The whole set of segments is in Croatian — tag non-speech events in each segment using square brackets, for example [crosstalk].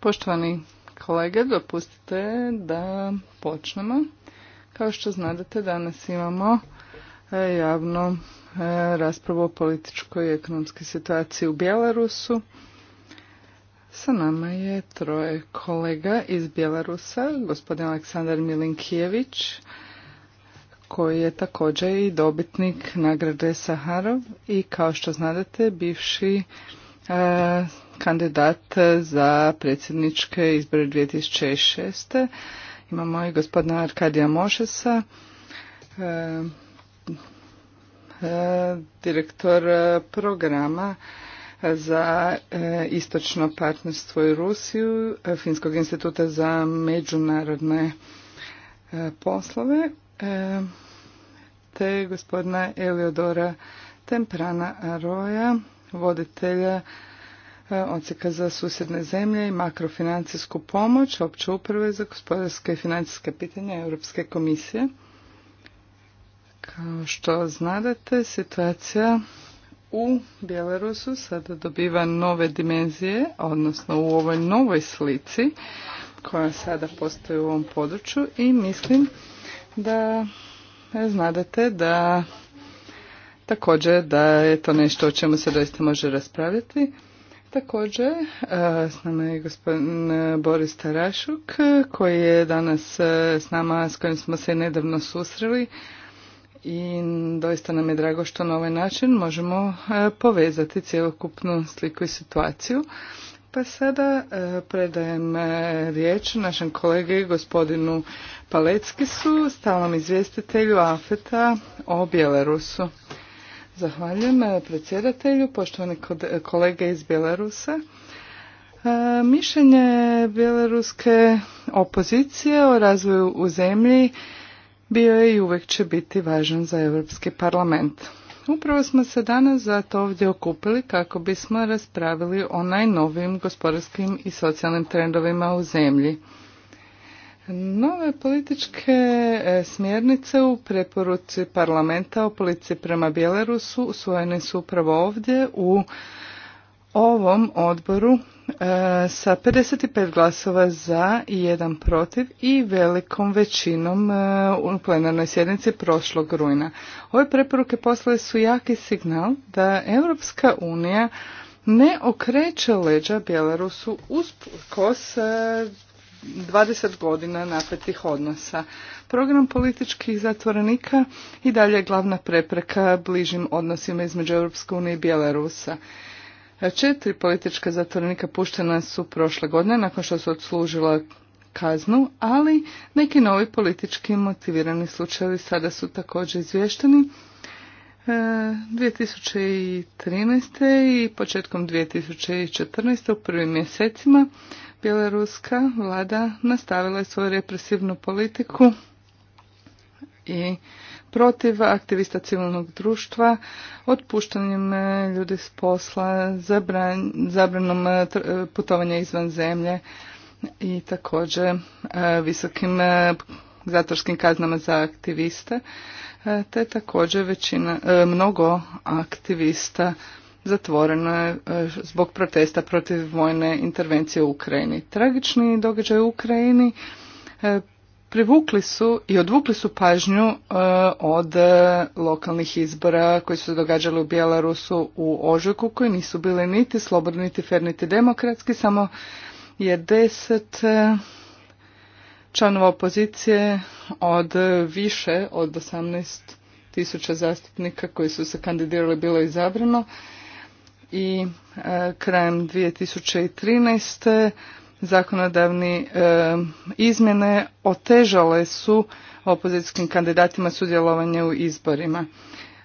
Poštovani kolege, dopustite da počnemo. Kao što znate, danas imamo e, javno e, raspravu o političkoj i ekonomskoj situaciji u Bjelarusu. Sa nama je troje kolega iz Bjelarusa, gospodin Aleksandar Milinkijević, koji je također i dobitnik nagrade Saharov i kao što znadete bivši e, kandidat za predsjedničke izbore 2006. Imamo i gospodina Arkadija Mošesa, e, e direktor programa za e, istočno partnerstvo i Rusiju Finskog instituta za međunarodne poslove. E, te gospodina Eliodora Temprana Aroja, voditelja e, odsjeka za susjedne zemlje i makrofinancijsku pomoć opće uprave za gospodarske i financijske pitanja Europske komisije. Kao što znadete, situacija u Bjelarusu sada dobiva nove dimenzije, odnosno u ovoj novoj slici koja sada postoji u ovom području i mislim da znadete da također da je to nešto o čemu se doista može raspravljati. Također, e, s nama je gospodin Boris Tarašuk, koji je danas e, s nama, s kojim smo se nedavno susreli. I doista nam je drago što na ovaj način možemo e, povezati cijelokupnu sliku i situaciju. Pa sada predajem riječ našem kolegi gospodinu Palecki su stalnom izvjestitelju AFETA o Bjelarusu. Zahvaljujem e, predsjedatelju, poštovani e, kolege iz Bjelarusa. E, mišljenje bjelaruske opozicije o razvoju u zemlji bio je i uvijek će biti važan za Europski parlament. Upravo smo se danas zato ovdje okupili kako bismo raspravili o najnovijim gospodarskim i socijalnim trendovima u zemlji. Nove političke e, smjernice u preporuci parlamenta o policiji prema Bjelarusu usvojene su upravo ovdje u ovom odboru e, sa 55 glasova za i jedan protiv i velikom većinom e, u plenarnoj sjednici prošlog rujna. Ove preporuke poslale su jaki signal da Europska unija ne okreće leđa Bjelarusu kos 20 godina napetih odnosa. Program političkih zatvorenika i dalje je glavna prepreka bližim odnosima između Europske unije i Bjelarusa. Četiri politička zatvorenika puštena su prošle godine nakon što su odslužila kaznu, ali neki novi politički motivirani slučajevi sada su također izvješteni. 2013. E, i početkom 2014. u prvim mjesecima Bjeloruska vlada nastavila je svoju represivnu politiku i protiv aktivista civilnog društva, otpuštanjem e, ljudi s posla, zabranom e, e, putovanja izvan zemlje i također visokim zatvorskim kaznama za aktiviste, te također većina, mnogo aktivista zatvoreno je e, zbog protesta protiv vojne intervencije u Ukrajini. Tragični događaj u Ukrajini e, privukli su i odvukli su pažnju e, od lokalnih izbora koji su se događali u Bjelarusu u Ožujku koji nisu bili niti slobodni, niti fer, niti demokratski, samo je deset članova opozicije od više od 18 tisuća zastupnika koji su se kandidirali bilo izabrano i e, krajem 2013. zakonodavni e, izmjene otežale su opozicijskim kandidatima sudjelovanje u izborima.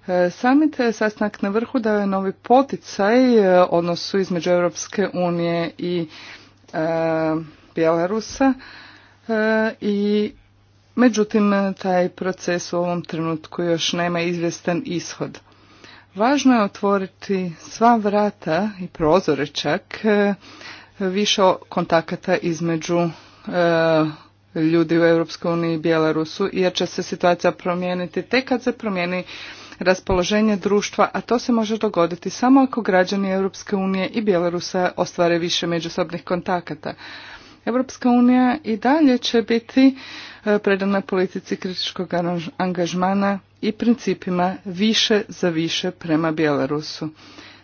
E, Samit sastanak na vrhu da je novi poticaj odnosu između Europske unije i Bjelarusa i međutim taj proces u ovom trenutku još nema izvjestan ishod. Važno je otvoriti sva vrata i prozore čak e, više kontakata između e, ljudi u EU i Bjelarusu jer će se situacija promijeniti tek kad se promijeni raspoloženje društva, a to se može dogoditi samo ako građani EU i Bjelarusa ostvare više međusobnih kontakata. Europska unija i dalje će biti e, predana politici kritičkog angažmana i principima više za više prema Bjelarusu.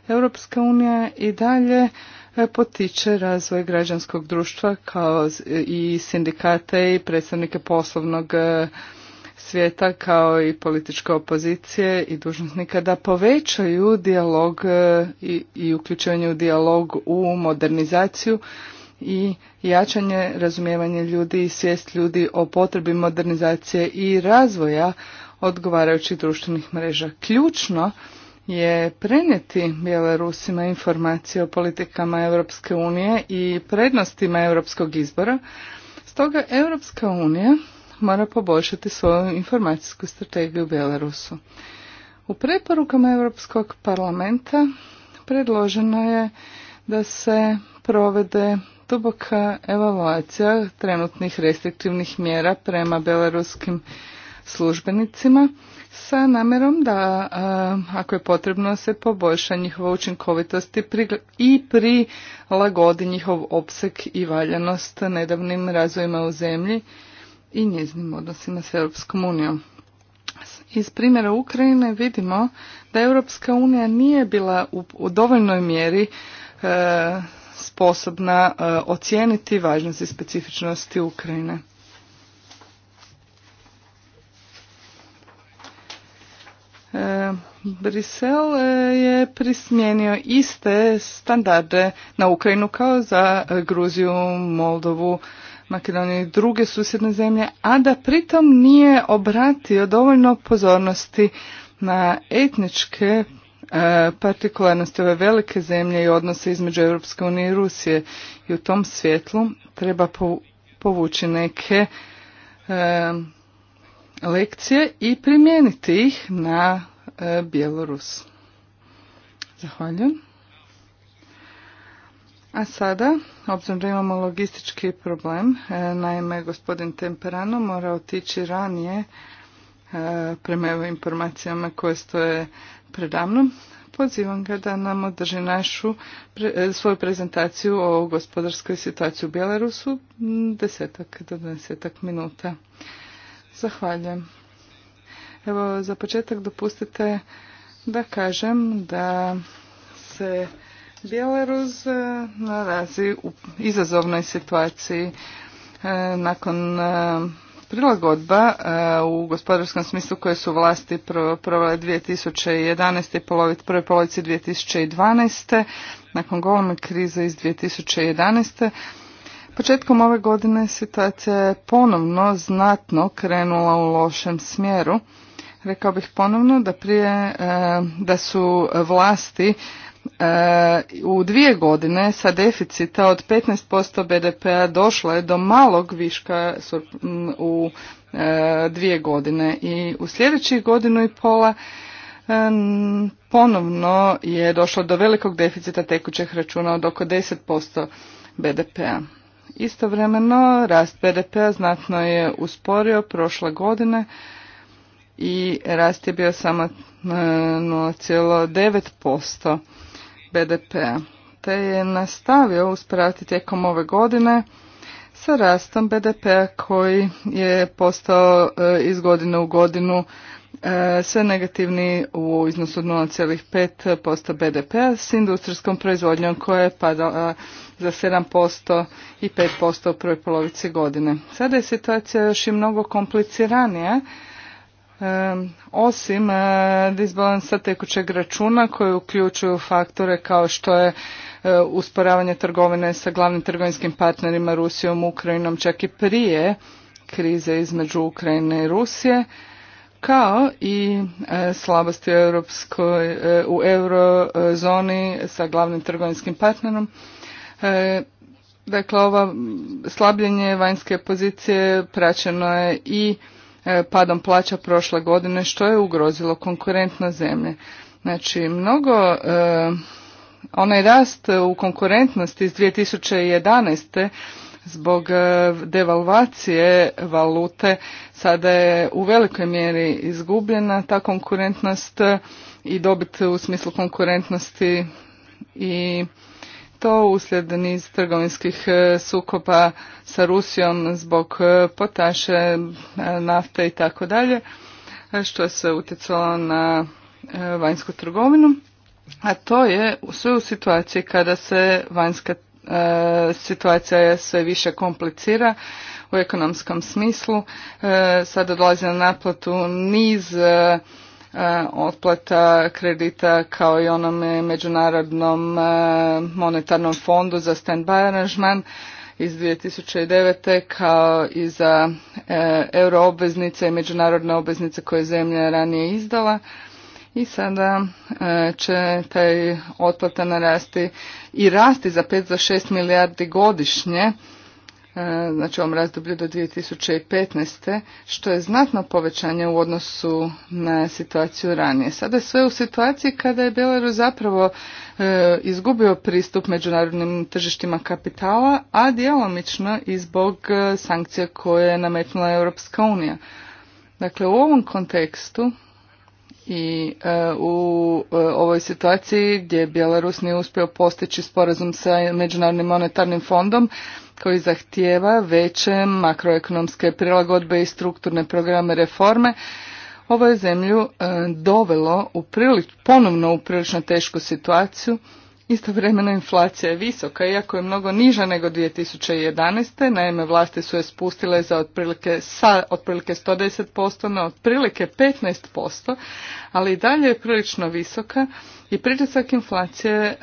Europska unija i dalje e, potiče razvoj građanskog društva kao e, i sindikate i predstavnike poslovnog e, svijeta kao i političke opozicije i dužnosnika da povećaju dijalog i, i uključivanje u dijalog u modernizaciju i jačanje razumijevanja ljudi i svijest ljudi o potrebi modernizacije i razvoja odgovarajućih društvenih mreža. Ključno je prenijeti Bjelorusima informacije o politikama Europske unije i prednostima europskog izbora. Stoga Europska unija mora poboljšati svoju informacijsku strategiju u Bjelorusu. U preporukama Europskog parlamenta predloženo je da se provede duboka evaluacija trenutnih restriktivnih mjera prema beloruskim službenicima sa namjerom da ako je potrebno se poboljša njihova učinkovitost i prilagodi njihov opseg i valjanost nedavnim razvojima u zemlji i njeznim odnosima s Europskom unijom. Iz primjera Ukrajine vidimo da Europska unija nije bila u dovoljnoj mjeri e, sposobna e, ocijeniti važnost i specifičnosti Ukrajine. E, Brisel e, je prismijenio iste standarde na Ukrajinu kao za e, Gruziju, Moldovu, Makedoniju i druge susjedne zemlje, a da pritom nije obratio dovoljno pozornosti na etničke partikularnosti ove velike zemlje i odnose između Europske unije i Rusije. I u tom svjetlu treba povući neke lekcije i primijeniti ih na e, Bjelorus. Zahvaljujem. A sada, obzirom da imamo logistički problem, e, naime gospodin Temperano mora otići ranije e, prema informacijama koje stoje predamno. Pozivam ga da nam održi našu svoju prezentaciju o gospodarskoj situaciji u Bjelarusu desetak do desetak minuta. Zahvaljujem. Evo, za početak dopustite da kažem da se Bjelarus e, nalazi u izazovnoj situaciji e, nakon e, prilagodba u gospodarskom smislu koje su vlasti provale 2011. i polovici prve polovici 2012. nakon goleme krize iz 2011. Početkom ove godine situacija je ponovno znatno krenula u lošem smjeru. Rekao bih ponovno da prije e, da su vlasti e, u dvije godine sa deficita od 15% BDP-a došlo je do malog viška u e, dvije godine i u sljedećih godinu i pola ponovno je došlo do velikog deficita tekućeg računa od oko 10% BDP-a. Istovremeno, rast bdp znatno je usporio prošle godine i rast je bio samo 0,9% e, BDP-a, te je nastavio uspraviti tijekom ove godine sa rastom BDP-a koji je postao eh, iz godine u godinu eh, sve negativni u iznosu od 0,5% BDP-a s industrijskom proizvodnjom koja je padala za 7% i 5% u prvoj polovici godine. Sada je situacija još i mnogo kompliciranija eh, osim disbalansa tekućeg računa koji uključuju faktore kao što je E, usporavanje trgovine sa glavnim trgovinskim partnerima Rusijom, Ukrajinom, čak i prije krize između Ukrajine i Rusije, kao i e, slabosti u, Europskoj, e, u eurozoni sa glavnim trgovinskim partnerom. Dakle, ovo slabljenje vanjske pozicije praćeno je i padom plaća prošle godine, što je ugrozilo konkurentno zemlje. Znači, mnogo onaj rast u konkurentnosti iz 2011. zbog e, devalvacije valute sada je u velikoj mjeri izgubljena ta konkurentnost e, i dobit u smislu konkurentnosti i to uslijed niz trgovinskih e, sukoba sa Rusijom zbog potaše, nafte i tako dalje, što se utjecalo na vanjsku trgovinu a to je sve u situaciji kada se vanjska e, situacija sve više komplicira u ekonomskom smislu. E, sada dolazi na naplatu niz e, e, otplata kredita kao i onome Međunarodnom monetarnom fondu za stand-by aranžman iz 2009. kao i za euroobveznice i međunarodne obveznice koje zemlja ranije izdala i sada e, će taj otplata narasti i rasti za 5 za 6 milijardi godišnje e, znači u ovom razdoblju do 2015. što je znatno povećanje u odnosu na situaciju ranije. Sada sve u situaciji kada je Belarus zapravo e, izgubio pristup međunarodnim tržištima kapitala, a djelomično i zbog sankcija koje je nametnula Europska unija. Dakle, u ovom kontekstu i e, u e, ovoj situaciji gdje Bjelarus nije uspio postići sporazum sa Međunarodnim monetarnim fondom koji zahtijeva veće makroekonomske prilagodbe i strukturne programe reforme, ovo je zemlju e, dovelo u prilič, ponovno u prilično tešku situaciju Istovremeno inflacija je visoka, iako je mnogo niža nego 2011. Naime, vlasti su je spustile za otprilike, sa otprilike 110% na otprilike 15%, ali i dalje je prilično visoka i pritisak inflacije e,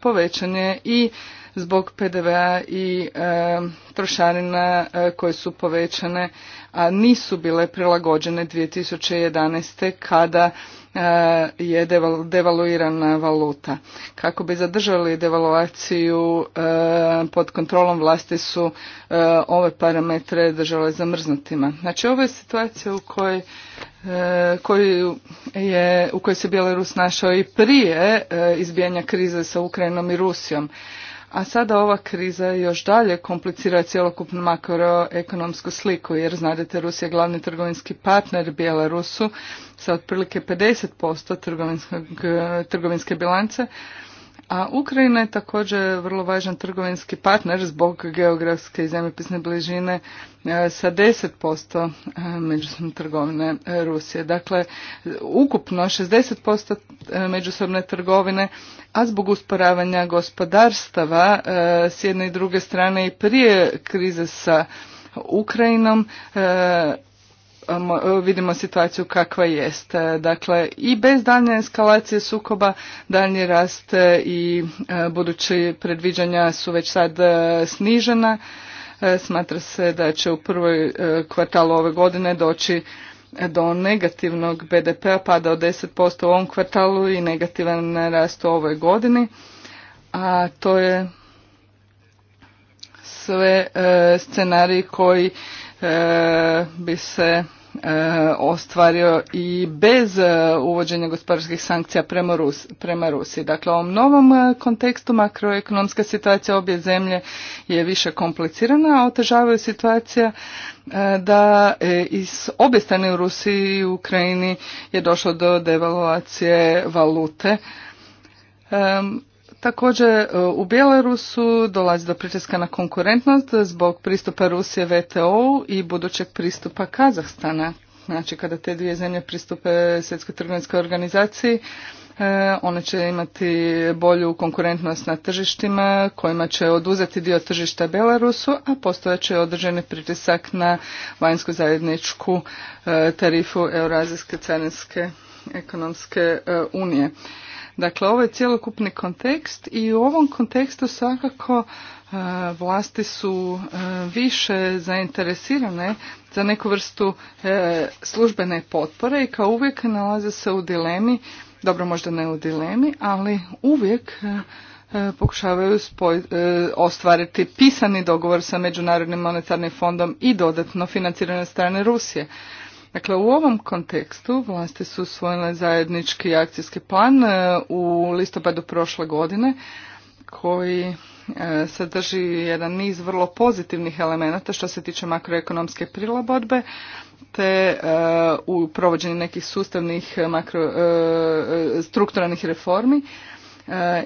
povećan je i zbog PDV-a i e, trošarina e, koje su povećane, a nisu bile prilagođene 2011. kada E, je devaluirana valuta. Kako bi zadržali devaluaciju e, pod kontrolom vlasti su e, ove parametre držale zamrznutima. Znači ovo je situacija u kojoj je, u kojoj se Bjelorus našao i prije izbijanja krize sa Ukrajinom i Rusijom a sada ova kriza još dalje komplicira cjelokupnu makroekonomsku sliku, jer znadete Rusija je glavni trgovinski partner Bjelarusu sa otprilike 50% trgovinske bilance, a Ukrajina je također vrlo važan trgovinski partner zbog geografske i zemljopisne bližine e, sa 10% e, međusobne trgovine e, Rusije. Dakle, ukupno 60% međusobne trgovine, a zbog usporavanja gospodarstava s jedne i druge strane i prije krize sa Ukrajinom Um, e, vidimo situaciju kakva jest. E, dakle, i bez daljnje eskalacije sukoba, daljnji rast e, i budući predviđanja su već sad snižena. Smatra se da će u prvoj kvartalu ove godine doći do negativnog BDP-a, pada od 10% u ovom kvartalu i negativan rast u ovoj godini. A to je sve e, scenarij koji e, bi se e, ostvario i bez uvođenja gospodarskih sankcija prema, Rusiji. Dakle, u ovom novom kontekstu makroekonomska situacija obje zemlje je više komplicirana, a otežavaju situacija da iz obje strane u Rusiji i Ukrajini je došlo do devaluacije valute. Također e, u Bjelorusu dolazi do pritiska na konkurentnost zbog pristupa Rusije vto i budućeg pristupa Kazahstana. Znači kada te dvije zemlje pristupe svjetskoj trgovinskoj organizaciji, e, one će imati bolju konkurentnost na tržištima kojima će oduzeti dio tržišta Belarusu, a će određeni pritisak na vanjsku zajedničku e, tarifu Eurazijske carinske ekonomske unije. Dakle, ovo je cjelokupni kontekst i u ovom kontekstu svakako e, vlasti su e, više zainteresirane za neku vrstu e, službene potpore i kao uvijek nalaze se u dilemi, dobro možda ne u dilemi, ali uvijek pokušavaju ostvariti pisani dogovor sa Međunarodnim monetarnim fondom i dodatno financirane strane Rusije. Dakle, u ovom kontekstu vlasti su usvojile zajednički akcijski plan e, u listopadu prošle godine koji e, sadrži jedan niz vrlo pozitivnih elemenata što se tiče makroekonomske prilagodbe te e, u provođenju nekih sustavnih makro, strukturalnih reformi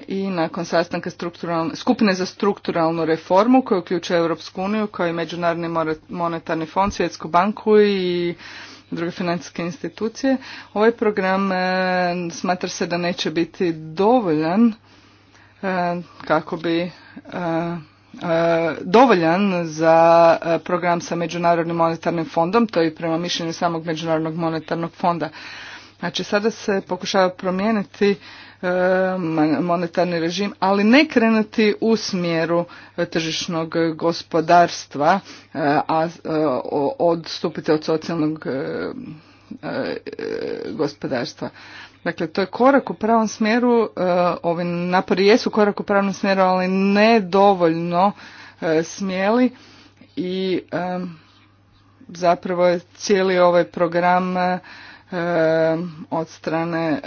i nakon sastanka skupine za strukturalnu reformu koja uključuje Europsku uniju kao i Međunarodni monetarni fond, Svjetsku banku i druge financijske institucije. Ovaj program e, smatra se da neće biti dovoljan e, kako bi e, dovoljan za program sa Međunarodnim monetarnim fondom, to je prema mišljenju samog Međunarodnog monetarnog fonda. Znači sada se pokušava promijeniti E, monetarni režim, ali ne krenuti u smjeru e, tržišnog gospodarstva, e, a odstupiti od socijalnog gospodarstva. Dakle, to je korak u pravom smjeru, ovi napori jesu korak u pravom smjeru, ali ne dovoljno smjeli i zapravo je cijeli ovaj program od strane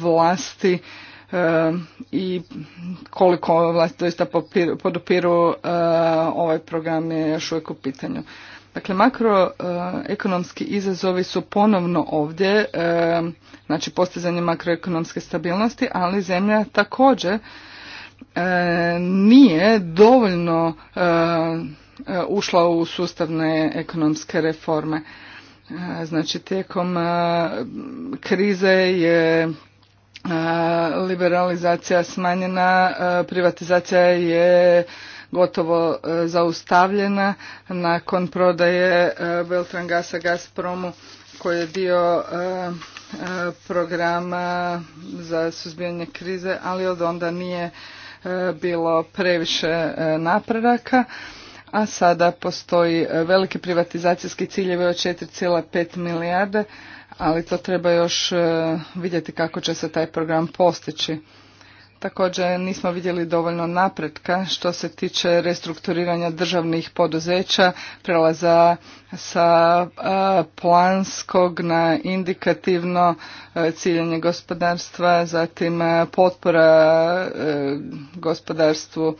vlasti i koliko vlasti doista podupiru ovaj program je još uvijek u pitanju. Dakle, makroekonomski izazovi su ponovno ovdje, znači postizanje makroekonomske stabilnosti, ali zemlja također nije dovoljno ušla u sustavne ekonomske reforme. Znači tijekom e, krize je e, liberalizacija smanjena, e, privatizacija je gotovo zaustavljena nakon prodaje Beltrangasa Gazpromu koji je dio programa za suzbijanje krize, ali od onda nije bilo previše napredaka a sada postoji e, veliki privatizacijski ciljevi od 4,5 milijarde, ali to treba još e, vidjeti kako će se taj program postići. Također nismo vidjeli dovoljno napretka što se tiče restrukturiranja državnih poduzeća, prelaza sa e, planskog na indikativno ciljanje gospodarstva, zatim potpora gospodarstvu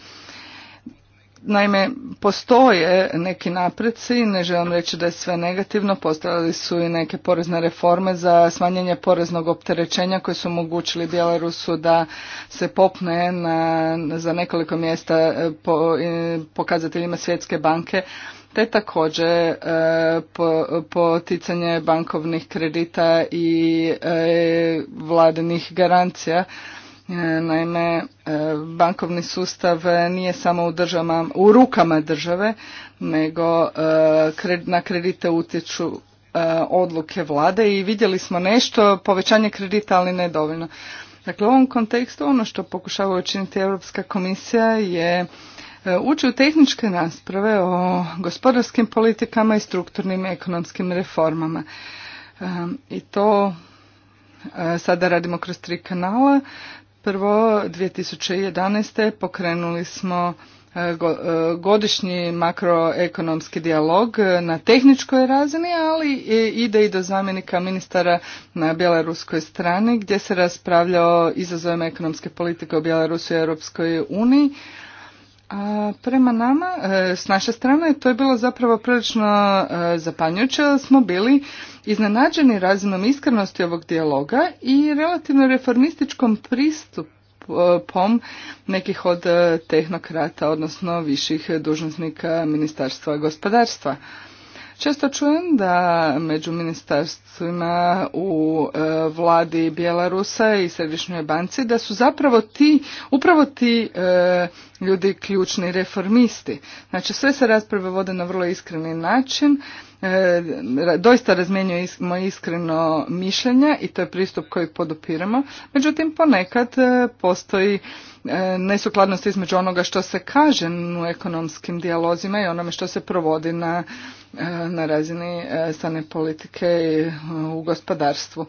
Naime, postoje neki napreci, ne želim reći da je sve negativno, postavili su i neke porezne reforme za smanjenje poreznog opterećenja koje su omogućili Bjelarusu da se popne na, za nekoliko mjesta e, po pokazateljima svjetske banke, te također e, poticanje bankovnih kredita i e, vladinih garancija E, naime, e, bankovni sustav nije samo u, državama, u rukama države, nego e, na kredite utječu odluke vlade i vidjeli smo nešto, povećanje kredita, ali ne dovoljno. Dakle, u ovom kontekstu ono što pokušava učiniti Europska komisija je ući u tehničke rasprave o gospodarskim politikama i strukturnim ekonomskim reformama. I to sada radimo kroz tri kanala. Prvo, 2011. pokrenuli smo e, e, godišnji makroekonomski dijalog na tehničkoj razini, ali ide i do zamjenika ministara na bjelaruskoj strani gdje se raspravlja o izazovima ekonomske politike u Bjelarusu i Europskoj uniji, a prema nama, e, s naše strane, to je bilo zapravo prilično e, zapanjujuće, smo bili iznenađeni razinom iskrenosti ovog dijaloga i relativno reformističkom pristupom nekih od e, tehnokrata, odnosno viših dužnosnika Ministarstva gospodarstva. Često čujem da među ministarstvima u vladi Bjelarusa i Središnjoj banci da su zapravo ti, upravo ti ljudi ključni reformisti. Znači sve se rasprave vode na vrlo iskreni način, e, doista razmjenjujemo iskreno mišljenja i to je pristup koji podupiramo, međutim ponekad e, postoji e, nesukladnost između onoga što se kaže u ekonomskim dijalozima i onome što se provodi na, na razini stane politike u gospodarstvu.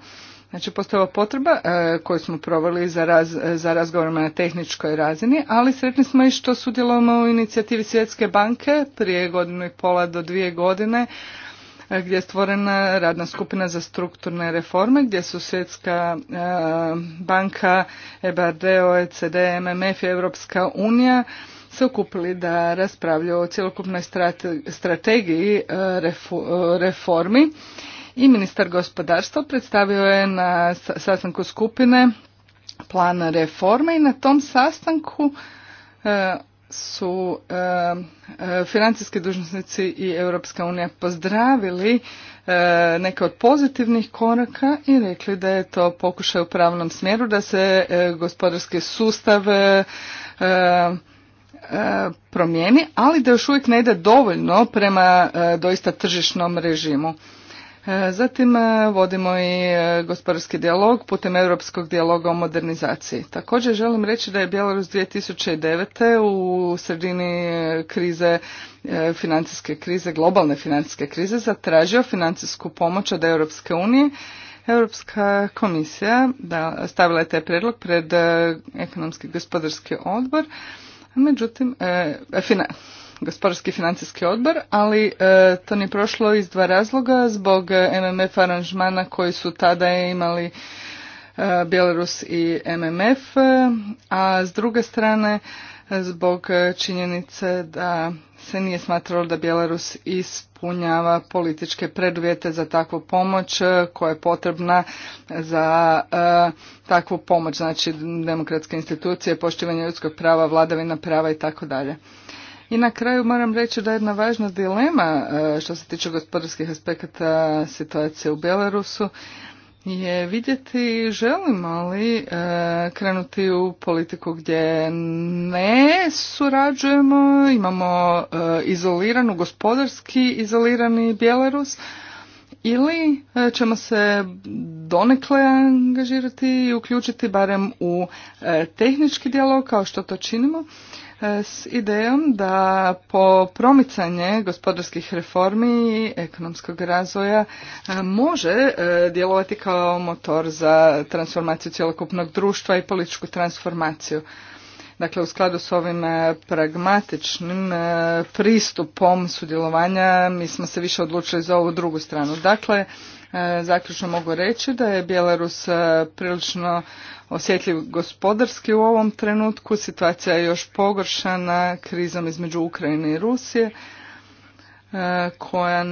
Znači, postojala potreba e, koju smo proveli za, raz, za razgovorima na tehničkoj razini, ali sretni smo i što sudjelujemo u inicijativi Svjetske banke prije godinu i pola do dvije godine, e, gdje je stvorena radna skupina za strukturne reforme, gdje su Svjetska e, banka, EBRD, OECD, MMF i Europska unija se okupili da raspravljaju o cjelokupnoj strategiji reformi i ministar gospodarstva predstavio je na sastanku skupine plana reforme i na tom sastanku e, su e, financijski dužnosnici i Europska unija pozdravili e, neke od pozitivnih koraka i rekli da je to pokušaj u pravnom smjeru da se gospodarski sustav promijeni, ali da još uvijek ne ide dovoljno prema doista tržišnom režimu. E, zatim e, vodimo i e, gospodarski dijalog putem europskog dijaloga o modernizaciji. Također želim reći da je Bjelorus 2009. u sredini krize, financijske krize, globalne financijske krize zatražio financijsku pomoć od Europske unije. Europska komisija da, stavila je taj prijedlog pred ekonomski gospodarski odbor, međutim, e, gospodarski financijski odbor, ali e, to nije prošlo iz dva razloga, zbog e, MMF aranžmana koji su tada imali e, Bjelorus i MMF, e, a s druge strane zbog činjenice da se nije smatralo da Bjelorus ispunjava političke preduvjete za takvu pomoć koja je potrebna za takvu pomoć, znači demokratske institucije, poštivanje ljudskog prava, vladavina prava i tako dalje. I na kraju moram reći da je jedna važna dilema e, što se tiče gospodarskih aspekata situacije u Belarusu je vidjeti želimo li e, krenuti u politiku gdje ne surađujemo, imamo e, izoliranu, gospodarski izolirani Bjelarus ili ćemo se donekle angažirati i uključiti barem u tehnički dijalog kao što to činimo E, s idejom da po promicanje gospodarskih reformi i ekonomskog razvoja e, može e, djelovati kao motor za transformaciju cjelokupnog društva i političku transformaciju. Dakle, u skladu s ovim pragmatičnim pristupom sudjelovanja mi smo se više odlučili za ovu drugu stranu. Dakle, E, zaključno mogu reći da je Bjelarus e, prilično osjetljiv gospodarski u ovom trenutku. Situacija je još pogoršana krizom između Ukrajine i Rusije e, koja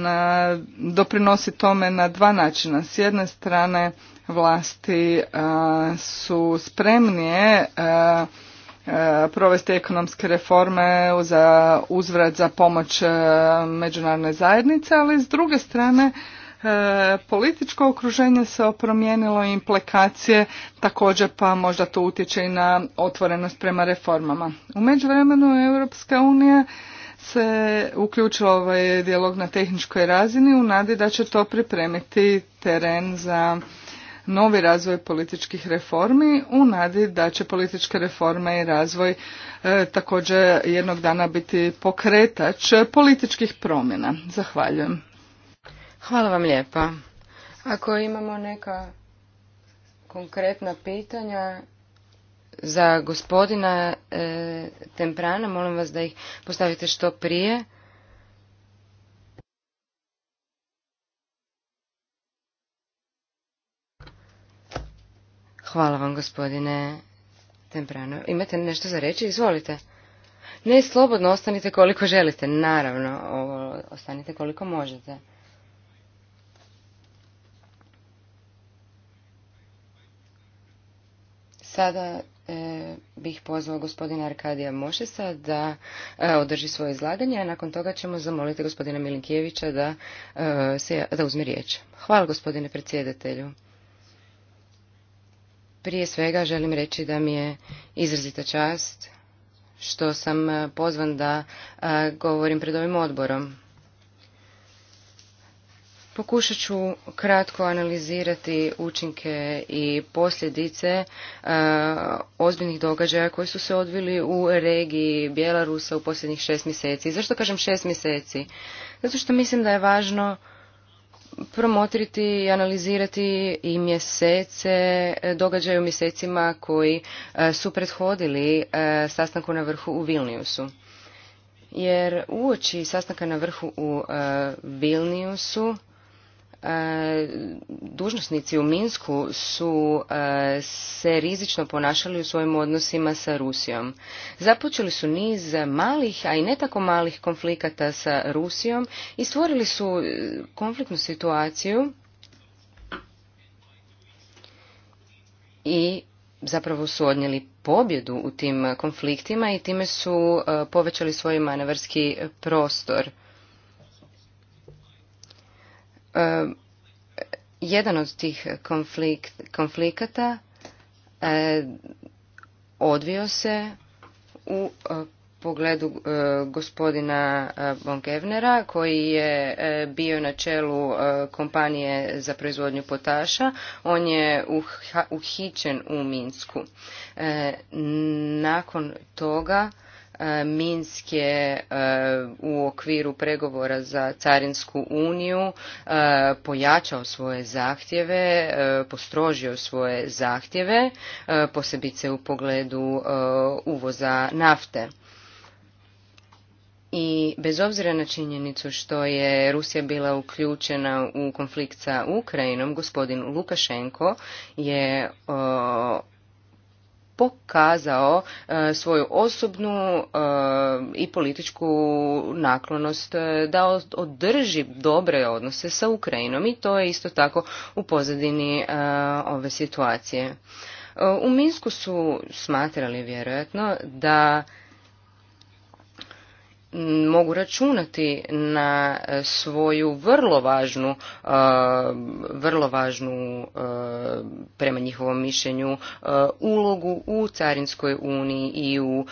doprinosi tome na dva načina. S jedne strane vlasti su spremnije provesti ekonomske reforme za uzvrat za pomoć međunarodne zajednice, ali s druge strane E, političko okruženje se promijenilo i implikacije također pa možda to utječe i na otvorenost prema reformama. U međuvremenu Europska unija se uključila ovaj dijalog na tehničkoj razini u nadi da će to pripremiti teren za novi razvoj političkih reformi u nadi da će političke reforme i razvoj e, također jednog dana biti pokretač političkih promjena. Zahvaljujem. Hvala vam lijepa. Ako imamo neka konkretna pitanja za gospodina e, Temprana, molim vas da ih postavite što prije. Hvala vam gospodine Temprano. Imate nešto za reći? Izvolite. Ne, slobodno ostanite koliko želite. Naravno, ostanite koliko možete. Sada e, bih pozvao gospodina Arkadija Mošesa da e, održi svoje izlaganje, a nakon toga ćemo zamoliti gospodina Milinkijevića da, e, se, da uzme riječ. Hvala gospodine predsjedatelju. Prije svega želim reći da mi je izrazita čast što sam pozvan da govorim pred ovim odborom. Pokušat ću kratko analizirati učinke i posljedice e, ozbiljnih događaja koji su se odvili u regiji Bjelarusa u posljednjih šest mjeseci. Zašto kažem šest mjeseci? Zato što mislim da je važno promotriti i analizirati i mjesece, događaje u mjesecima koji e, su prethodili e, sastanku na vrhu u Vilniusu. Jer uoči sastanka na vrhu u Vilniusu E, dužnosnici u Minsku su e, se rizično ponašali u svojim odnosima sa Rusijom. Započeli su niz malih, a i ne tako malih konflikata sa Rusijom i stvorili su e, konfliktnu situaciju i zapravo su odnijeli pobjedu u tim konfliktima i time su povećali svoj manevarski prostor. E, jedan od tih konflikt, konflikata e, odvio se u e, pogledu gospodina Bonkevnera koji je bio na čelu kompanije za proizvodnju potaša. On je uhićen u Minsku. Nakon toga E, Minsk je e, u okviru pregovora za Carinsku uniju e, pojačao svoje zahtjeve, postrožio svoje zahtjeve, posebice u pogledu uvoza nafte. I bez obzira na činjenicu što je Rusija bila uključena u konflikt sa Ukrajinom, gospodin Lukašenko je pokazao e, svoju osobnu e, i političku naklonost e, da održi dobre odnose sa Ukrajinom i to je isto tako u pozadini ove situacije. U Minsku su smatrali vjerojatno da mogu računati na e, svoju vrlo važnu, e, vrlo važnu e, prema njihovom mišljenju ulogu u Carinskoj uniji i u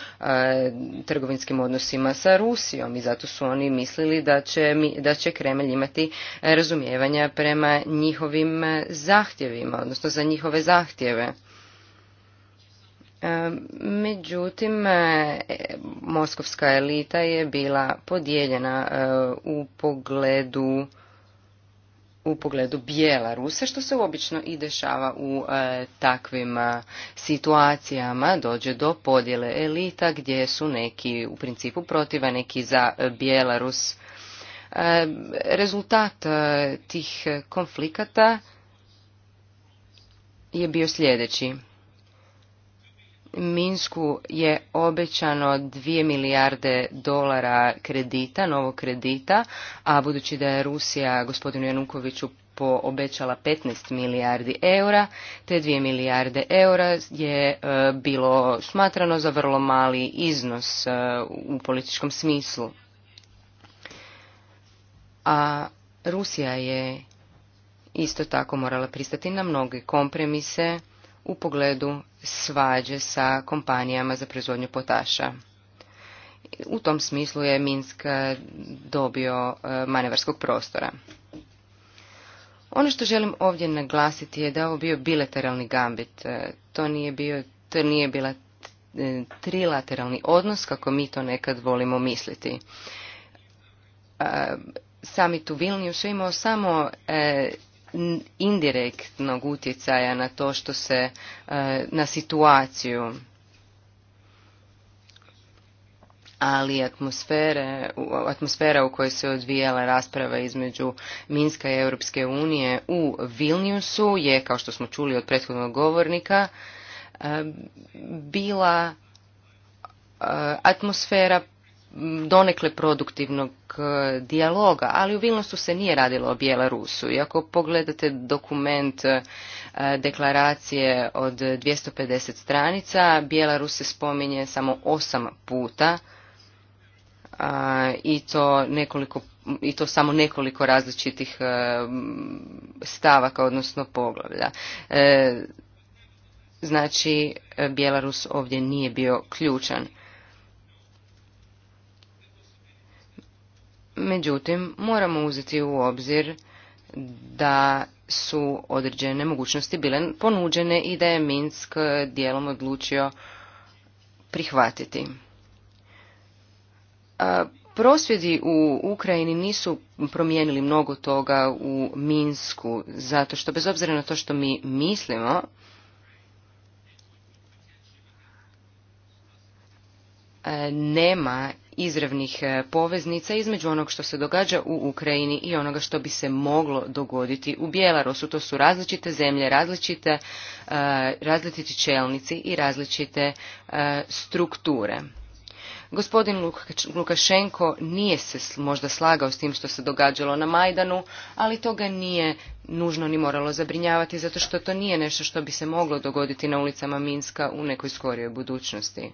trgovinskim odnosima sa Rusijom i zato su oni mislili da će, da će Kremlj imati razumijevanja prema njihovim zahtjevima, odnosno za njihove zahtjeve. E, međutim, e, moskovska elita je bila podijeljena e, u pogledu u pogledu Bjelaruse, što se obično i dešava u takvim situacijama. Dođe do podjele elita gdje su neki u principu protiva, neki za Bjelarus. rezultat tih konflikata je bio sljedeći. Minsku je obećano 2 milijarde dolara kredita, novog kredita, a budući da je Rusija gospodinu Janukoviću poobećala 15 milijardi eura, te 2 milijarde eura je e, bilo smatrano za vrlo mali iznos e, u političkom smislu. A Rusija je isto tako morala pristati na mnoge kompremise, u pogledu svađe sa kompanijama za proizvodnju potaša. U tom smislu je Minsk e, dobio e, manevarskog prostora. Ono što želim ovdje naglasiti je da ovo bio bilateralni gambit. E, to nije, bio, to nije bila trilateralni odnos kako mi to nekad volimo misliti. Samit u su imao samo indirektnog utjecaja na to što se, e, na situaciju. ali atmosfera u kojoj se odvijala rasprava između Minska i Europske unije u Vilniusu je, kao što smo čuli od prethodnog govornika, e, bila e, atmosfera donekle produktivnog e, dijaloga, ali u Vilnostu se nije radilo o Bjelarusu. I ako pogledate dokument e, deklaracije od 250 stranica, Bjelarus se spominje samo osam puta e, i to nekoliko i to samo nekoliko različitih stavaka, odnosno poglavlja. Znači, Bjelarus ovdje nije bio ključan. Međutim, moramo uzeti u obzir da su određene mogućnosti bile ponuđene i da je Minsk dijelom odlučio prihvatiti. Prosvjedi u Ukrajini nisu promijenili mnogo toga u Minsku, zato što bez obzira na to što mi mislimo, E, nema izravnih e, poveznica između onog što se događa u Ukrajini i onoga što bi se moglo dogoditi u Bjelarosu. To su različite zemlje, različite, e, različiti čelnici i različite strukture. Gospodin Lukašenko nije se možda slagao s tim što se događalo na Majdanu, ali to ga nije nužno ni moralo zabrinjavati, zato što to nije nešto što bi se moglo dogoditi na ulicama Minska u nekoj skorijoj budućnosti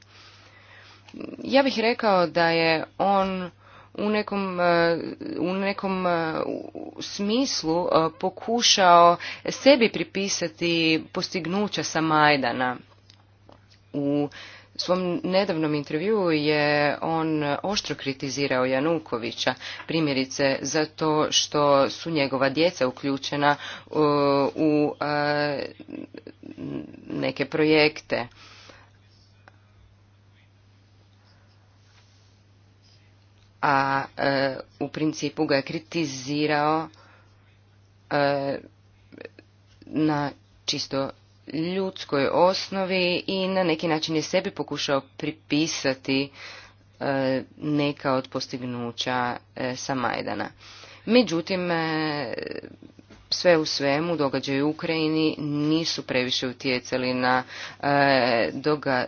ja bih rekao da je on u nekom, e, u nekom e, smislu e, pokušao sebi pripisati postignuća sa Majdana. U svom nedavnom intervjuu je on oštro kritizirao Janukovića, primjerice za to što su njegova djeca uključena u neke projekte. a e, u principu ga je kritizirao e, na čisto ljudskoj osnovi i na neki način je sebi pokušao pripisati e, neka od postignuća e, sa Majdana. Međutim, sve u svemu događaji u Ukrajini nisu previše utjecali na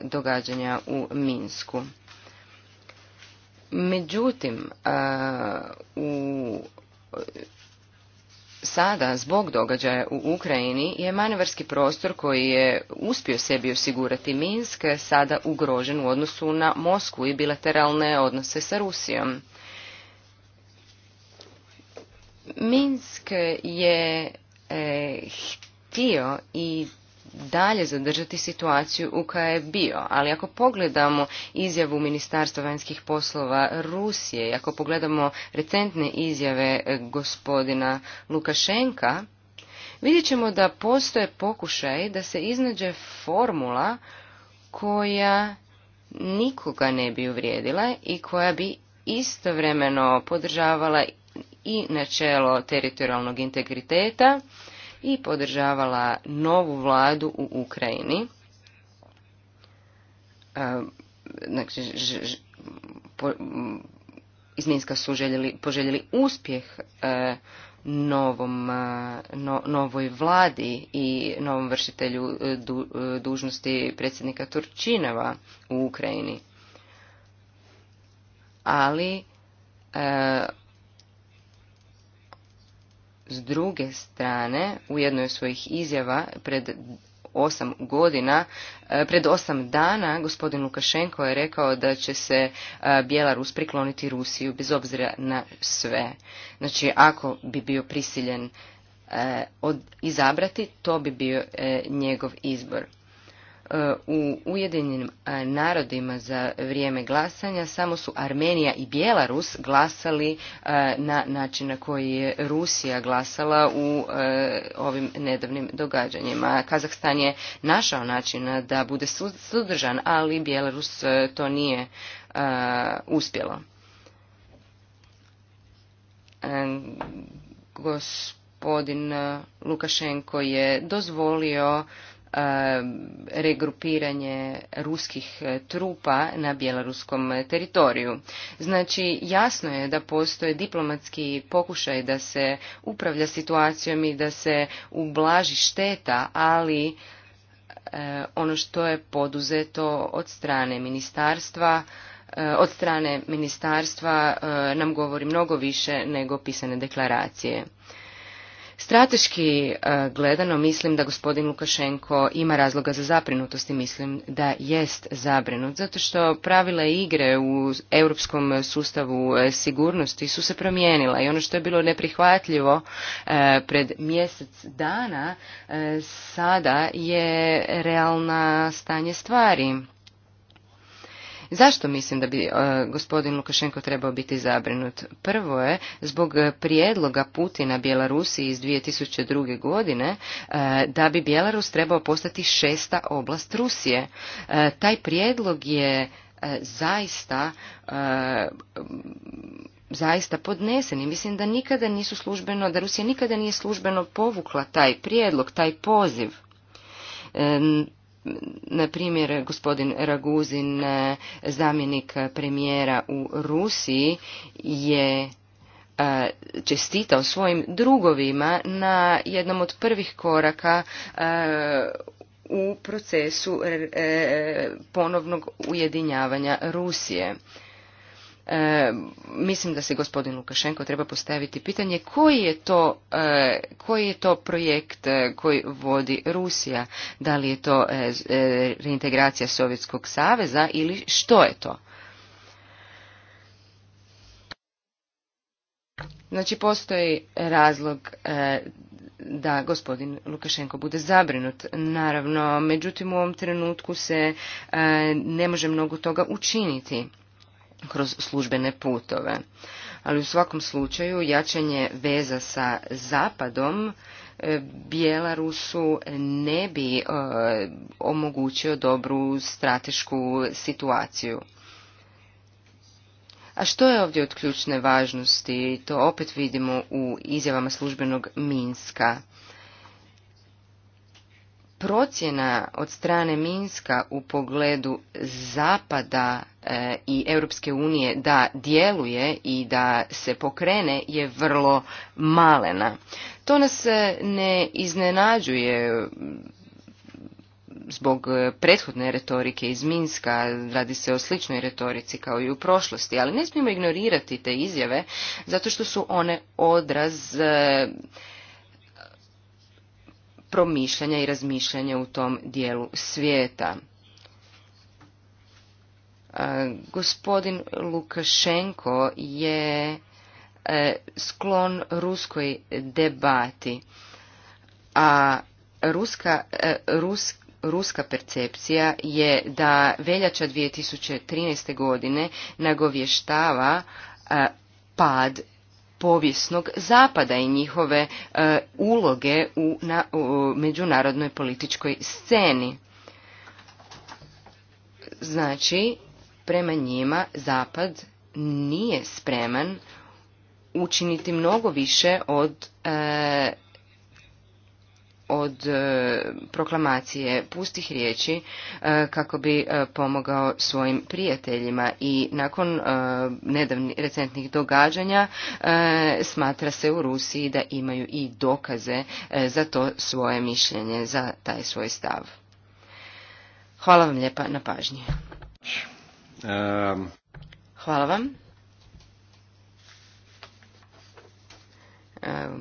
događanja u Minsku. Međutim, u sada zbog događaja u Ukrajini je manevarski prostor koji je uspio sebi osigurati Minsk sada ugrožen u odnosu na Mosku i bilateralne odnose sa Rusijom. Minsk je e, htio i dalje zadržati situaciju u kojoj je bio. Ali ako pogledamo izjavu Ministarstva vanjskih poslova Rusije i ako pogledamo recentne izjave e, gospodina Lukašenka, vidjet ćemo da postoje pokušaj da se iznađe formula koja nikoga ne bi uvrijedila i koja bi istovremeno podržavala i načelo teritorijalnog integriteta i podržavala novu vladu u Ukrajini. E, znači, iz Minska su željeli, poželjeli uspjeh e, novom, e, novoj vladi i novom vršitelju dužnosti predsjednika Turčineva u Ukrajini. Ali s druge strane, u jednoj od svojih izjava pred osam godina, e, pred osam dana gospodin Lukašenko je rekao da će se e, Bjelarus prikloniti Rusiju bez obzira na sve. Znači ako bi bio prisiljen e, od, izabrati, to bi bio njegov izbor. E, u Ujedinjenim e, narodima za vrijeme glasanja samo su Armenija i Bjelarus glasali e, na način na koji je Rusija glasala u ovim nedavnim događanjima. Kazahstan je našao način da bude sudržan, ali Bjelarus to nije uspjelo. Gospodin Lukašenko je dozvolio regrupiranje ruskih e, trupa na bjeloruskom teritoriju. Znači jasno je da postoje diplomatski pokušaj da se upravlja situacijom i da se ublaži šteta, ali e, ono što je poduzeto od strane ministarstva e, od strane ministarstva nam govori mnogo više nego pisane deklaracije. Strateški e, gledano mislim da gospodin Lukašenko ima razloga za zabrinutost i mislim da jest zabrinut, zato što pravila igre u europskom sustavu e, sigurnosti su se promijenila i ono što je bilo neprihvatljivo e, pred mjesec dana sada je realna stanje stvari. Zašto mislim da bi e, gospodin Lukašenko trebao biti zabrinut? Prvo je zbog prijedloga Putina Bjelarusiji iz 2002. godine e, da bi Bjelarus trebao postati šesta oblast Rusije. E, taj prijedlog je zaista zaista podneseni. Mislim da nikada nisu službeno, da Rusija nikada nije službeno povukla taj prijedlog, taj poziv na primjer gospodin Raguzin, e, zamjenik premijera u Rusiji, je e, čestitao svojim drugovima na jednom od prvih koraka e, u procesu ponovnog ujedinjavanja Rusije. E, mislim da se gospodin Lukašenko treba postaviti pitanje koji je to, e, koji je to projekt e, koji vodi Rusija, da li je to e, reintegracija Sovjetskog saveza ili što je to? Znači postoji razlog da gospodin Lukašenko bude zabrinut. Naravno, međutim u ovom trenutku se ne može mnogo toga učiniti kroz službene putove. Ali u svakom slučaju jačanje veza sa zapadom e, Bjelarusu ne bi e, omogućio dobru stratešku situaciju. A što je ovdje od ključne važnosti? To opet vidimo u izjavama službenog Minska procjena od strane Minska u pogledu zapada e, i Europske unije da djeluje i da se pokrene je vrlo malena. To nas e, ne iznenađuje zbog prethodne retorike iz Minska, radi se o sličnoj retorici kao i u prošlosti, ali ne smijemo ignorirati te izjave zato što su one odraz e, promišljanja i razmišljanja u tom dijelu svijeta. E, gospodin Lukašenko je e, sklon ruskoj debati, a ruska, e, rus, ruska percepcija je da veljača 2013. godine nagovještava pad povijesnog zapada i njihove e, uloge u, na, međunarodnoj političkoj sceni. Znači, prema njima zapad nije spreman učiniti mnogo više od e, od e, proklamacije pustih riječi e, kako bi e, pomogao svojim prijateljima i nakon nedavnih recentnih događanja smatra se u Rusiji da imaju i dokaze za to svoje mišljenje, za taj svoj stav. Hvala vam lijepa na pažnji. Ehm. Hvala vam. Ehm,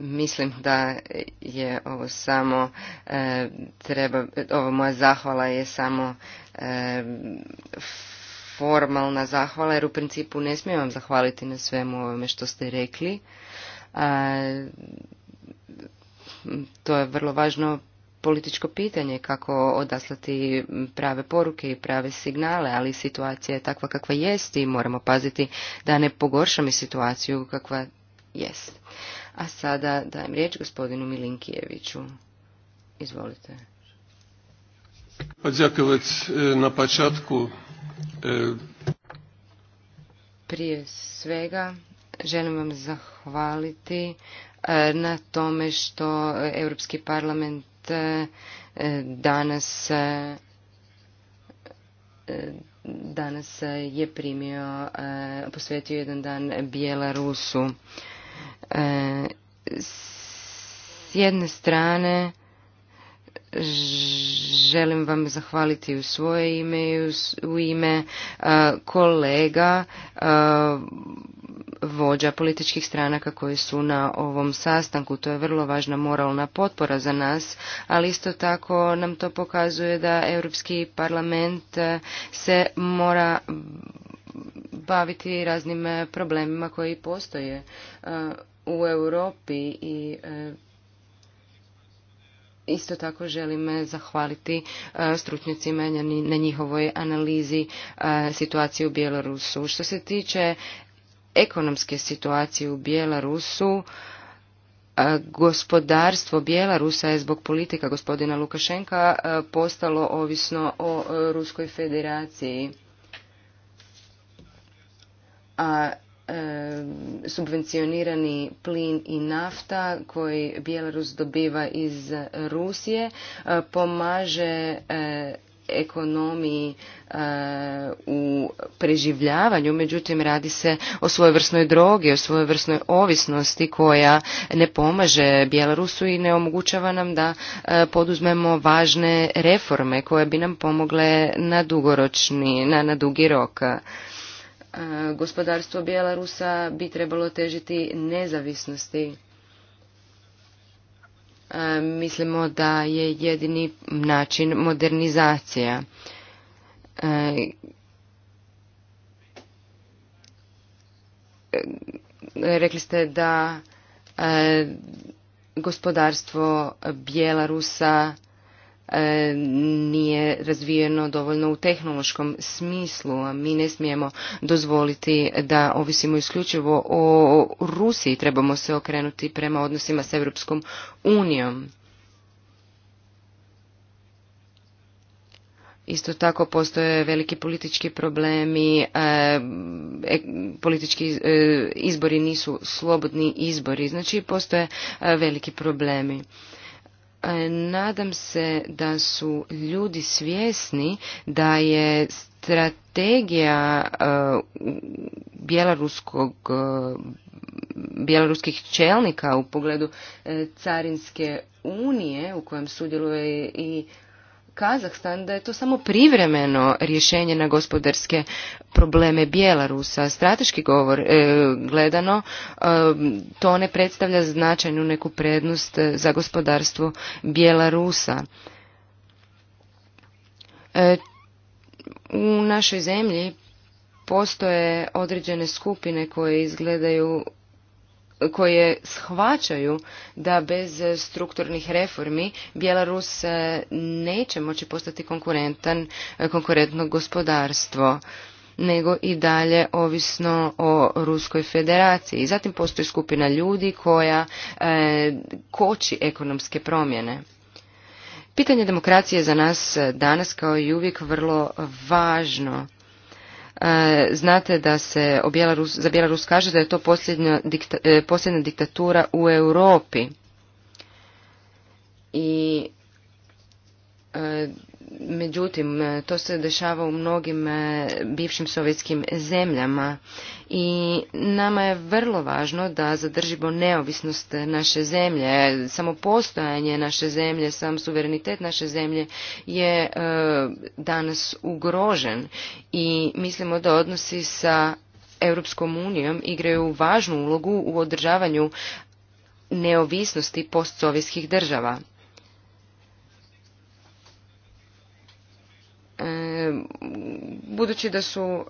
Mislim da je ovo samo e, treba, ovo moja zahvala je samo e, formalna zahvala jer u principu ne smijem vam zahvaliti na svemu ovome što ste rekli. to je vrlo važno političko pitanje kako odaslati prave poruke i prave signale, ali situacija je takva kakva jest i moramo paziti da ne pogoršamo situaciju kakva jest. A sada dajem riječ gospodinu Milinkijeviću. Izvolite. E, na početku. E, Prije svega želim vam zahvaliti e, na tome što Europski parlament danas danas je primio posvetio jedan dan Bjelarusu. Rusu E, s jedne strane želim vam zahvaliti u svoje ime i u ime e, kolega e, vođa političkih stranaka koji su na ovom sastanku. To je vrlo važna moralna potpora za nas, ali isto tako nam to pokazuje da Europski parlament se mora baviti raznim e, problemima koji postoje e, u Europi i e, Isto tako želim zahvaliti stručnjacima na njihovoj analizi situacije u bjelorusu Što se tiče ekonomske situacije u Bjelarusu, gospodarstvo Bjelarusa je zbog politika gospodina Lukašenka postalo ovisno o Ruskoj federaciji a subvencionirani plin i nafta koji Bjelorus dobiva iz Rusije e, pomaže e, ekonomiji e, u preživljavanju, međutim radi se o svojevrsnoj drogi, o svojevrsnoj ovisnosti koja ne pomaže Bjelorusu i ne omogućava nam da poduzmemo važne reforme koje bi nam pomogle na dugoročni, na, na dugi rok. E, gospodarstvo Bjelarusa bi trebalo težiti nezavisnosti. E, mislimo da je jedini način modernizacija. E, rekli ste da gospodarstvo Bjelarusa E, nije razvijeno dovoljno u tehnološkom smislu, mi ne smijemo dozvoliti da ovisimo isključivo o Rusiji, trebamo se okrenuti prema odnosima s Europskom unijom. Isto tako postoje veliki politički problemi, e, e, politički izbori nisu slobodni izbori, znači postoje veliki problemi. E, nadam se da su ljudi svjesni da je strategija e, bjelaruskog e, bjelaruskih čelnika u pogledu carinske unije u kojem sudjeluje i Kazahstan da je to samo privremeno rješenje na gospodarske probleme Bjelarusa. Strateški govor e, gledano e, to ne predstavlja značajnu neku prednost e, za gospodarstvo Bjelarusa. u našoj zemlji postoje određene skupine koje izgledaju koje shvaćaju da bez strukturnih reformi Bjelarus e, neće moći postati konkurentan, e, konkurentno gospodarstvo nego i dalje ovisno o Ruskoj federaciji. I zatim postoji skupina ljudi koja e, koči ekonomske promjene. Pitanje demokracije za nas danas kao i uvijek vrlo važno E, znate da se o Bjelarus, za Bjelarus kaže da je to posljednja, dikta, e, posljednja diktatura u Europi. I e, Međutim, e, to se dešava u mnogim e, bivšim sovjetskim zemljama i nama je vrlo važno da zadržimo neovisnost naše zemlje, samo postojanje naše zemlje, sam suverenitet naše zemlje je e, danas ugrožen i mislimo da odnosi sa Europskom unijom igraju važnu ulogu u održavanju neovisnosti postsovjetskih država. Budući da su e,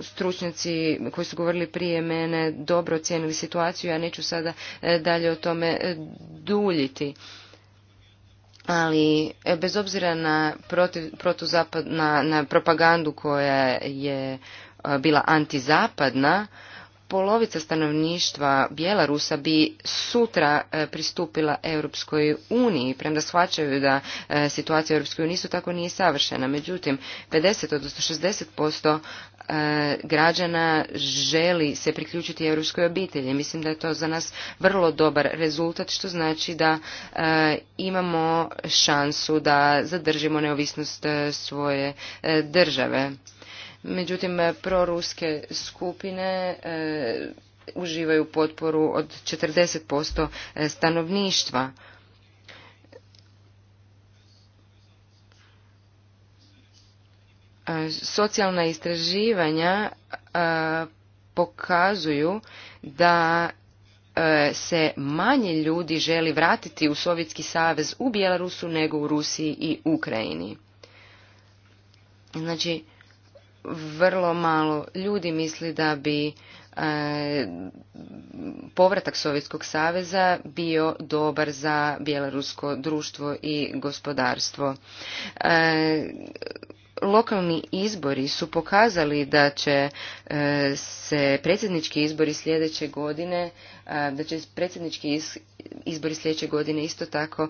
stručnjaci koji su govorili prije mene dobro ocijenili situaciju, ja neću sada e, dalje o tome e, duljiti. Ali bez obzira na, na, na propagandu koja je bila antizapadna, polovica stanovništva Bjelarusa bi sutra e, pristupila Europskoj uniji, premda shvaćaju da e, situacija u Europskoj uniji su tako nije savršena. Međutim, 50 odnosno 60% e, građana želi se priključiti Europskoj obitelji. Mislim da je to za nas vrlo dobar rezultat, što znači da imamo šansu da zadržimo neovisnost svoje države. Međutim, proruske skupine e, uživaju potporu od 40% e, stanovništva. E, socijalna istraživanja pokazuju da se manje ljudi želi vratiti u Sovjetski savez u Bjelarusu nego u Rusiji i Ukrajini. Znači, vrlo malo ljudi misli da bi e, povratak Sovjetskog saveza bio dobar za bjelarusko društvo i gospodarstvo. E, lokalni izbori su pokazali da će e, se predsjednički izbori sljedeće godine, da će predsjednički izbori sljedeće godine isto tako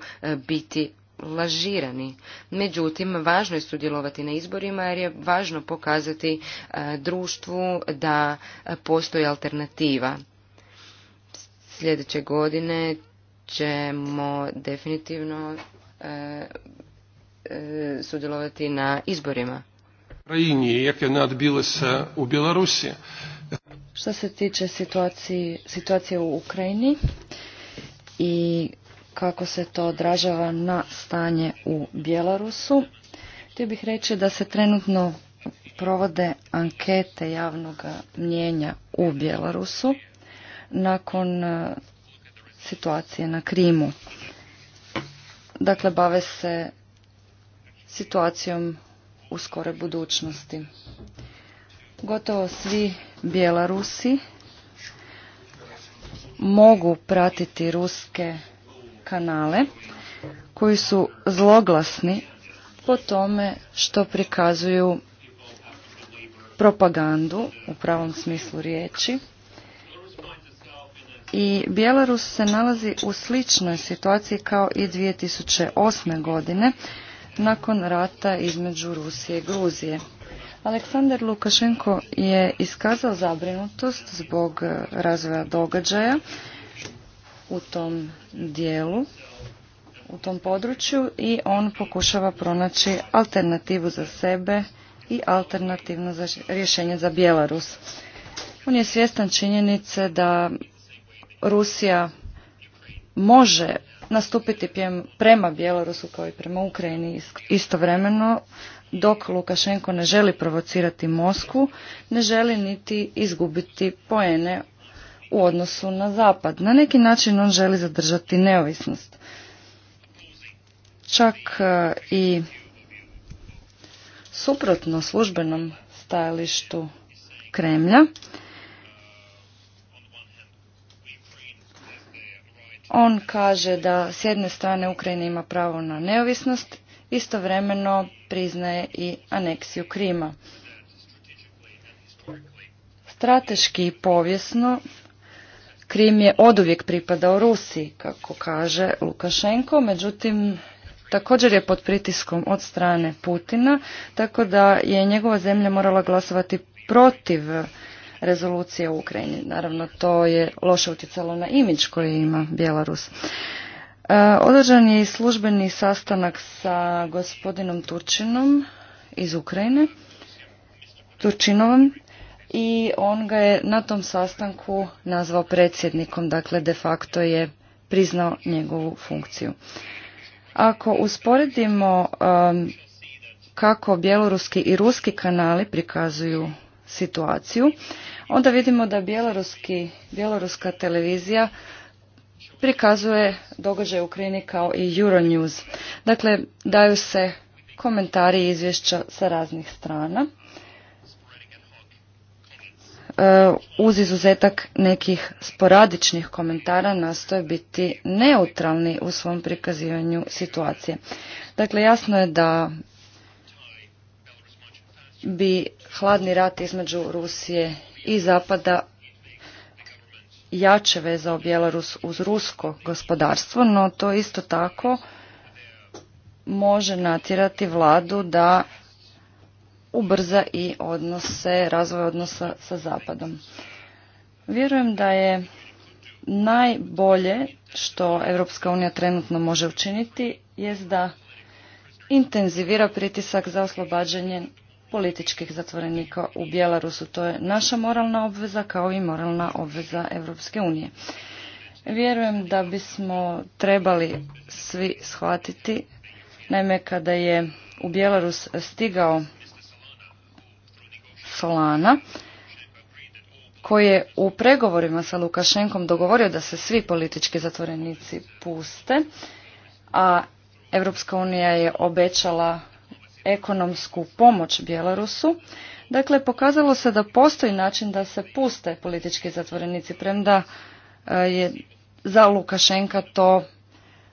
biti lažirani. Međutim, važno je sudjelovati na izborima jer je važno pokazati e, društvu da e, postoji alternativa. Sljedeće godine ćemo definitivno e, sudjelovati na izborima. je u Što se tiče situacije u Ukrajini i kako se to odražava na stanje u Bjelarusu. Htio bih reći da se trenutno provode ankete javnog mnjenja u Bjelarusu nakon e, situacije na Krimu. Dakle, bave se situacijom u skore budućnosti. Gotovo svi Bjelarusi mogu pratiti ruske kanale koji su zloglasni po tome što prikazuju propagandu u pravom smislu riječi. I Bjelarus se nalazi u sličnoj situaciji kao i 2008. godine nakon rata između Rusije i Gruzije. Aleksandar Lukašenko je iskazao zabrinutost zbog eh, razvoja događaja u tom dijelu, u tom području i on pokušava pronaći alternativu za sebe i alternativno za rješenje za Bjelarus. On je svjestan činjenice da Rusija može nastupiti prema Bjelorusu kao i prema Ukrajini istovremeno dok Lukašenko ne želi provocirati Moskvu, ne želi niti izgubiti poene u odnosu na zapad. Na neki način on želi zadržati neovisnost. Čak e, i suprotno službenom stajalištu Kremlja, On kaže da s jedne strane Ukrajina ima pravo na neovisnost, istovremeno priznaje i aneksiju Krima. Strateški i povijesno Krim je oduvijek pripadao Rusiji, kako kaže Lukašenko, međutim također je pod pritiskom od strane Putina, tako da je njegova zemlja morala glasovati protiv rezolucije u Ukrajini. Naravno, to je loše utjecalo na imidž koji ima Bjelarus. E, održan je i službeni sastanak sa gospodinom Turčinom iz Ukrajine, Turčinovom, i on ga je na tom sastanku nazvao predsjednikom, dakle de facto je priznao njegovu funkciju. Ako usporedimo um, kako bjeloruski i ruski kanali prikazuju situaciju, onda vidimo da bjeloruski, bjeloruska televizija prikazuje događaj u Ukrajini kao i Euronews. Dakle, daju se komentari i izvješća sa raznih strana. E, uz izuzetak nekih sporadičnih komentara nastoje biti neutralni u svom prikazivanju situacije. Dakle, jasno je da bi hladni rat između Rusije i Zapada jače vezao Bjelorus uz rusko gospodarstvo, no to isto tako može natjerati vladu da ubrza i odnose, razvoj odnosa sa Zapadom. Vjerujem da je najbolje što Europska unija trenutno može učiniti jest da intenzivira pritisak za oslobađanje političkih zatvorenika u Bjelarusu. To je naša moralna obveza kao i moralna obveza Europske unije. Vjerujem da bismo trebali svi shvatiti, naime kada je u Bjelarus stigao Solana koji je u pregovorima sa Lukašenkom dogovorio da se svi politički zatvorenici puste, a Europska unija je obećala ekonomsku pomoć Bjelarusu. Dakle, pokazalo se da postoji način da se puste politički zatvorenici, premda e, je za Lukašenka to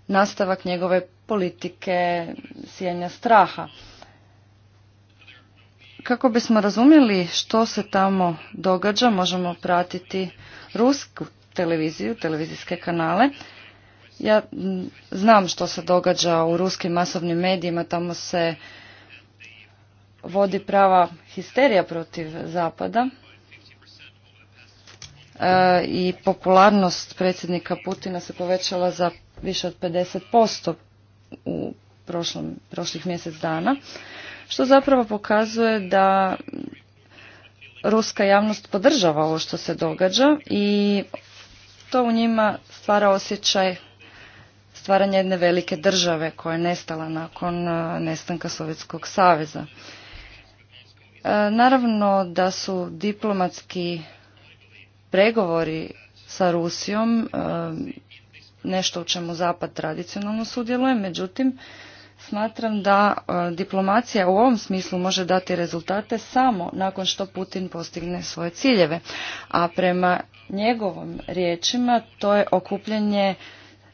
nastavak njegove politike sijenja straha. Kako bismo razumjeli što se tamo događa, možemo pratiti rusku televiziju, televizijske kanale. Ja znam što se događa u ruskim masovnim medijima, tamo se vodi prava histerija protiv Zapada e, i popularnost predsjednika Putina se povećala za više od 50% u prošlom, prošlih mjesec dana što zapravo pokazuje da ruska javnost podržava ovo što se događa i to u njima stvara osjećaj stvaranja jedne velike države koja je nestala nakon e, nestanka Sovjetskog saveza. E, naravno da su diplomatski pregovori sa Rusijom e, nešto u čemu Zapad tradicionalno sudjeluje, međutim Smatram da e, diplomacija u ovom smislu može dati rezultate samo nakon što Putin postigne svoje ciljeve, a prema njegovim riječima to je okupljanje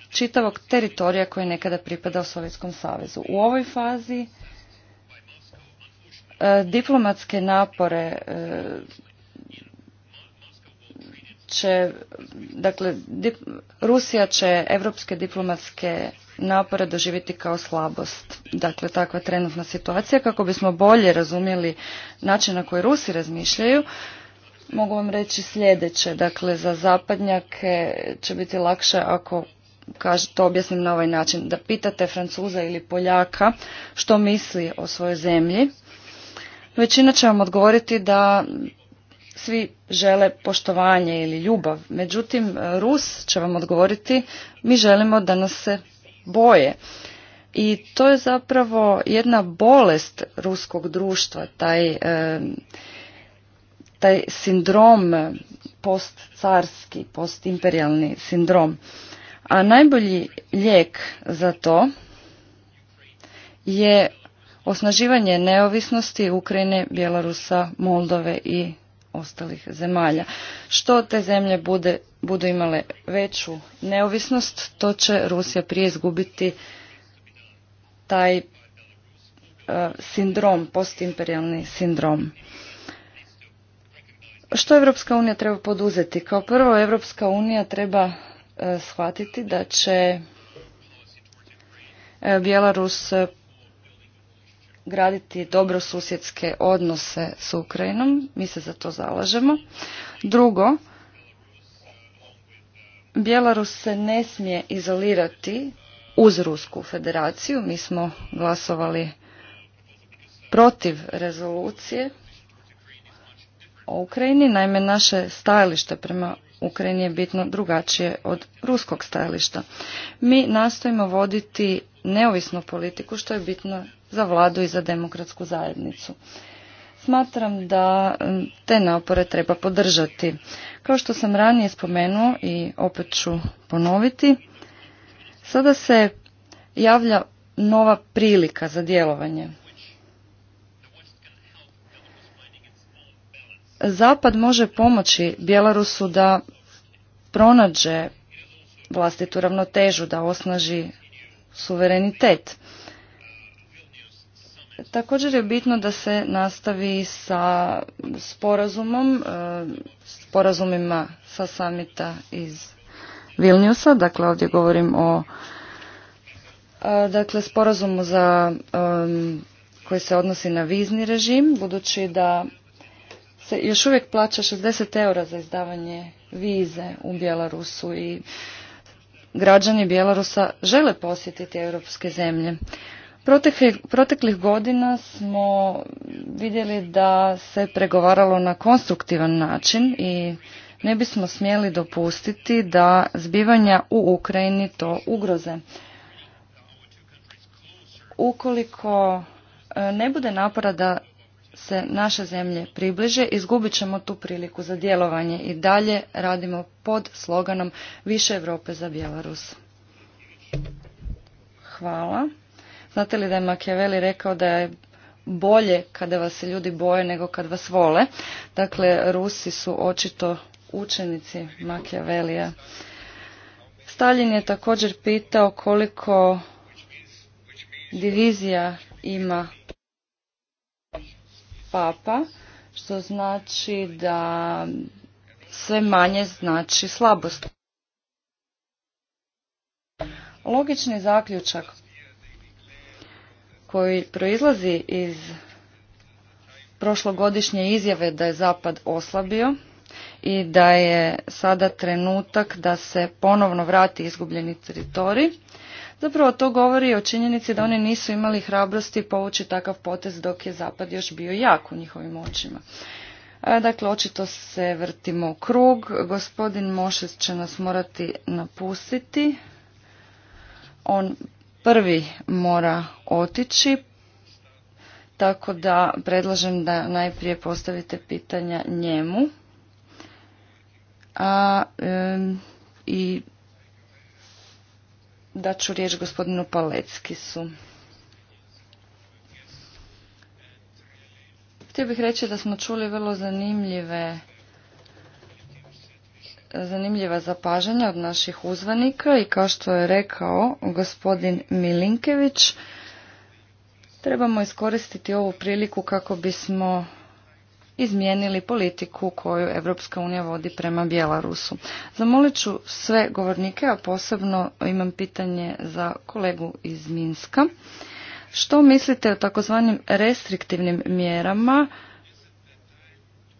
čitavog teritorija koji je nekada pripadao Sovjetskom savezu. U ovoj fazi e, diplomatske napore e, će, dakle, Rusija će evropske diplomatske napore doživjeti kao slabost. Dakle, takva trenutna situacija. Kako bismo bolje razumjeli način na koji Rusi razmišljaju, mogu vam reći sljedeće. Dakle, za zapadnjake će biti lakše ako kaže, to objasnim na ovaj način, da pitate Francuza ili Poljaka što misli o svojoj zemlji, većina će vam odgovoriti da svi žele poštovanje ili ljubav. Međutim, Rus će vam odgovoriti, mi želimo da nas se boje. I to je zapravo jedna bolest ruskog društva, taj, taj sindrom postcarski, postimperijalni sindrom. A najbolji lijek za to je osnaživanje neovisnosti Ukrajine, Bjelorusa, Moldove i ostalih zemalja. Što te zemlje bude, budu imale veću neovisnost, to će Rusija prije izgubiti taj e, sindrom, postimperijalni sindrom. Što Evropska unija treba poduzeti? Kao prvo, Evropska unija treba e, shvatiti da će e, Bjelarus graditi dobrosusjedske odnose s Ukrajinom. Mi se za to zalažemo. Drugo, Bjelarus se ne smije izolirati uz Rusku federaciju. Mi smo glasovali protiv rezolucije o Ukrajini. Naime, naše stajalište prema Ukrajini je bitno drugačije od ruskog stajališta. Mi nastojimo voditi neovisnu politiku što je bitno za vladu i za demokratsku zajednicu. Smatram da te napore treba podržati. Kao što sam ranije spomenuo i opet ću ponoviti, sada se javlja nova prilika za djelovanje. Zapad može pomoći Bjelarusu da pronađe vlastitu ravnotežu, da osnaži suverenitet. Također je bitno da se nastavi sa sporazumom, e, sporazumima sa samita iz Vilniusa, dakle ovdje govorim o e, dakle sporazumu za e, koji se odnosi na vizni režim, budući da se još uvijek plaća 60 eura za izdavanje vize u Bjelarusu i građani Bjelarusa žele posjetiti europske zemlje. Proteklih, godina smo vidjeli da se pregovaralo na konstruktivan način i ne bismo smjeli dopustiti da zbivanja u Ukrajini to ugroze. Ukoliko e, ne bude napora da se naše zemlje približe, izgubit ćemo tu priliku za djelovanje i dalje radimo pod sloganom Više Europe za Bjelarus. Hvala. Znate li da je Machiavelli rekao da je bolje kada vas se ljudi boje nego kad vas vole? Dakle, Rusi su očito učenici Machiavellija. Stalin je također pitao koliko divizija ima papa, što znači da sve manje znači slabost. Logični zaključak koji proizlazi iz prošlogodišnje izjave da je Zapad oslabio i da je sada trenutak da se ponovno vrati izgubljeni teritorij. Zapravo to govori o činjenici da oni nisu imali hrabrosti povući takav potez dok je Zapad još bio jak u njihovim očima. E, dakle, očito se vrtimo u krug. Gospodin Mošes će nas morati napustiti. On prvi mora otići, tako da predlažem da najprije postavite pitanja njemu. A i da ću riječ gospodinu Paleckisu. Htio bih reći da smo čuli vrlo zanimljive zanimljiva zapažanja od naših uzvanika i kao što je rekao gospodin Milinkević, trebamo iskoristiti ovu priliku kako bismo izmijenili politiku koju Europska unija vodi prema Bjelarusu. Zamolit ću sve govornike, a posebno imam pitanje za kolegu iz Minska. Što mislite o takozvanim restriktivnim mjerama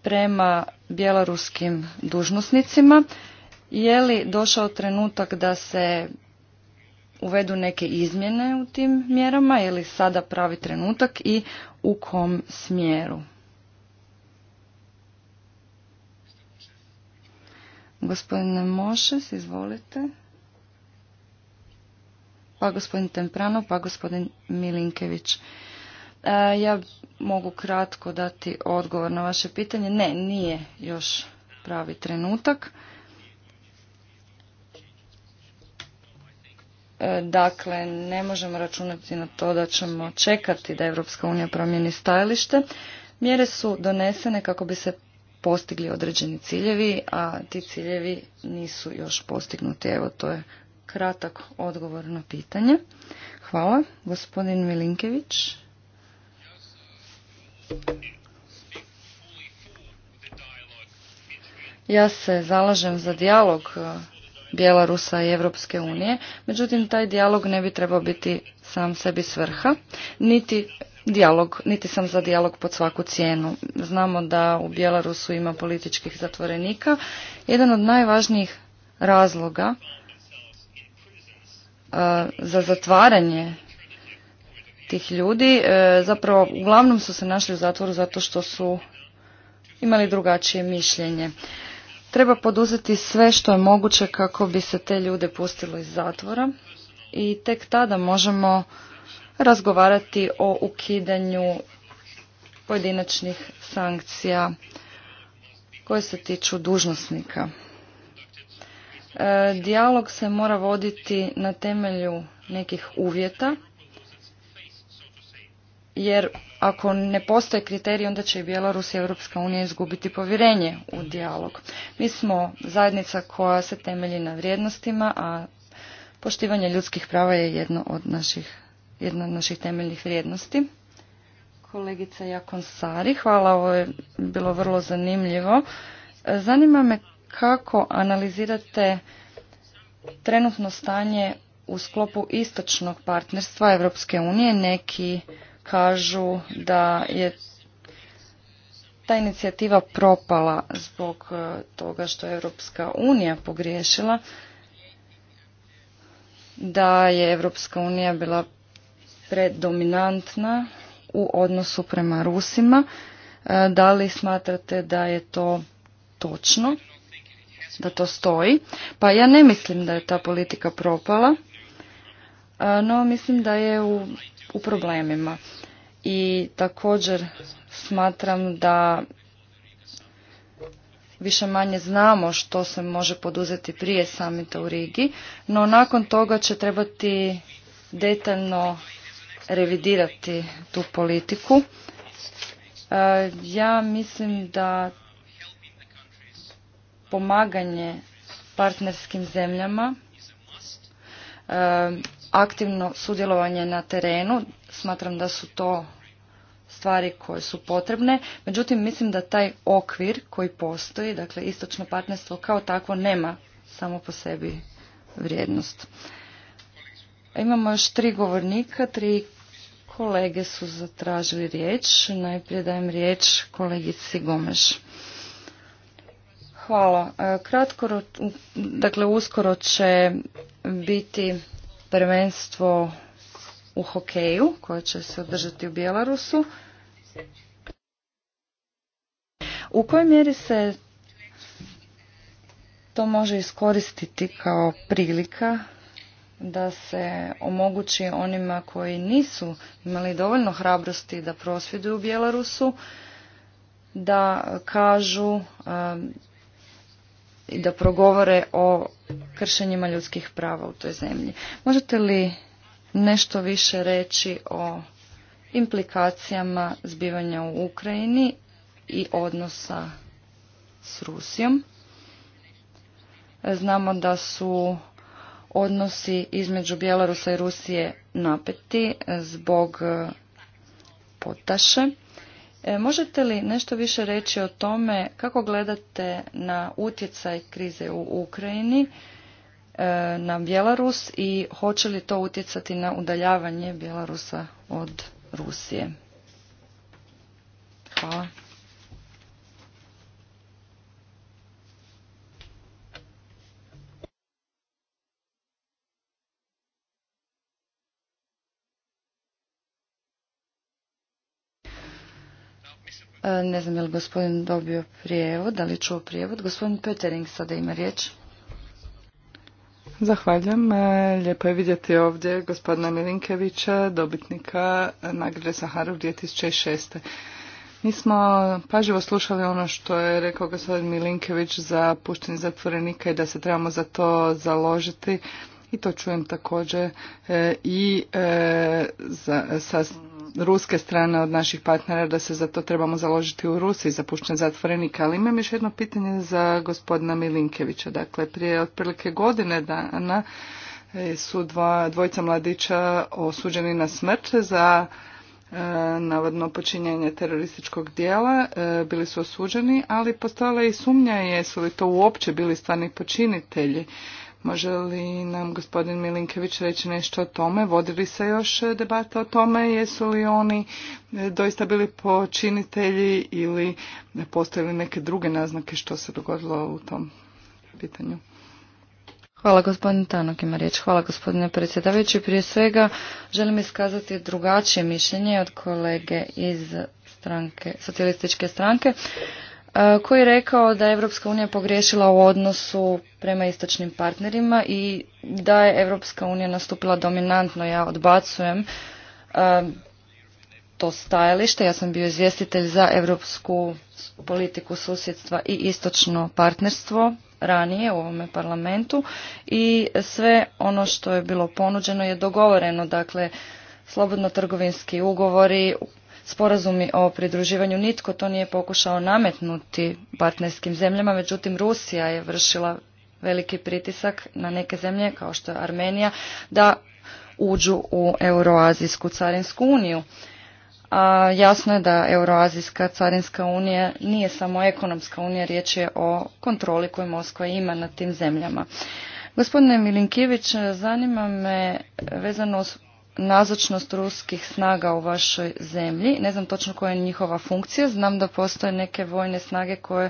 prema bjeloruskim dužnosnicima. Je li došao trenutak da se uvedu neke izmjene u tim mjerama? ili sada pravi trenutak i u kom smjeru? Gospodine Mošes, izvolite. Pa gospodin Temprano, pa gospodin Milinkević. E, ja mogu kratko dati odgovor na vaše pitanje. Ne, nije još pravi trenutak. E, dakle, ne možemo računati na to da ćemo čekati da Europska unija promijeni stajalište. Mjere su donesene kako bi se postigli određeni ciljevi, a ti ciljevi nisu još postignuti. Evo, to je kratak odgovor na pitanje. Hvala. Gospodin Milinkević. Ja se zalažem za dijalog eh, Bjelarusa i Europske unije, međutim taj dijalog ne bi trebao biti sam sebi svrha, niti dijalog, niti sam za dijalog pod svaku cijenu. Znamo da u Bjelarusu ima političkih zatvorenika. Jedan od najvažnijih razloga eh, za zatvaranje tih ljudi. E, zapravo, uglavnom su se našli u zatvoru zato što su imali drugačije mišljenje. Treba poduzeti sve što je moguće kako bi se te ljude pustilo iz zatvora i tek tada možemo razgovarati o ukidanju pojedinačnih sankcija koje se tiču dužnosnika. E, dijalog se mora voditi na temelju nekih uvjeta jer ako ne postoje kriterij, onda će i Bjelorus i Europska unija izgubiti povjerenje u dijalog. Mi smo zajednica koja se temelji na vrijednostima, a poštivanje ljudskih prava je jedno od naših, jedna od naših temeljnih vrijednosti. Kolegica Jakon Sari, hvala, ovo je bilo vrlo zanimljivo. Zanima me kako analizirate trenutno stanje u sklopu istočnog partnerstva Europske unije, neki kažu da je ta inicijativa propala zbog e, toga što je Europska unija pogriješila, da je Europska unija bila predominantna u odnosu prema Rusima. E, da li smatrate da je to točno, da to stoji? Pa ja ne mislim da je ta politika propala, e, no mislim da je u u problemima. I također smatram da više manje znamo što se može poduzeti prije samita u Rigi, no nakon toga će trebati detaljno revidirati tu politiku. E, ja mislim da pomaganje partnerskim zemljama e, aktivno sudjelovanje na terenu. Smatram da su to stvari koje su potrebne. Međutim, mislim da taj okvir koji postoji, dakle istočno partnerstvo kao takvo nema samo po sebi vrijednost. Imamo još tri govornika, tri kolege su zatražili riječ. Najprije dajem riječ kolegici Gomeš. Hvala. E, Kratko, dakle uskoro će biti prvenstvo u hokeju koje će se održati u Bjelarusu. U kojoj mjeri se to može iskoristiti kao prilika da se omogući onima koji nisu imali dovoljno hrabrosti da prosvjeduju u Bjelarusu, da kažu i da progovore o kršenjima ljudskih prava u toj zemlji. Možete li nešto više reći o implikacijama zbivanja u Ukrajini i odnosa s Rusijom? Znamo da su odnosi između Bjelorusa i Rusije napeti zbog potaše E, možete li nešto više reći o tome kako gledate na utjecaj krize u Ukrajini e, na Bjelarus i hoće li to utjecati na udaljavanje Bjelarusa od Rusije? Hvala. E, ne znam je li gospodin dobio prijevod, da li čuo prijevod. Gospodin Petering sada ima riječ. Zahvaljujem. E, lijepo je vidjeti ovdje gospodina Milinkevića, dobitnika nagrade Saharov 2006. Mi smo pažljivo slušali ono što je rekao gospodin Milinkević za puštenje zatvorenika i da se trebamo za to založiti i to čujem također e, i za, sa ruske strane od naših partnera da se za to trebamo založiti u Rusiji za zatvorenika. Ali imam još jedno pitanje za gospodina Milinkevića. Dakle, prije otprilike godine dana e, su dva, dvojica mladića osuđeni na smrt za e, navodno počinjenje terorističkog dijela. E, bili su osuđeni, ali postojala i sumnja jesu li to uopće bili stvarni počinitelji. Može li nam gospodin Milinkević reći nešto o tome? Vodi li se još debata o tome? Jesu li oni doista bili počinitelji ili postoje li neke druge naznake što se dogodilo u tom pitanju? Hvala gospodin Tanok ima riječ. Hvala gospodine predsjedavajući. Prije svega želim iskazati drugačije mišljenje od kolege iz stranke, socijalističke stranke. E, koji je rekao da je Europska unija pogriješila u odnosu prema istočnim partnerima i da je Europska unija nastupila dominantno. Ja odbacujem e, to stajalište. Ja sam bio izvjestitelj za europsku politiku susjedstva i istočno partnerstvo ranije u ovome parlamentu i sve ono što je bilo ponuđeno je dogovoreno. Dakle, slobodno trgovinski ugovori, sporazumi o pridruživanju nitko to nije pokušao nametnuti partnerskim zemljama, međutim Rusija je vršila veliki pritisak na neke zemlje kao što je Armenija da uđu u Euroazijsku carinsku uniju. A jasno je da Euroazijska carinska unija nije samo ekonomska unija, riječ je o kontroli koju Moskva ima nad tim zemljama. Gospodine Milinkivić, zanima me vezano nazočnost ruskih snaga u vašoj zemlji. Ne znam točno koja je njihova funkcija. Znam da postoje neke vojne snage koje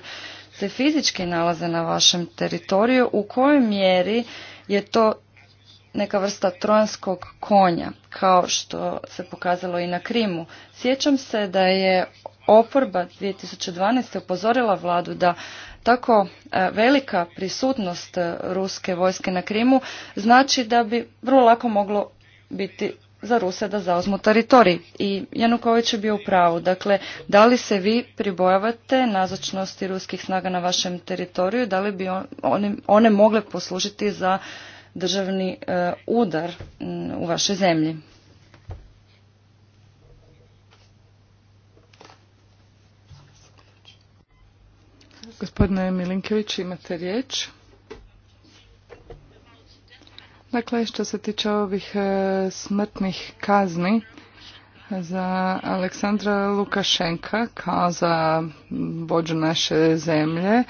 se fizički nalaze na vašem teritoriju. U kojoj mjeri je to neka vrsta trojanskog konja, kao što se pokazalo i na Krimu. Sjećam se da je oporba 2012. upozorila vladu da tako e, velika prisutnost ruske vojske na Krimu znači da bi vrlo lako moglo biti za Ruse da zauzmu teritorij. I Janukovic je bio u pravu. Dakle, da li se vi pribojavate nazočnosti ruskih snaga na vašem teritoriju, da li bi one, mogle poslužiti za državni e, udar mm, u vašoj zemlji? Gospodine Milinković, imate riječ. Dakle, što se tiče ovih e, smrtnih kazni za Aleksandra Lukašenka kao za vođu naše zemlje e,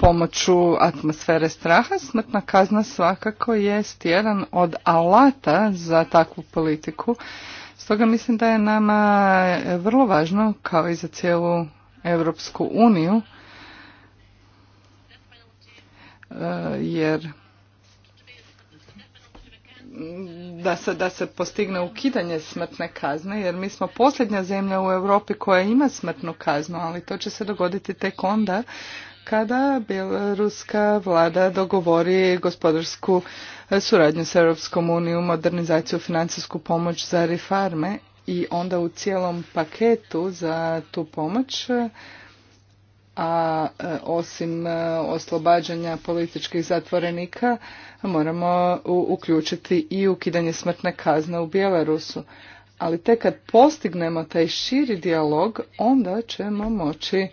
pomoću atmosfere straha, smrtna kazna svakako jest jedan od alata za takvu politiku. Stoga mislim da je nama vrlo važno, kao i za cijelu Europsku uniju, e, jer da se, da se postigne ukidanje smrtne kazne, jer mi smo posljednja zemlja u Europi koja ima smrtnu kaznu, ali to će se dogoditi tek onda kada bjeloruska vlada dogovori gospodarsku suradnju s Europskom unijom, modernizaciju, financijsku pomoć za reforme i onda u cijelom paketu za tu pomoć a e, osim e, oslobađanja političkih zatvorenika moramo uključiti i ukidanje smrtne kazne u Bjelarusu. Ali tek kad postignemo taj širi dijalog, onda ćemo moći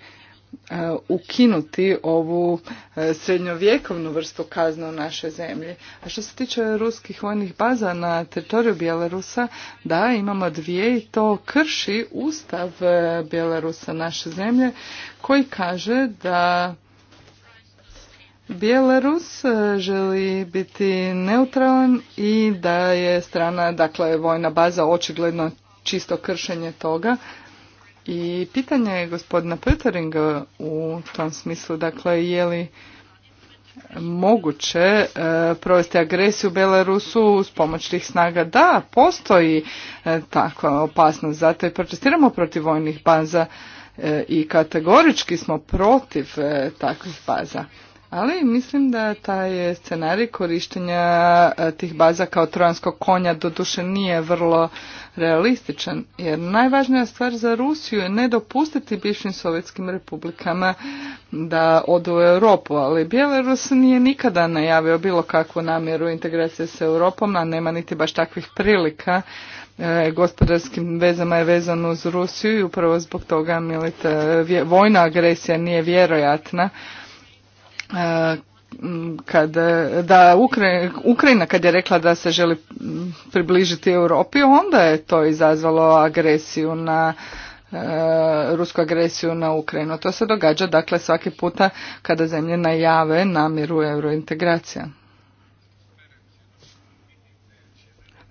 E, ukinuti ovu e, srednjovjekovnu vrstu kazne u našoj zemlji. A što se tiče ruskih vojnih baza na teritoriju Bjelarusa, da, imamo dvije i to krši ustav e, Bjelarusa naše zemlje koji kaže da Bjelarus želi biti neutralan i da je strana, dakle vojna baza očigledno čisto kršenje toga i pitanje je gospodina Peteringa u tom smislu, dakle, je li moguće e, provesti agresiju u Belarusu s pomoć tih snaga. Da, postoji e, takva opasnost, zato i protestiramo protiv vojnih baza e, i kategorički smo protiv e, takvih baza. Ali mislim da taj scenarij korištenja e, tih baza kao trojanskog konja doduše nije vrlo realističan. Jer najvažnija stvar za Rusiju je ne dopustiti bivšim sovjetskim republikama da odu u Europu. Ali Bjelorus nije nikada najavio bilo kakvu namjeru integracije sa Europom, a nema niti baš takvih prilika. E, gospodarskim vezama je vezan uz Rusiju i upravo zbog toga vojna agresija nije vjerojatna E, kada, da Ukrajina kad je rekla da se želi približiti Europi, onda je to izazvalo agresiju na e, rusku agresiju na Ukrajinu. To se događa dakle svaki puta kada zemlje najave namjeru eurointegracija.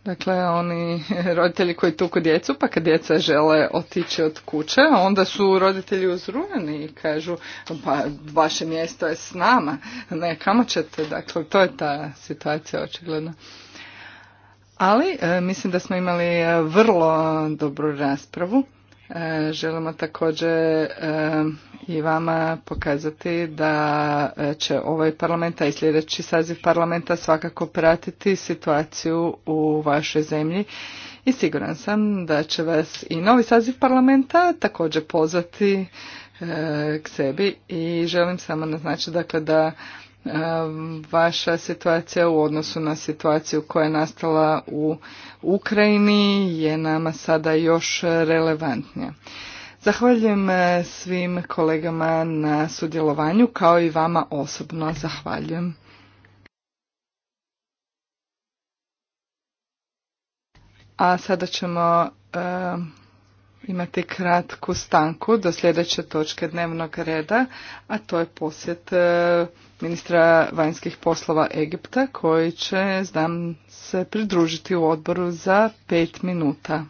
Dakle, oni [laughs] roditelji koji tuku djecu, pa kad djeca žele otići od kuće, onda su roditelji uzrujeni i kažu, pa vaše mjesto je s nama, ne, kamo ćete, dakle, to je ta situacija očigledno. Ali, e, mislim da smo imali e, vrlo dobru raspravu E, želimo također e, i vama pokazati da e, će ovaj parlament, a i sljedeći saziv parlamenta svakako pratiti situaciju u vašoj zemlji i siguran sam da će vas i novi saziv parlamenta također pozvati k sebi i želim samo naznačiti dakle da Ehm, vaša situacija u odnosu na situaciju koja je nastala u Ukrajini je nama sada još relevantnija. Zahvaljujem eh, svim kolegama na sudjelovanju kao i vama osobno zahvaljujem. A sada ćemo ehm, Imate kratku stanku do sljedeće točke dnevnog reda, a to je posjet e, ministra vanjskih poslova Egipta koji će, znam, se pridružiti u odboru za pet minuta.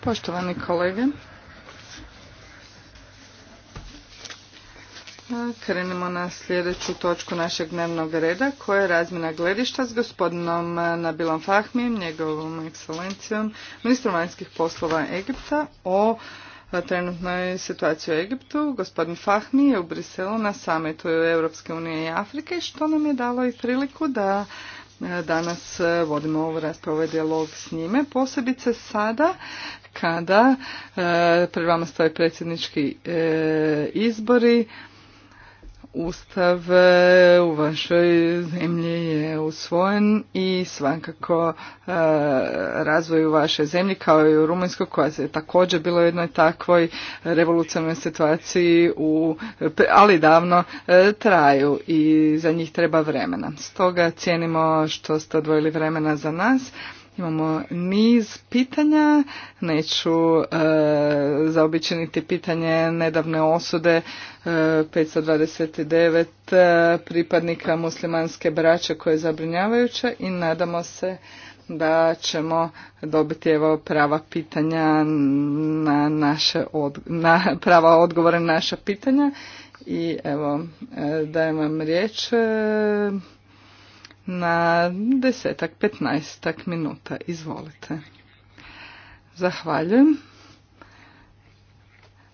Poštovani kolege, krenimo na sljedeću točku našeg dnevnog reda koja je razmjena gledišta s gospodinom Nabilom Fahmijem, njegovom ekscelencijom, ministrom vanjskih poslova Egipta o trenutnoj situaciji u Egiptu. Gospodin Fahmi je u Briselu na samitu Europske unije i Afrike što nam je dalo i priliku da E, danas e, vodimo ovu raspravu, ovaj dijalog s njime, posebice sada kada e, pred vama stoje predsjednički izbori, Ustav e, u vašoj zemlji je usvojen i svakako e, razvoj u vašoj zemlji kao i u Rumunjskoj koja je također bila u jednoj takvoj revolucionarnoj situaciji u, ali davno e, traju i za njih treba vremena. Stoga cijenimo što ste odvojili vremena za nas Imamo niz pitanja, neću e, pitanje nedavne osude e, 529 e, pripadnika muslimanske braće koje je zabrinjavajuća i nadamo se da ćemo dobiti evo prava pitanja na naše od, na prava odgovore na naša pitanja i evo e, dajem vam riječ e, na desetak, petnaestak minuta. Izvolite. Zahvaljujem.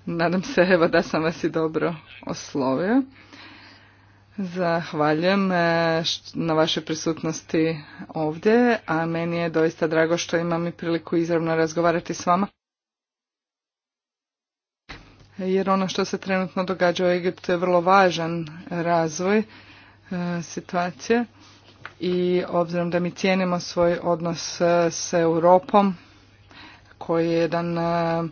Nadam se evo da sam vas i dobro oslovio. Zahvaljujem e, na vašoj prisutnosti ovdje, a meni je doista drago što imam i priliku izravno razgovarati s vama. Jer ono što se trenutno događa u Egiptu je vrlo važan razvoj e, situacije i obzirom da mi cijenimo svoj odnos e, s Europom koji je jedan e,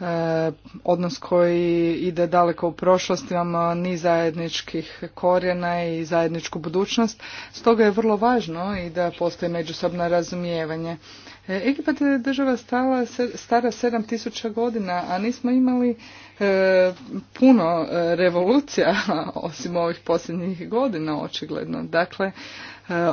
e, odnos koji ide daleko u prošlost, imamo ni zajedničkih korijena i zajedničku budućnost. Stoga je vrlo važno i da postoji međusobno razumijevanje. Egipat je država stala, stara 7000 godina, a nismo imali puno revolucija [laughs] osim ovih posljednjih godina, očigledno. Dakle, E,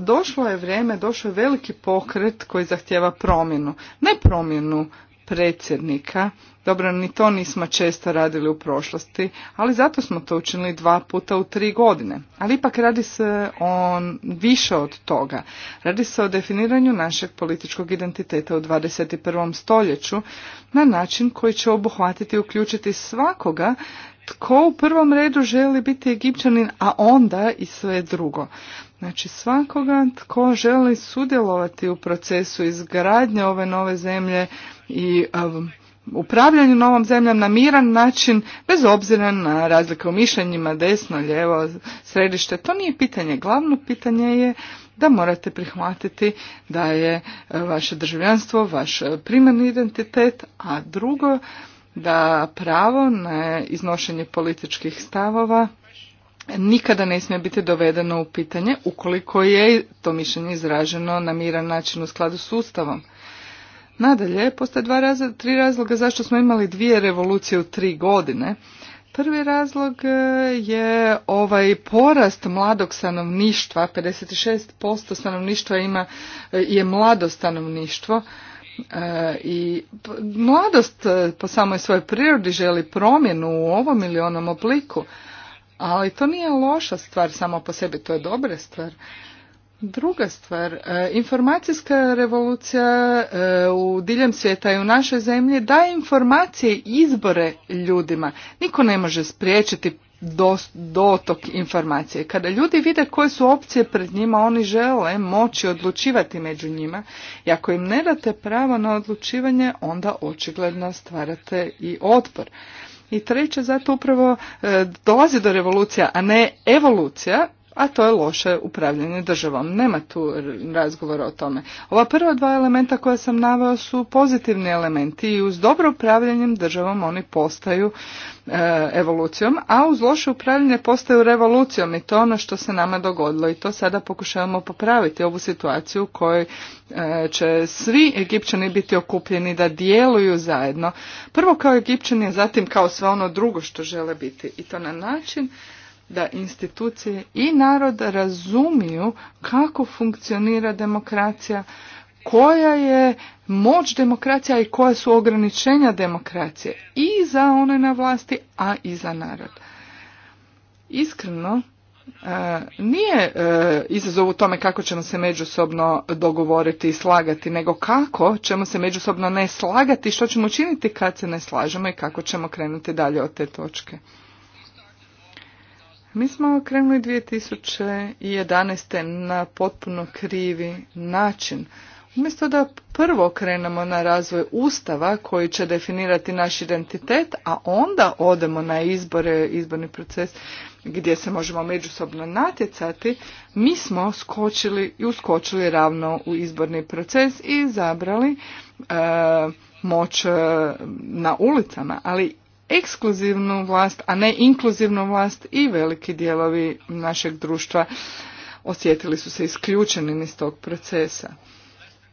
došlo je vrijeme, došao je veliki pokret koji zahtjeva promjenu. Ne promjenu predsjednika, dobro, ni to nismo često radili u prošlosti, ali zato smo to učinili dva puta u tri godine. Ali ipak radi se on više od toga. Radi se o definiranju našeg političkog identiteta u 21. stoljeću na način koji će obuhvatiti i uključiti svakoga tko u prvom redu želi biti egipćanin, a onda i sve drugo. Znači svakoga tko želi sudjelovati u procesu izgradnje ove nove zemlje i upravljanju novom zemljom na miran način, bez obzira na razlike u mišljenjima, desno, ljevo, središte, to nije pitanje. Glavno pitanje je da morate prihvatiti da je e, vaše državljanstvo, vaš primarni identitet, a drugo da pravo na iznošenje političkih stavova nikada ne smije biti dovedeno u pitanje ukoliko je to mišljenje izraženo na miran način u skladu s Ustavom. Nadalje, postoje dva tri razloga zašto smo imali dvije revolucije u tri godine. Prvi razlog e, je ovaj porast mladog stanovništva, 56% stanovništva ima, e, je mlado stanovništvo e, i mladost po samoj svojoj prirodi želi promjenu u ovom ili onom obliku. Ali to nije loša stvar samo po sebi, to je dobra stvar. Druga stvar, e, informacijska revolucija e, u diljem svijeta i u našoj zemlji daje informacije izbore ljudima. Niko ne može spriječiti dotok informacije. Kada ljudi vide koje su opcije pred njima, oni žele moći odlučivati među njima i ako im ne date pravo na odlučivanje, onda očigledno stvarate i otpor. I treće, zato upravo e, dolazi do revolucija, a ne evolucija a to je loše upravljanje državom. Nema tu razgovora o tome. Ova prva dva elementa koja sam naveo su pozitivni elementi i uz dobro upravljanje državom oni postaju e, evolucijom, a uz loše upravljanje postaju revolucijom i to je ono što se nama dogodilo i to sada pokušavamo popraviti ovu situaciju u kojoj e, će svi Egipćani biti okupljeni da djeluju zajedno. Prvo kao Egipćani, a zatim kao sve ono drugo što žele biti i to na način da institucije i narod razumiju kako funkcionira demokracija, koja je moć demokracija i koja su ograničenja demokracije i za one na vlasti, a i za narod. Iskreno, e, nije e, izazov u tome kako ćemo se međusobno dogovoriti i slagati, nego kako ćemo se međusobno ne slagati, što ćemo učiniti kad se ne slažemo i kako ćemo krenuti dalje od te točke. Mi smo krenuli 2011. na potpuno krivi način. Umjesto da prvo krenemo na razvoj ustava koji će definirati naš identitet, a onda odemo na izbore, izborni proces gdje se možemo međusobno natjecati, mi smo skočili i uskočili ravno u izborni proces i zabrali e, moć e, na ulicama. Ali ekskluzivnu vlast, a ne inkluzivnu vlast i veliki dijelovi našeg društva osjetili su se isključenim iz tog procesa.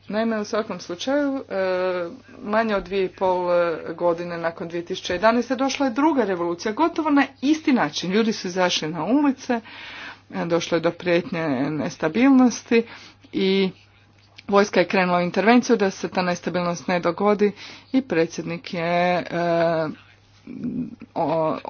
Naime, u svakom slučaju, e, manje od dvije i pol godine nakon 2011. došla je druga revolucija, gotovo na isti način. Ljudi su izašli na ulice, e, došlo je do prijetnje nestabilnosti i vojska je krenula u intervenciju da se ta nestabilnost ne dogodi i predsjednik je e,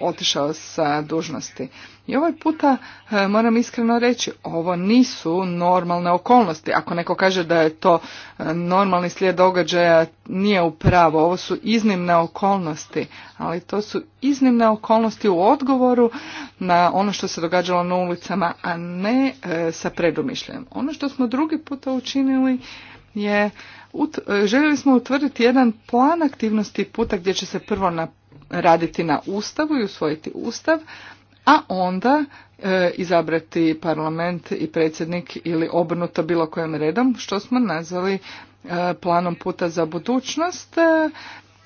otišao sa dužnosti. I ovaj puta e, moram iskreno reći, ovo nisu normalne okolnosti. Ako neko kaže da je to e, normalni slijed događaja, nije upravo. Ovo su iznimne okolnosti, ali to su iznimne okolnosti u odgovoru na ono što se događalo na ulicama, a ne e, sa predumišljajem. Ono što smo drugi puta učinili je željeli smo utvrditi jedan plan aktivnosti puta gdje će se prvo na raditi na Ustavu i usvojiti Ustav, a onda e, izabrati parlament i predsjednik ili obrnuto bilo kojem redom, što smo nazvali e, planom puta za budućnost, e,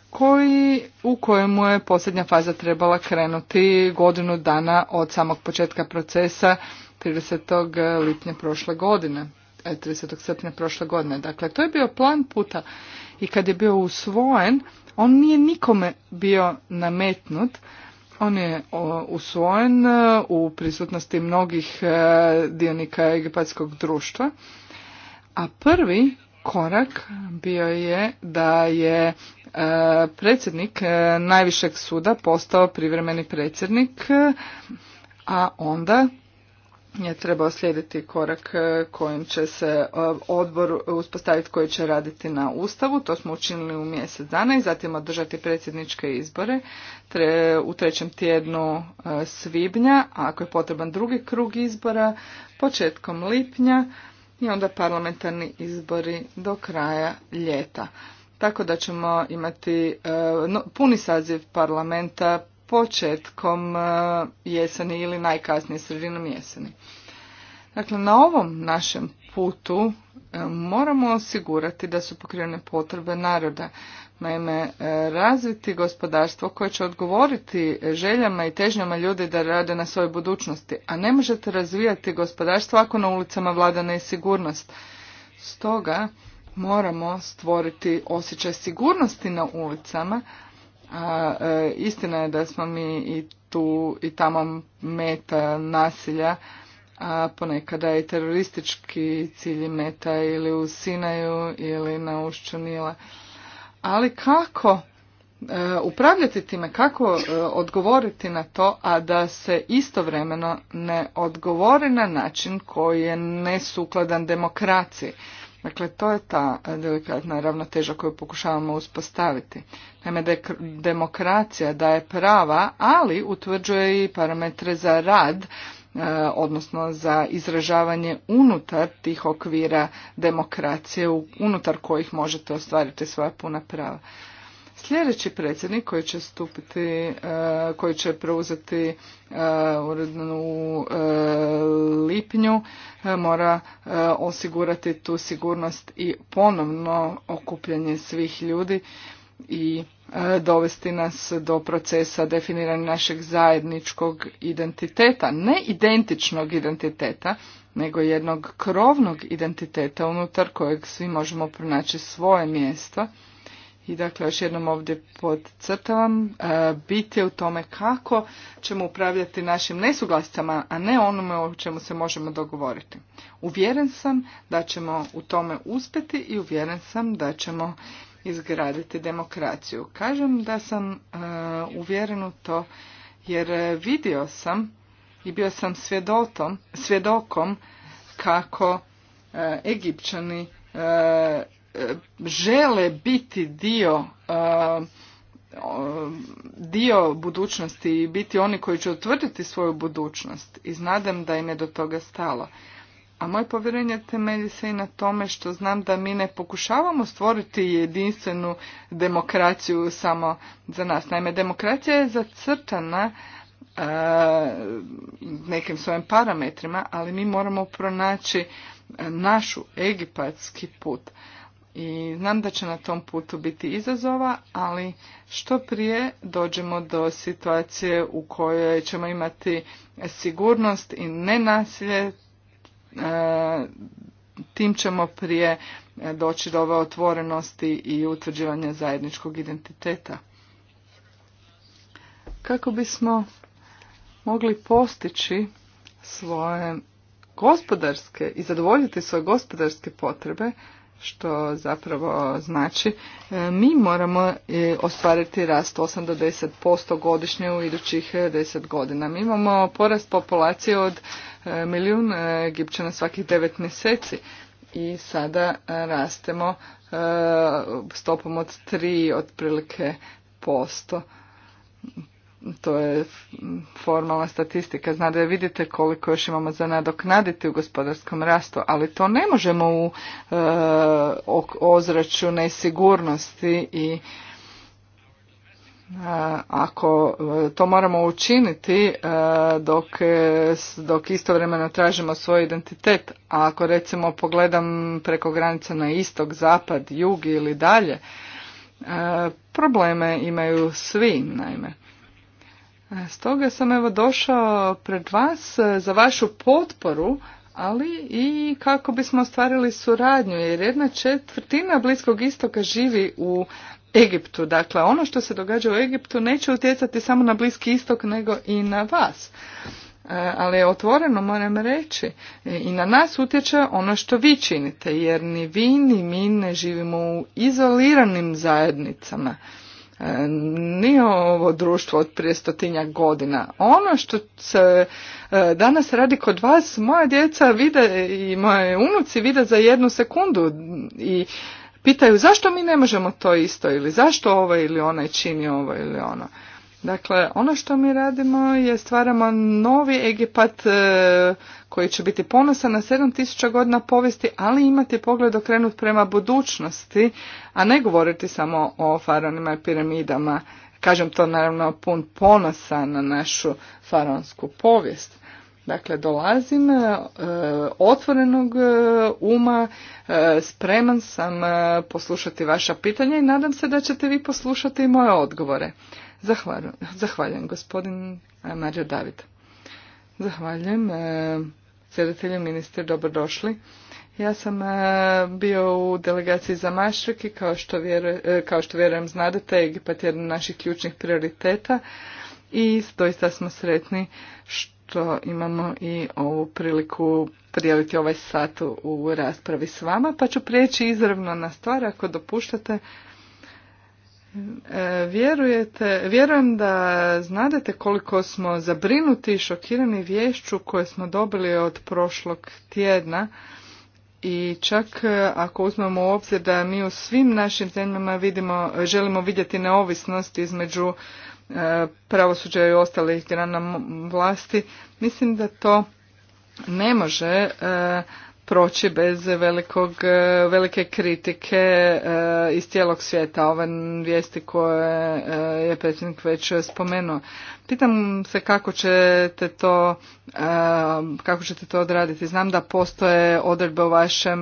koji, u kojemu je posljednja faza trebala krenuti godinu dana od samog početka procesa 30. lipnja prošle godine. 30. srpnja prošle godine. Dakle, to je bio plan puta i kad je bio usvojen, on nije nikome bio nametnut, on je usvojen e, u prisutnosti mnogih e, dionika egipatskog društva, a prvi korak bio je da je e, predsjednik najvišeg suda postao privremeni predsjednik, a onda je trebao slijediti korak e, kojim će se e, odbor uspostaviti koji će raditi na Ustavu. To smo učinili u mjesec dana i zatim održati predsjedničke izbore u trećem tjednu e, svibnja, a ako je potreban drugi krug izbora, početkom lipnja i onda parlamentarni izbori do kraja ljeta. Tako da ćemo imati puni saziv parlamenta početkom e, jeseni ili najkasnije sredinom jeseni. Dakle, na ovom našem putu e, moramo osigurati da su pokrivene potrebe naroda. Naime, e, razviti gospodarstvo koje će odgovoriti željama i težnjama ljudi da rade na svojoj budućnosti, a ne možete razvijati gospodarstvo ako na ulicama vlada nesigurnost. Stoga moramo stvoriti osjećaj sigurnosti na ulicama, E, istina je da smo mi i tu i tamo meta nasilja, a ponekada i teroristički cilji meta ili u Sinaju ili na ušću Nila. Ali kako e, upravljati time, kako e, odgovoriti na to, a da se istovremeno ne odgovori na način koji je nesukladan demokraciji. Dakle, to je ta delikatna ravnoteža koju pokušavamo uspostaviti. Naime, demokracija daje prava, ali utvrđuje i parametre za rad, e, odnosno za izražavanje unutar tih okvira demokracije, unutar kojih možete ostvariti svoja puna prava. Sljedeći predsjednik koji će stupiti, e, koji će preuzeti e, urednu e, lipnju, mora osigurati tu sigurnost i ponovno okupljanje svih ljudi i dovesti nas do procesa definiranja našeg zajedničkog identiteta, ne identičnog identiteta, nego jednog krovnog identiteta unutar kojeg svi možemo pronaći svoje mjesto i dakle, još jednom ovdje podcrtavam, e, bit u tome kako ćemo upravljati našim nesuglasicama, a ne onome o čemu se možemo dogovoriti. Uvjeren sam da ćemo u tome uspjeti i uvjeren sam da ćemo izgraditi demokraciju. Kažem da sam e, uvjeren u to jer e, vidio sam i bio sam svjedokom kako Egipćani žele biti dio e, dio budućnosti i biti oni koji će utvrditi svoju budućnost i znadam da im je do toga stalo. A moje povjerenje temelji se i na tome što znam da mi ne pokušavamo stvoriti jedinstvenu demokraciju samo za nas. Naime, demokracija je zacrtana e, nekim svojim parametrima, ali mi moramo pronaći našu egipatski put i znam da će na tom putu biti izazova, ali što prije dođemo do situacije u kojoj ćemo imati sigurnost i nenasilje, e, tim ćemo prije doći do ove otvorenosti i utvrđivanja zajedničkog identiteta. Kako bismo mogli postići svoje gospodarske i zadovoljiti svoje gospodarske potrebe, što zapravo znači e, mi moramo e, ostvariti rast 8 do 10% godišnje u idućih 10 e, godina. Mi imamo porast populacije od milijun Egipćana svakih 9 mjeseci i sada rastemo stopom od 3 otprilike posto to je formalna statistika. Zna da vidite koliko još imamo za nadoknaditi u gospodarskom rastu, ali to ne možemo u e, ozračju nesigurnosti i eh, ako eh, to moramo učiniti dok, dok istovremeno tražimo svoj identitet, a ako recimo pogledam preko granica na istok, zapad, jug ili dalje, probleme imaju svi, naime. Stoga sam evo došao pred vas e, za vašu potporu, ali i kako bismo ostvarili suradnju, jer jedna četvrtina Bliskog istoka živi u Egiptu. Dakle, ono što se događa u Egiptu neće utjecati samo na Bliski istok, nego i na vas. E, ali otvoreno moram reći, e, i na nas utječe ono što vi činite, jer ni vi ni mi ne živimo u izoliranim zajednicama. E, nije ovo društvo od prije stotinjak godina. Ono što se e, danas radi kod vas, moja djeca vide i moje unuci vide za jednu sekundu i pitaju zašto mi ne možemo to isto ili zašto ovo ovaj ili onaj čini ovo ili ono. Dakle, ono što mi radimo je stvaramo novi Egipat e, koji će biti ponosan na 7000 godina povijesti, ali imati pogled okrenut prema budućnosti, a ne govoriti samo o faraonima i piramidama. Kažem to naravno pun ponosa na našu faraonsku povijest. Dakle, dolazim e, otvorenog e, uma, spreman sam poslušati vaša pitanja i nadam se da ćete vi poslušati i moje odgovore. Zahvaljujem, gospodin eh, Mario David. Zahvaljujem. Eh, Sjedatelje, ministri, dobrodošli. Ja sam eh, bio u delegaciji za Maštrik kao što, vjerujem, kao što vjerujem znadete, Egipat je jedan od naših ključnih prioriteta i doista smo sretni što imamo i ovu priliku prijaviti ovaj sat u raspravi s vama, pa ću prijeći izravno na stvar ako dopuštate. E, vjerujete, vjerujem da znadete koliko smo zabrinuti i šokirani vješću koje smo dobili od prošlog tjedna i čak e, ako uzmemo u obzir da mi u svim našim zemljama vidimo, želimo vidjeti neovisnost između e, pravosuđa i ostalih grana vlasti, mislim da to ne može proći bez velikog, e, velike kritike e, iz cijelog svijeta, ove vijesti koje e, je predsjednik već spomenuo. Pitam se kako ćete to, kako ćete to odraditi. Znam da postoje odredbe u vašem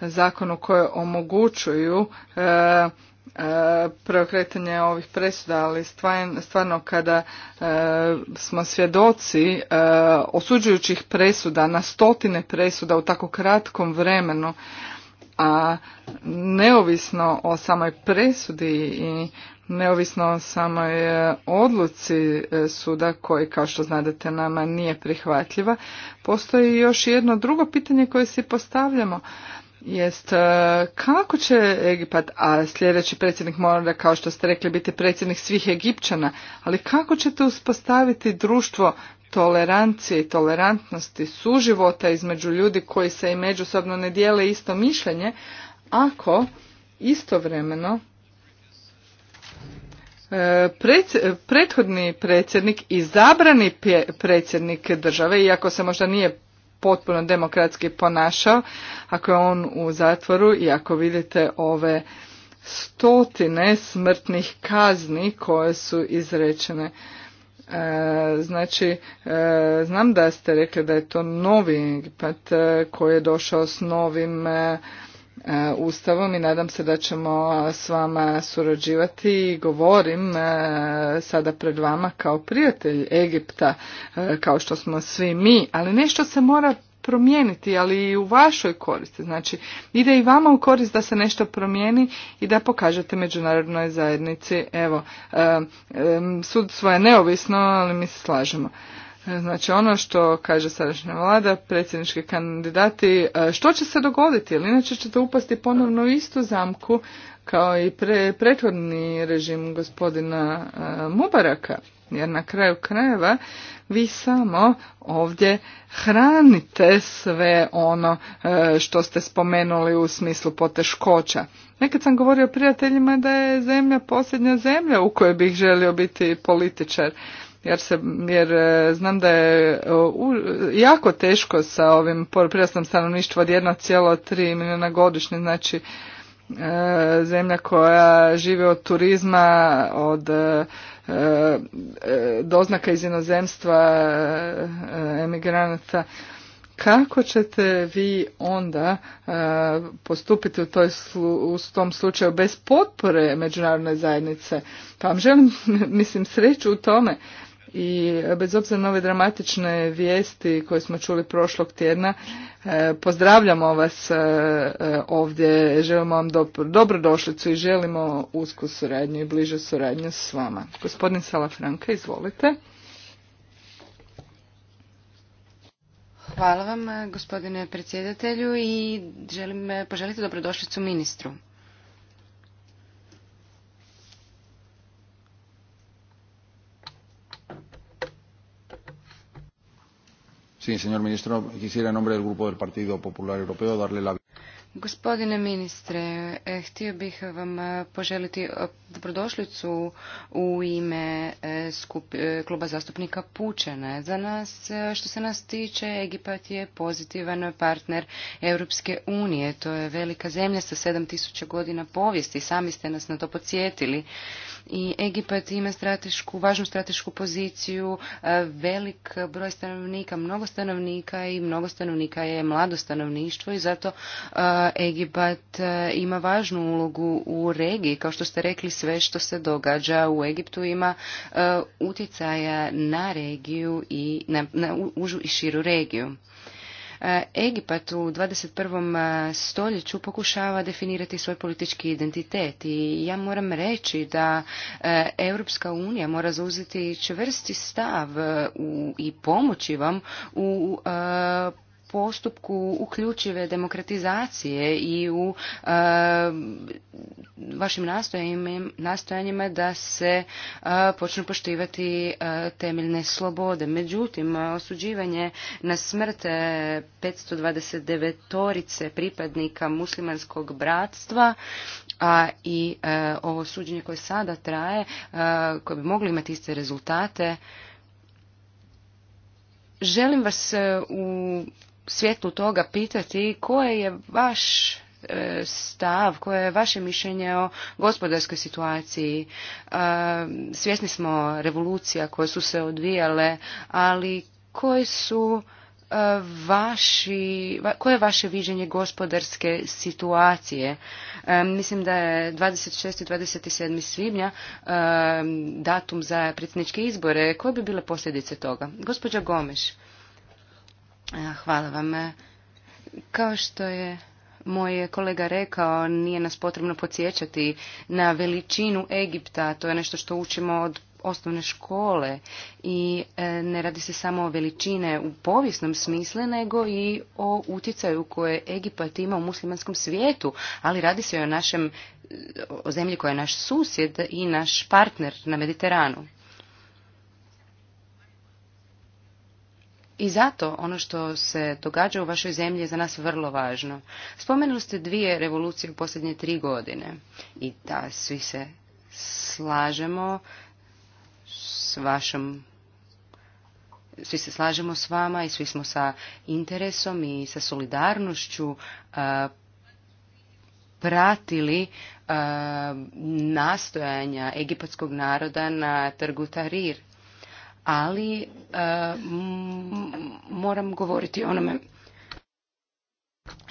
zakonu koje omogućuju preokretanje ovih presuda, ali stvarno kada e, smo svjedoci e, osuđujućih presuda na stotine presuda u tako kratkom vremenu, a neovisno o samoj presudi i neovisno o samoj e, odluci suda koji kao što znadete nama nije prihvatljiva, postoji još jedno drugo pitanje koje si postavljamo jest e, kako će Egipat, a sljedeći predsjednik mora, kao što ste rekli, biti predsjednik svih Egipćana, ali kako ćete uspostaviti društvo tolerancije i tolerantnosti suživota između ljudi koji se i međusobno ne dijele isto mišljenje, ako istovremeno e, prethodni predsjednik i zabrani predsjednik države, iako se možda nije potpuno demokratski ponašao, ako je on u zatvoru i ako vidite ove stotine smrtnih kazni koje su izrečene. E, znači, e, znam da ste rekli da je to novi egipat e, koji je došao s novim E, Ustavom i nadam se da ćemo s vama surađivati i govorim e, sada pred vama kao prijatelj Egipta, e, kao što smo svi mi, ali nešto se mora promijeniti, ali i u vašoj koristi. Znači, ide i vama u korist da se nešto promijeni i da pokažete međunarodnoj zajednici, evo, sud svoje neovisno, ali mi se slažemo. Znači ono što kaže sadašnja vlada, predsjednički kandidati, e, što će se dogoditi? ili inače ćete upasti ponovno u istu zamku kao i pre, prethodni režim gospodina e, Mubaraka. Jer na kraju krajeva vi samo ovdje hranite sve ono e, što ste spomenuli u smislu poteškoća. Nekad sam govorio prijateljima da je zemlja posljednja zemlja u kojoj bih želio biti političar jer, se, jer e, znam da je e, jako teško sa ovim prirastom stanovništva od 1,3 milijuna godišnje, znači e, zemlja koja žive od turizma, od doznaka iz inozemstva, emigranata, kako ćete vi onda postupiti u, u tom slučaju bez potpore međunarodne zajednice? Pa vam želim, [laughs] mislim, sreću u tome, i bez obzira na ove dramatične vijesti koje smo čuli prošlog tjedna, e, pozdravljamo vas e, e, ovdje, želimo vam dobrodošlicu i želimo usku suradnju i bližu suradnju s vama. Gospodin Salafranka, izvolite. Hvala vam gospodine predsjedatelju i želim poželiti dobrodošlicu ministru. Sí, señor ministro, quisiera en nombre del Grupo del Partido Popular Europeo darle la Gospodine ministre, eh, htio bih vam eh, poželiti eh, dobrodošlicu u ime kluba zastupnika Pučene. Za nas, što se nas tiče, Egipat je pozitivan partner Europske unije. To je velika zemlja sa 7000 godina povijesti. Sami ste nas na to podsjetili. I Egipat ima stratešku, važnu stratešku poziciju, velik broj stanovnika, mnogo stanovnika i mnogo stanovnika je mlado stanovništvo i zato Egipat e, ima važnu ulogu u regiji. Kao što ste rekli, sve što se događa u Egiptu ima e, utjecaja na regiju i na, užu i širu regiju. E, Egipat u 21. stoljeću pokušava definirati svoj politički identitet i ja moram reći da Europska unija mora zauzeti čvrsti stav i pomoći vam u postupku uključive demokratizacije i u eh, vašim nastojanjima da se eh, počnu poštivati eh, temeljne slobode. Međutim, osuđivanje na smrt 529 torice pripadnika muslimanskog bratstva a i ovo suđenje koje sada traje, koje bi mogli imati iste rezultate, želim vas u svjetlu toga pitati koje je vaš e, stav, koje je vaše mišljenje o gospodarskoj situaciji. E, svjesni smo revolucija koje su se odvijale, ali koji su e, vaši, koje je vaše viđenje gospodarske situacije? Mislim da je 26. i 27. svibnja datum za predsjedničke izbore. Koje bi bile posljedice toga? Gospođa Gomeš. E, hvala vam. E, kao što je moj kolega rekao, nije nas potrebno podsjećati na veličinu Egipta, to je nešto što učimo od osnovne škole i e, ne radi se samo o veličine u povijesnom smislu, nego i o utjecaju koje Egipat ima u muslimanskom svijetu, ali radi se i o našem o zemlji koja je naš susjed i naš partner na Mediteranu. I zato ono što se događa u vašoj zemlji je za nas vrlo važno. Spomenuli ste dvije revolucije u posljednje tri godine i da svi se slažemo s vašom svi se slažemo s vama i svi smo sa interesom i sa solidarnošću pratili nastojanja egipatskog naroda na trgu Tahrir ali e, moram govoriti onome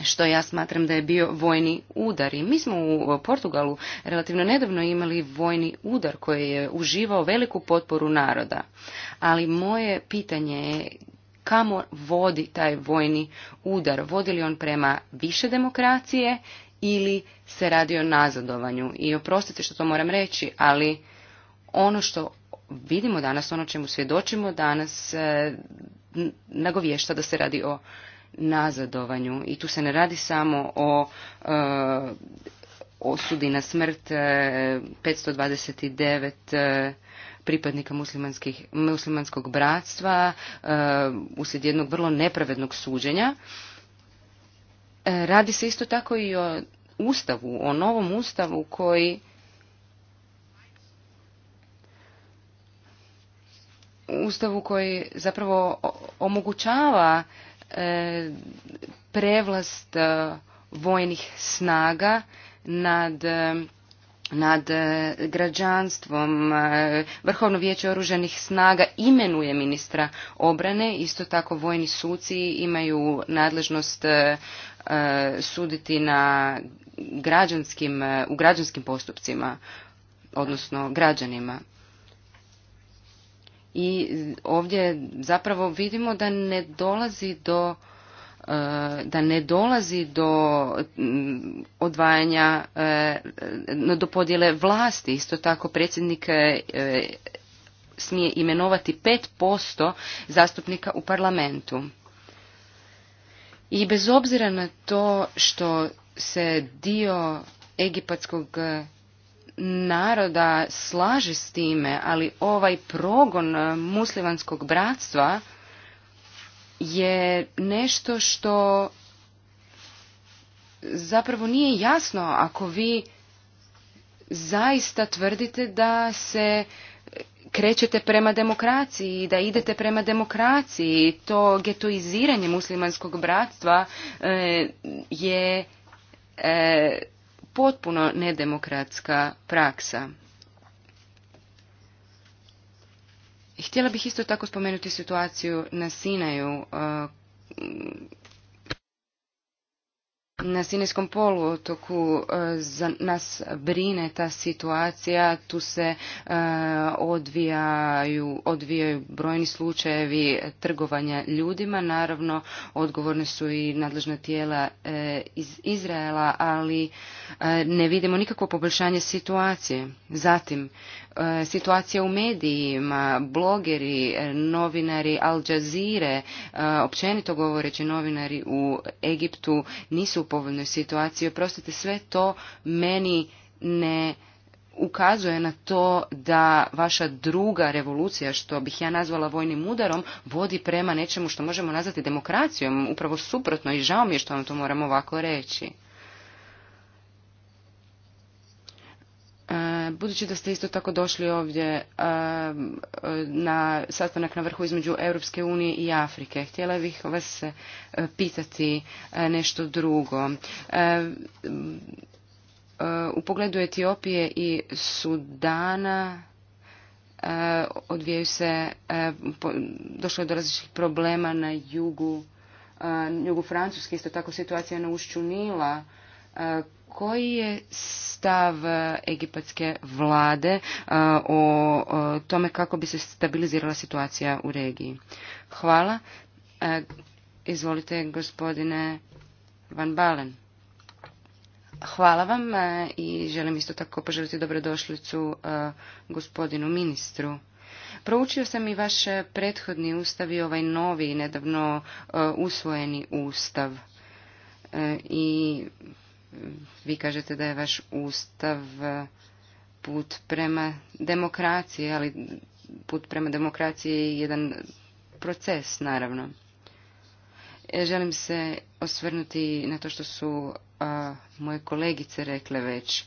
što ja smatram da je bio vojni udar. I mi smo u Portugalu relativno nedavno imali vojni udar koji je uživao veliku potporu naroda. Ali moje pitanje je kamo vodi taj vojni udar? Vodi li on prema više demokracije ili se radi o nazadovanju? I oprostite što to moram reći, ali ono što vidimo danas, ono čemu svjedočimo danas, e, nagovješta da se radi o nazadovanju i tu se ne radi samo o e, osudi na smrt 529 e, pripadnika muslimanskog bratstva uslijed jednog vrlo nepravednog suđenja. Radi se isto tako i o ustavu, o novom ustavu koji ustavu koji zapravo omogućava e, prevlast e, vojnih snaga nad e, nad građanstvom. Vrhovno vijeće oruženih snaga imenuje ministra obrane, isto tako vojni suci imaju nadležnost suditi na građanskim, u građanskim postupcima, odnosno građanima i ovdje zapravo vidimo da ne dolazi do e, da ne dolazi do mm, odvajanja, e, do podjele vlasti. Isto tako predsjednik e, smije imenovati 5% zastupnika u parlamentu. I bez obzira na to što se dio egipatskog naroda slaže s time, ali ovaj progon e, muslimanskog bratstva je nešto što zapravo nije jasno ako vi zaista tvrdite da se krećete prema demokraciji, da idete prema demokraciji. To getoiziranje muslimanskog bratstva e, je e, potpuno nedemokratska praksa. Htjela bih isto tako spomenuti situaciju na Sinaju uh, na Sinijskom poluotoku e, za nas brine ta situacija, tu se e, odvijaju, odvijaju brojni slučajevi trgovanja ljudima, naravno odgovorne su i nadležna tijela e, iz Izraela, ali ne vidimo nikakvo poboljšanje situacije. Zatim, E, situacija u medijima, blogeri, novinari Al Jazeera, e, općenito govoreći novinari u Egiptu nisu u povoljnoj situaciji. Oprostite, sve to meni ne ukazuje na to da vaša druga revolucija, što bih ja nazvala vojnim udarom, vodi prema nečemu što možemo nazvati demokracijom, upravo suprotno i žao mi je što vam to moramo ovako reći. Budući da ste isto tako došli ovdje na sastanak na vrhu između Europske unije i Afrike, htjela bih vas e, pitati e, nešto drugo. E, u pogledu Etiopije i Sudana odvijaju se, došlo je do različitih problema na jugu, jugu Francuske, isto tako situacija na ušću Nila, koji je stav e, egipatske vlade e, o e, tome kako bi se stabilizirala situacija u regiji? Hvala. Izvolite, gospodine Van Balen. Hvala vam i želim isto tako poželiti dobrodošlicu gospodinu ministru. Proučio sam i vaš prethodni ustav i ovaj novi, nedavno usvojeni ustav i vi kažete da je vaš ustav put prema demokraciji, ali put prema demokraciji je jedan proces, naravno. E, želim se osvrnuti na to što su moje kolegice rekle već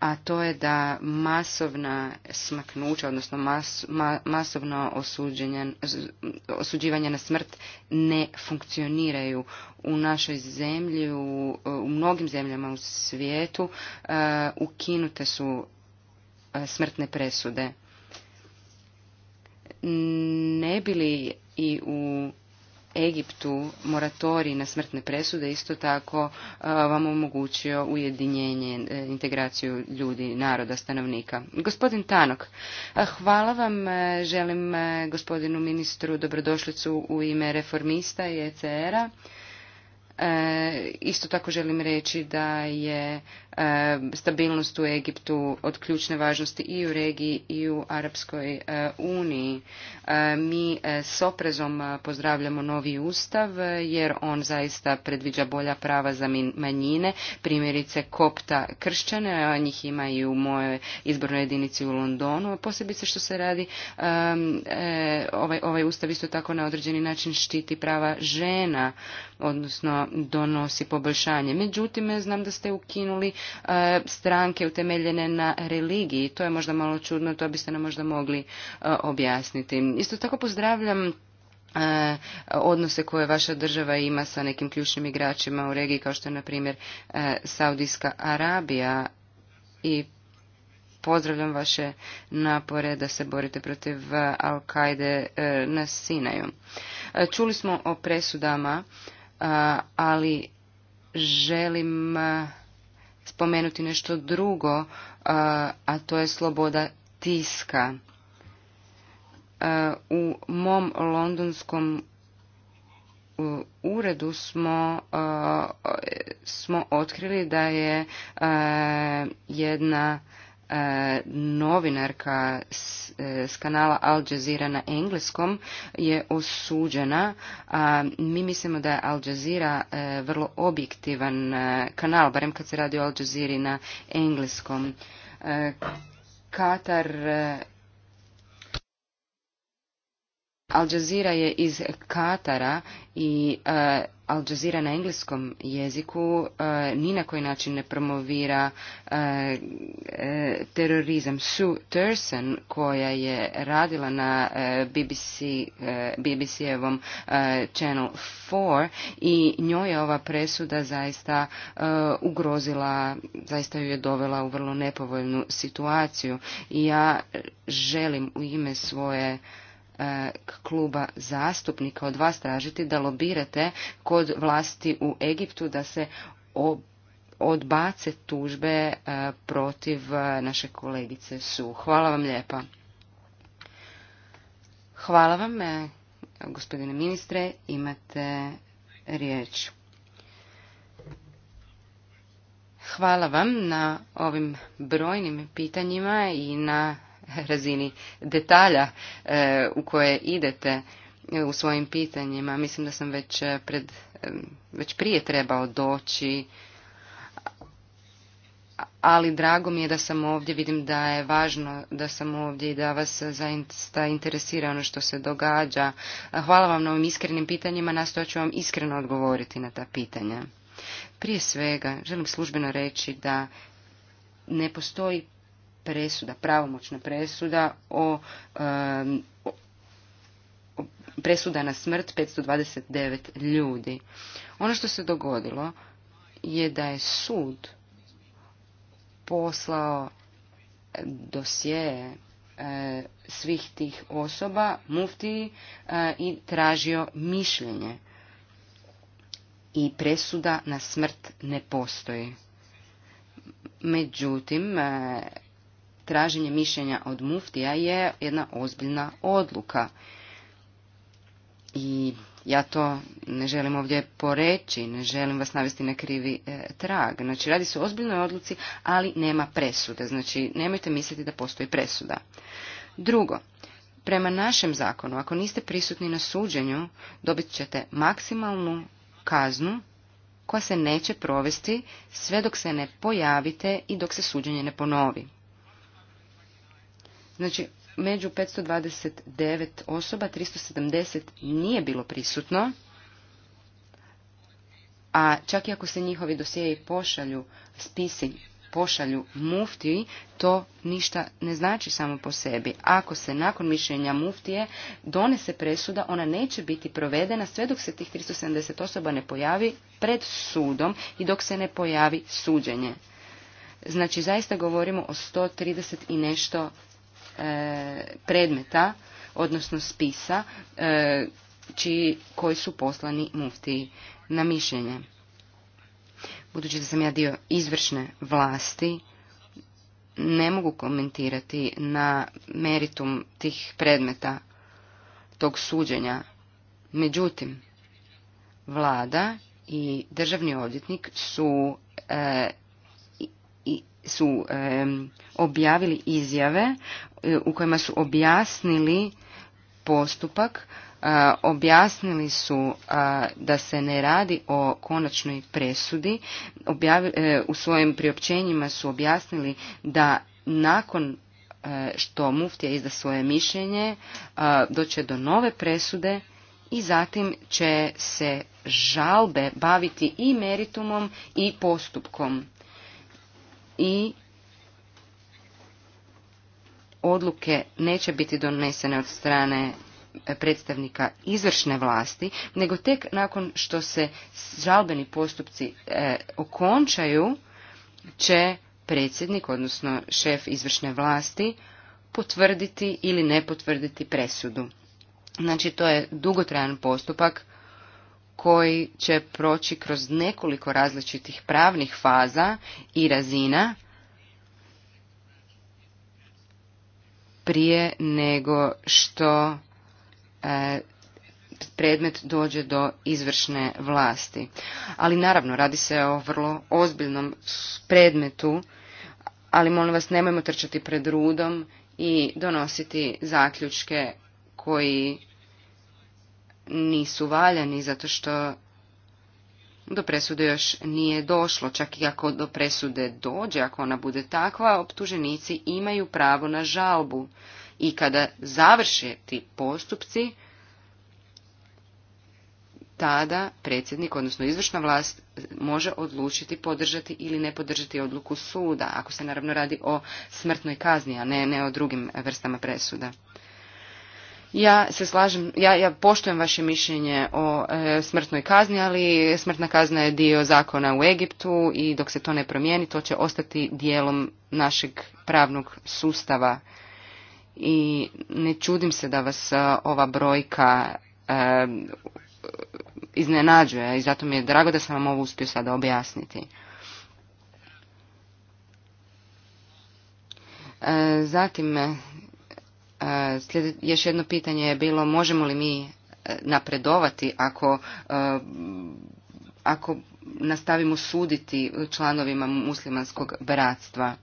a to je da masovna smaknuća, odnosno mas, masovno osuđivanje na smrt ne funkcioniraju. U našoj zemlji, u, mnogim zemljama u svijetu, e, ukinute su e, smrtne presude. Ne bili i u Egiptu moratorij na smrtne presude isto tako e, vam omogućio ujedinjenje, e, integraciju ljudi, naroda, stanovnika. Gospodin Tanok, e, hvala vam, želim gospodinu ministru dobrodošlicu u ime reformista i ECR-a. E, isto tako želim reći da je e, stabilnost u Egiptu od ključne važnosti i u regiji i u Arapskoj e, uniji. Mi s oprezom pozdravljamo novi ustav jer on zaista predviđa bolja prava za manjine, primjerice kopta kršćane, a njih ima i u mojoj izbornoj jedinici u Londonu, a posebice što se radi ovaj, ovaj ustav isto tako na određeni način štiti prava žena, odnosno donosi poboljšanje. Međutim, znam da ste ukinuli e, stranke utemeljene na religiji. To je možda malo čudno, to biste nam možda mogli e, objasniti. Isto tako pozdravljam e, odnose koje vaša država ima sa nekim ključnim igračima u regiji kao što je na primjer Saudijska Arabija i pozdravljam vaše napore da se borite protiv Al-Kaide na Sinaju. Čuli smo o presudama ali želim spomenuti nešto drugo, a to je sloboda tiska. U mom londonskom uredu smo, smo otkrili da je jedna E, novinarka e, s kanala Al Jazeera na engleskom je osuđena. Mi mislimo da je Al Jazeera e, vrlo objektivan kanal, barem kad se radi o Al Jazeera na engleskom. Katar Al Jazeera je iz Katara i uh, Al Jazeera na engleskom jeziku e, ni na koji način ne promovira e, terorizam. Sue Thurston koja je radila na BBC, BBC-evom Channel 4 i njoj je ova presuda zaista ugrozila, zaista ju je dovela u vrlo nepovoljnu situaciju. I ja želim u ime svoje E, kluba zastupnika od vas tražiti da lobirate kod vlasti u Egiptu da se odbace tužbe e, protiv e, naše kolegice Su. Hvala vam lijepa. Hvala vam, gospodine ministre, imate riječ. Hvala vam na ovim brojnim pitanjima i na razini detalja e, u koje idete e, u svojim pitanjima. Mislim da sam već, e, pred, već prije trebao doći, ali drago mi je da sam ovdje, vidim da je važno da sam ovdje i da vas zaista interesira ono što se događa. Hvala vam na ovim iskrenim pitanjima, nastojat ću vam iskreno odgovoriti na ta pitanja. Prije svega, želim službeno reći da ne postoji presuda, pravomoćna presuda o, presuda na smrt 529 ljudi. Ono što se dogodilo je da je sud poslao dosjeje svih tih osoba mufti e, i tražio mišljenje. I presuda na smrt ne postoji. Međutim, e, traženje mišljenja od muftija je jedna ozbiljna odluka. I ja to ne želim ovdje poreći, ne želim vas navesti na krivi e, trag. Znači, radi se o ozbiljnoj odluci, ali nema presude. Znači, nemojte misliti da postoji presuda. Drugo, prema našem zakonu, ako niste prisutni na suđenju, dobit ćete maksimalnu kaznu koja se neće provesti sve dok se ne pojavite i dok se suđenje ne ponovi. Znači, među 529 osoba 370 nije bilo prisutno, a čak i ako se njihovi dosjeji pošalju, spisi pošalju muftiji, to ništa ne znači samo po sebi. Ako se nakon mišljenja muftije donese presuda, ona neće biti provedena sve dok se tih 370 osoba ne pojavi pred sudom i dok se ne pojavi suđenje. Znači, zaista govorimo o 130 i nešto E, predmeta, odnosno spisa e, koji su poslani mufti na mišljenje. Budući da sam ja dio izvršne vlasti, ne mogu komentirati na meritum tih predmeta tog suđenja. Međutim, vlada i državni odvjetnik su e, su objavili izjave e, u kojima su objasnili postupak, objasnili su da se ne radi o konačnoj presudi, e, u svojim priopćenjima su objasnili da nakon e, što muftija izda svoje mišljenje, doće do nove presude i zatim će se žalbe baviti i meritumom i postupkom i odluke neće biti donesene od strane predstavnika izvršne vlasti, nego tek nakon što se žalbeni postupci e, okončaju, će predsjednik, odnosno šef izvršne vlasti, potvrditi ili ne potvrditi presudu. Znači, to je dugotrajan postupak koji će proći kroz nekoliko različitih pravnih faza i razina prije nego što e, predmet dođe do izvršne vlasti. Ali naravno radi se o vrlo ozbiljnom predmetu, ali molim vas nemojmo trčati pred rudom i donositi zaključke koji nisu valjani zato što do presude još nije došlo. Čak i ako do presude dođe, ako ona bude takva, optuženici imaju pravo na žalbu. I kada završe ti postupci, tada predsjednik, odnosno izvršna vlast, može odlučiti podržati ili ne podržati odluku suda, ako se naravno radi o smrtnoj kazni, a ne, ne o drugim vrstama presuda. Ja se slažem, ja, ja poštujem vaše mišljenje o e, smrtnoj kazni, ali smrtna kazna je dio zakona u Egiptu i dok se to ne promijeni, to će ostati dijelom našeg pravnog sustava. I ne čudim se da vas e, ova brojka e, iznenađuje i zato mi je drago da sam vam ovo uspio sada objasniti. E, zatim još jedno pitanje je bilo možemo li mi e, napredovati ako, e, ako nastavimo suditi članovima muslimanskog bratstva.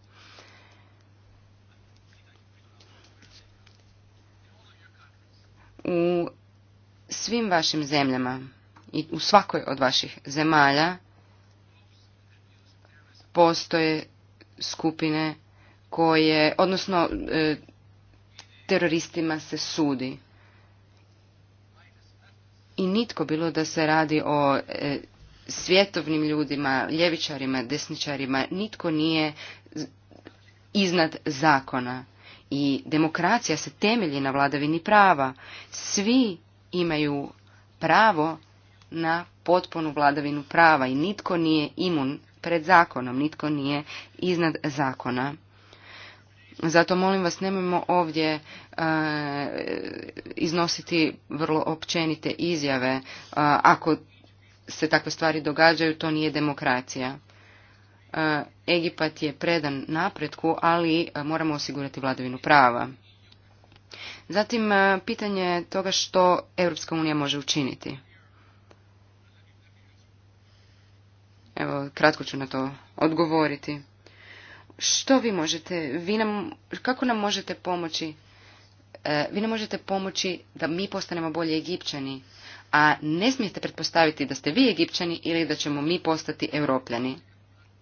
U svim vašim zemljama i u svakoj od vaših zemalja postoje skupine koje, odnosno e, teroristima se sudi. I nitko bilo da se radi o e, svjetovnim ljudima, ljevičarima, desničarima, nitko nije iznad zakona. I demokracija se temelji na vladavini prava. Svi imaju pravo na potpunu vladavinu prava i nitko nije imun pred zakonom, nitko nije iznad zakona. Zato molim vas nemojmo ovdje e, iznositi vrlo općenite izjave. E, ako se takve stvari događaju, to nije demokracija. E, Egipat je predan napretku, ali moramo osigurati vladavinu prava. Zatim pitanje toga što Europska unija može učiniti. Evo, kratko ću na to odgovoriti. Što vi možete, vi nam, kako nam možete pomoći? E, vi nam možete pomoći da mi postanemo bolji Egipćani, a ne smijete pretpostaviti da ste vi Egipćani ili da ćemo mi postati Europljani.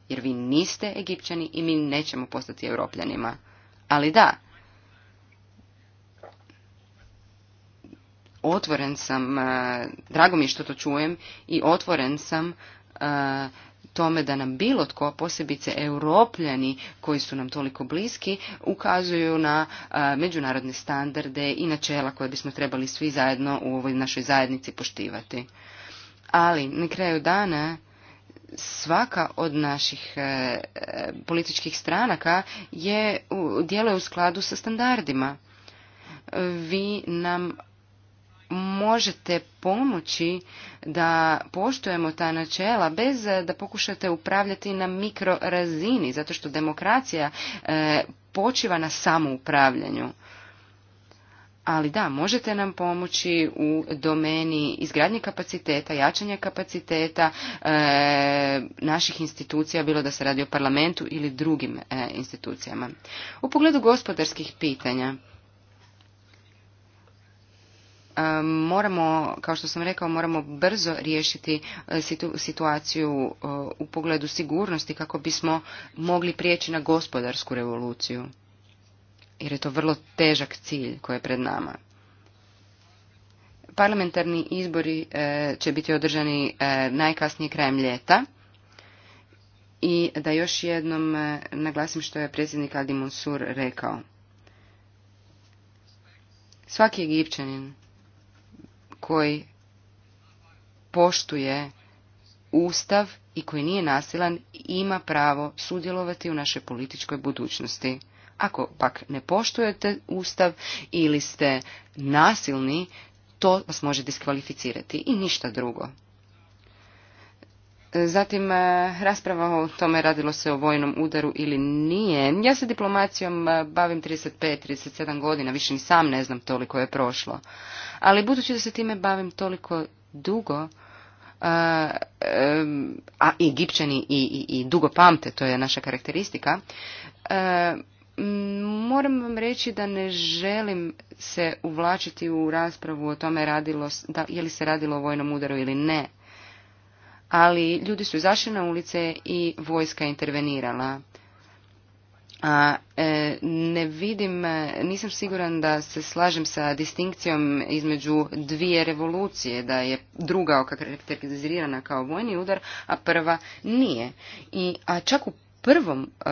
Jer vi niste Egipćani i mi nećemo postati Europljanima. Ali da, otvoren sam, e, drago mi je što to čujem, i otvoren sam e, tome da nam bilo tko, posebice europljani koji su nam toliko bliski, ukazuju na međunarodne standarde i načela koje bismo trebali svi zajedno u ovoj našoj zajednici poštivati. Ali na kraju dana svaka od naših e, političkih stranaka je djeluje u skladu sa standardima vi nam možete pomoći da poštujemo ta načela bez eh, da pokušate upravljati na mikrorazini, zato što demokracija eh, počiva na samoupravljanju. Ali da, možete nam pomoći u domeni izgradnje kapaciteta, jačanja kapaciteta eh, naših institucija, bilo da se radi o parlamentu ili drugim institucijama. U pogledu gospodarskih pitanja, moramo, kao što sam rekao, moramo brzo riješiti e, situaciju e, u pogledu sigurnosti kako bismo mogli prijeći na gospodarsku revoluciju. Jer je to vrlo težak cilj koji je pred nama. Parlamentarni izbori e, će biti održani najkasnije krajem ljeta. I da još jednom naglasim što je predsjednik Aldi Monsur rekao. Svaki Egipćanin koji poštuje Ustav i koji nije nasilan ima pravo sudjelovati u našoj političkoj budućnosti. Ako pak ne poštujete Ustav ili ste nasilni, to vas može diskvalificirati i ništa drugo. Zatim, e, rasprava o tome radilo se o vojnom udaru ili nije. Ja se diplomacijom e, bavim 35-37 godina, više ni sam ne znam toliko je prošlo. Ali budući da se time bavim toliko dugo, e, a, i, i, i dugo pamte, to je naša karakteristika, moram vam reći da ne želim se uvlačiti u raspravu o tome radilo, da, je li se radilo o vojnom udaru ili ne ali ljudi su izašli na ulice i vojska intervenirala. A e, ne vidim, e, nisam siguran da se slažem sa distinkcijom između dvije revolucije, da je druga okarakterizirana kao vojni udar, a prva nije. I, a čak u prvom e,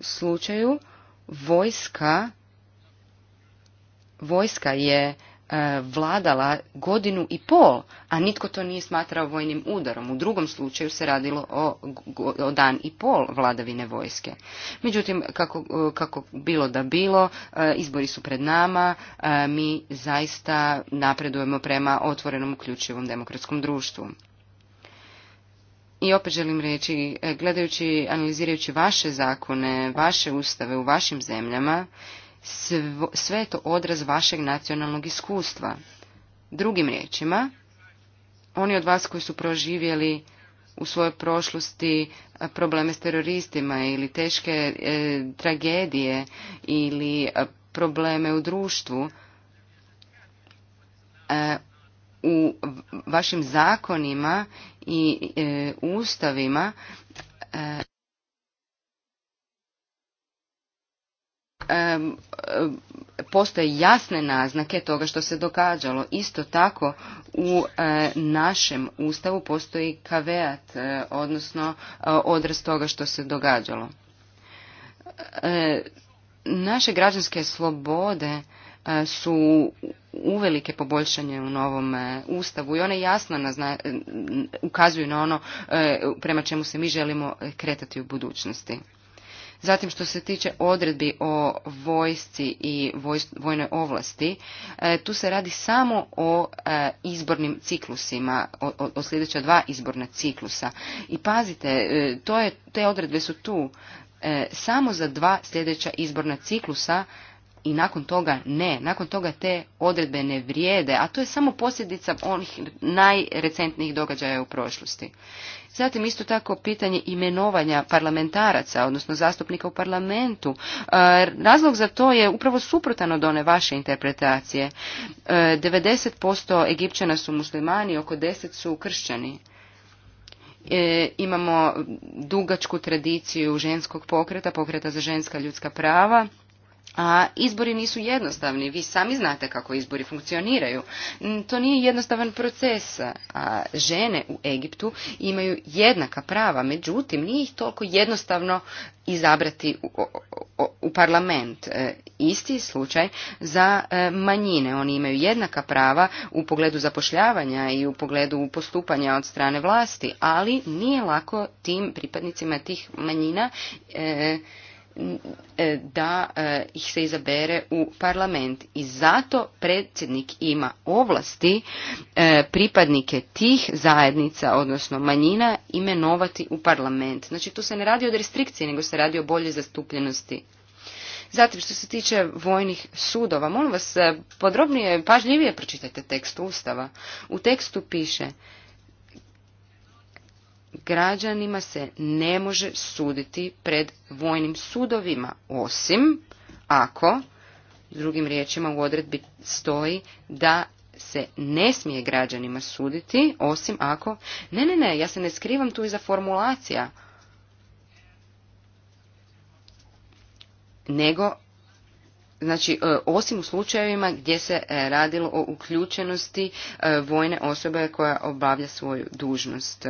slučaju vojska, vojska je E, vladala godinu i pol, a nitko to nije smatrao vojnim udarom. U drugom slučaju se radilo o, dan i pol vladavine vojske. Međutim, kako, e, kako bilo da bilo, e, izbori su pred nama, mi zaista napredujemo prema otvorenom uključivom demokratskom društvu. I opet želim reći, gledajući, analizirajući vaše zakone, vaše ustave u vašim zemljama, sve je to odraz vašeg nacionalnog iskustva. Drugim riječima, oni od vas koji su proživjeli u svojoj prošlosti probleme s teroristima ili teške e, tragedije ili probleme u društvu, e, u vašim zakonima i e, ustavima postoje jasne naznake toga što se događalo. Isto tako u e, našem ustavu postoji kaveat, e, odnosno e, odraz toga što se događalo. Naše građanske slobode su uvelike poboljšanje u novom ustavu i one jasno ukazuju na ono prema čemu se mi želimo kretati u budućnosti. Zatim što se tiče odredbi o vojsci i vojnoj ovlasti, e, tu se radi samo o e, izbornim ciklusima, o sljedeća dva izborna ciklusa. I pazite, e, to je, te odredbe su tu samo za dva sljedeća izborna ciklusa i nakon toga ne. Nakon toga te odredbe ne vrijede, a to je samo posljedica onih najrecentnijih događaja u prošlosti. Zatim isto tako pitanje imenovanja parlamentaraca, odnosno zastupnika u parlamentu. E, razlog za to je upravo suprotan od one vaše interpretacije. 90% e, Egipćana su muslimani, oko 10 su kršćani. E, imamo dugačku tradiciju ženskog pokreta, pokreta za ženska ljudska prava a izbori nisu jednostavni. Vi sami znate kako izbori funkcioniraju. Mm, to nije jednostavan proces. A žene u Egiptu imaju jednaka prava, međutim nije ih toliko jednostavno izabrati u, parlament. E, isti slučaj za e, manjine. Oni imaju jednaka prava u pogledu zapošljavanja i u pogledu postupanja od strane vlasti, ali nije lako tim pripadnicima tih manjina e, E, da e, ih se izabere u parlament i zato predsjednik ima ovlasti e, pripadnike tih zajednica odnosno manjina imenovati u parlament znači tu se ne radi od restrikcije, nego se radi o boljoj zastupljenosti zatim što se tiče vojnih sudova molim vas podrobnije pažljivije pročitajte tekst ustava u tekstu piše građanima se ne može suditi pred vojnim sudovima, osim ako, drugim riječima u odredbi stoji da se ne smije građanima suditi, osim ako... Ne, ne, ne, ja se ne skrivam tu iza formulacija. Nego znači e, osim u slučajevima gdje se e, radilo o uključenosti e, vojne osobe koja obavlja svoju dužnost.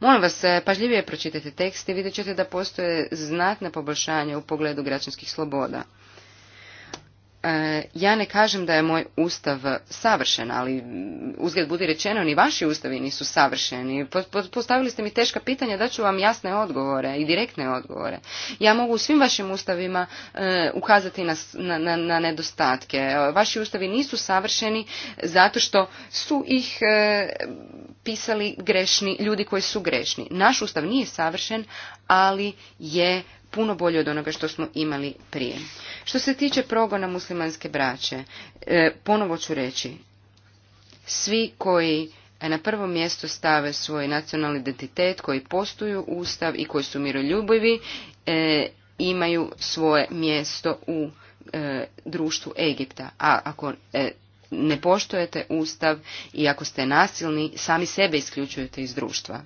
Molim vas, pažljivije pročitajte tekst i vidjet ćete da postoje znatne poboljšanje u pogledu građanskih sloboda. E, ja ne kažem da je moj ustav savršen, ali uzgled budi rečeno ni vaši ustavi nisu savršeni. Postavili ste mi teška pitanja, daću vam jasne odgovore i direktne odgovore. Ja mogu u svim vašim ustavima e, ukazati na, na, na nedostatke. E, vaši ustavi nisu savršeni zato što su ih pisali grešni ljudi koji su grešni. Naš ustav nije savršen, ali je puno bolje od onoga što smo imali prije. Što se tiče progona muslimanske braće, e, ponovo ću reći, svi koji na prvo mjesto stave svoj nacionalni identitet, koji postuju ustav i koji su miroljubivi, e, imaju svoje mjesto u e, društvu Egipta. A ako ne poštujete ustav i ako ste nasilni, sami sebe isključujete iz društva.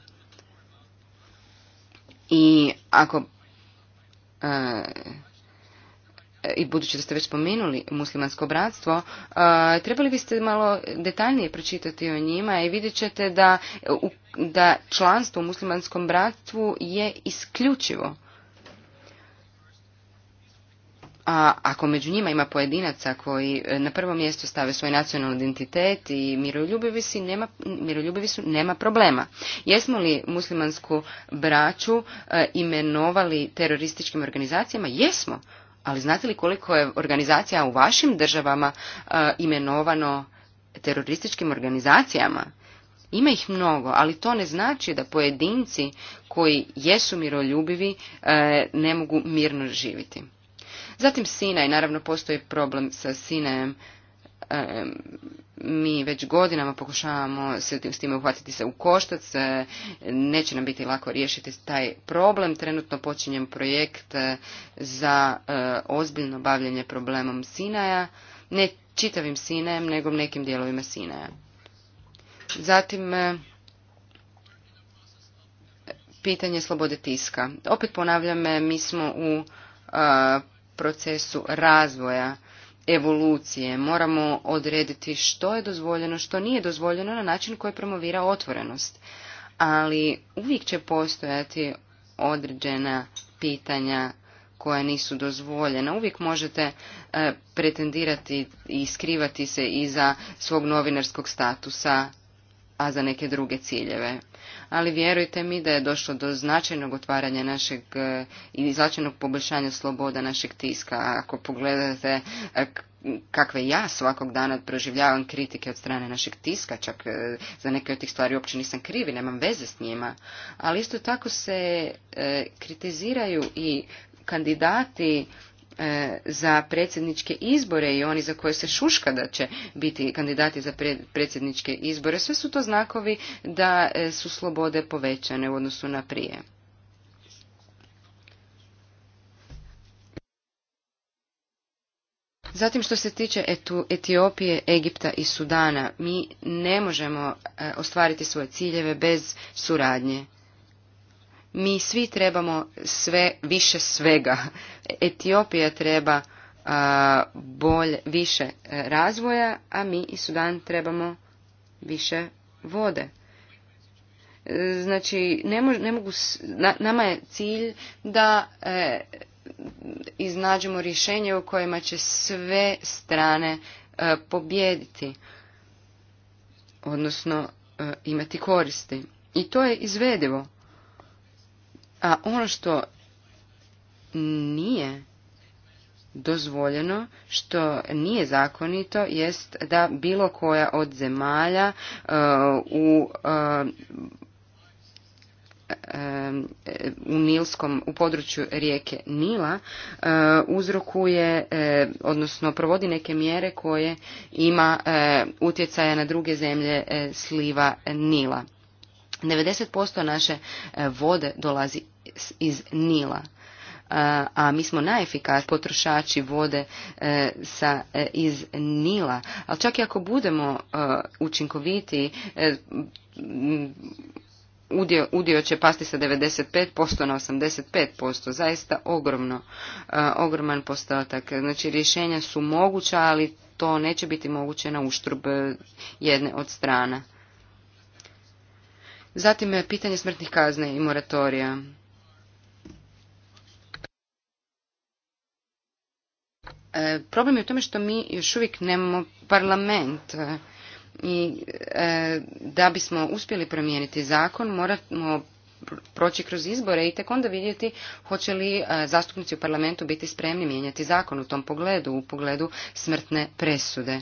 I ako E, i budući da ste već spomenuli muslimansko bratstvo, e, trebali biste malo detaljnije pročitati o njima i vidjet ćete da, članstvo u muslimanskom bratstvu je isključivo a ako među njima ima pojedinaca koji e, na prvo mjesto stave svoj nacionalni identitet i miroljubivi su nema, miroljubivi su, nema problema. Jesmo li muslimansku braću e, imenovali terorističkim organizacijama? Jesmo. Ali znate li koliko je organizacija u vašim državama e, imenovano terorističkim organizacijama? Ima ih mnogo, ali to ne znači da pojedinci koji jesu miroljubivi ne mogu mirno živjeti. Zatim Sinaj, naravno postoji problem sa Sinajem. mi već godinama pokušavamo se s time uhvatiti se u koštac. E, neće nam biti lako riješiti taj problem. Trenutno počinjem projekt e, za e, ozbiljno bavljanje problemom Sinaja. Ne čitavim Sinajem, nego nekim dijelovima Sinaja. Zatim pitanje slobode tiska. Opet ponavljam, mi smo u procesu razvoja evolucije. Moramo odrediti što je dozvoljeno, što nije dozvoljeno na način koji promovira otvorenost. Ali uvijek će postojati određena pitanja koja nisu dozvoljena. Uvijek možete e, pretendirati i skrivati se iza svog novinarskog statusa, a za neke druge ciljeve ali vjerujte mi da je došlo do značajnog otvaranja našeg e, i značajnog poboljšanja sloboda našeg tiska. Ako pogledate e, kakve ja svakog dana proživljavam kritike od strane našeg tiska, čak e, za neke od tih stvari uopće nisam krivi, nemam veze s njima, ali isto tako se kritiziraju i kandidati E, za predsjedničke izbore i oni za koje se šuška da će biti kandidati za predsjedničke izbore, sve su to znakovi da e, su slobode povećane u odnosu na prije. Zatim što se tiče Etiopije, Egipta i Sudana, mi ne možemo e, ostvariti svoje ciljeve bez suradnje mi svi trebamo sve više svega. Etiopija treba bolje, više e, razvoja, a mi i Sudan trebamo više vode. E, znači, ne, mogu, nama je cilj da e, iznađemo rješenje u kojima će sve strane e, pobijediti, odnosno imati koristi. I to je izvedivo. A ono što nije dozvoljeno, što nije zakonito, jest da bilo koja od zemalja uh, u uh, um, u Nilskom, u području rijeke Nila uh, uzrokuje, odnosno provodi neke mjere koje ima utjecaja na druge zemlje sliva Nila. 90% naše e, vode dolazi iz Nila e, a mi smo najefikasni potrošači vode e, sa, iz Nila. Ali čak i ako budemo učinkoviti, udio, će pasti sa 95% na 85%. Zaista ogromno, ogroman postotak. Znači rješenja su moguća, ali to neće biti moguće na uštrb jedne od strana. Zatim je pitanje smrtnih kazne i moratorija. E, problem je u tome što mi još uvijek nemamo parlament e, i e, da bismo uspjeli promijeniti zakon moramo proći kroz izbore i tek onda vidjeti hoće li zastupnici u parlamentu biti spremni mijenjati zakon u tom pogledu, u pogledu smrtne presude.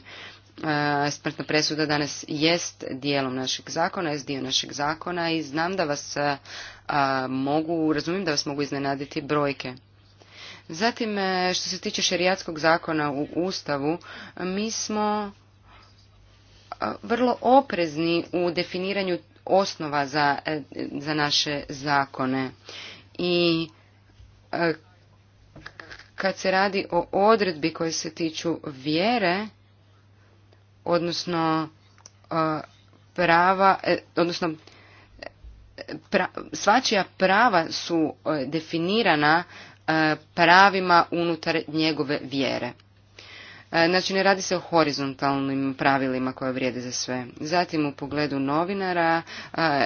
E, smrtna presuda danas jest dijelom našeg zakona, jest dio našeg zakona i znam da vas e, mogu, razumijem da vas mogu iznenaditi brojke. Zatim, e, što se tiče šerijatskog zakona u Ustavu, mi smo vrlo oprezni u definiranju osnova za, za naše zakone. I kad se radi o odredbi koje se tiču vjere, odnosno uh, prava, e, odnosno svačija prava su uh, definirana uh, pravima unutar njegove vjere. Znači, ne radi se o horizontalnim pravilima koje vrijede za sve. Zatim, u pogledu novinara,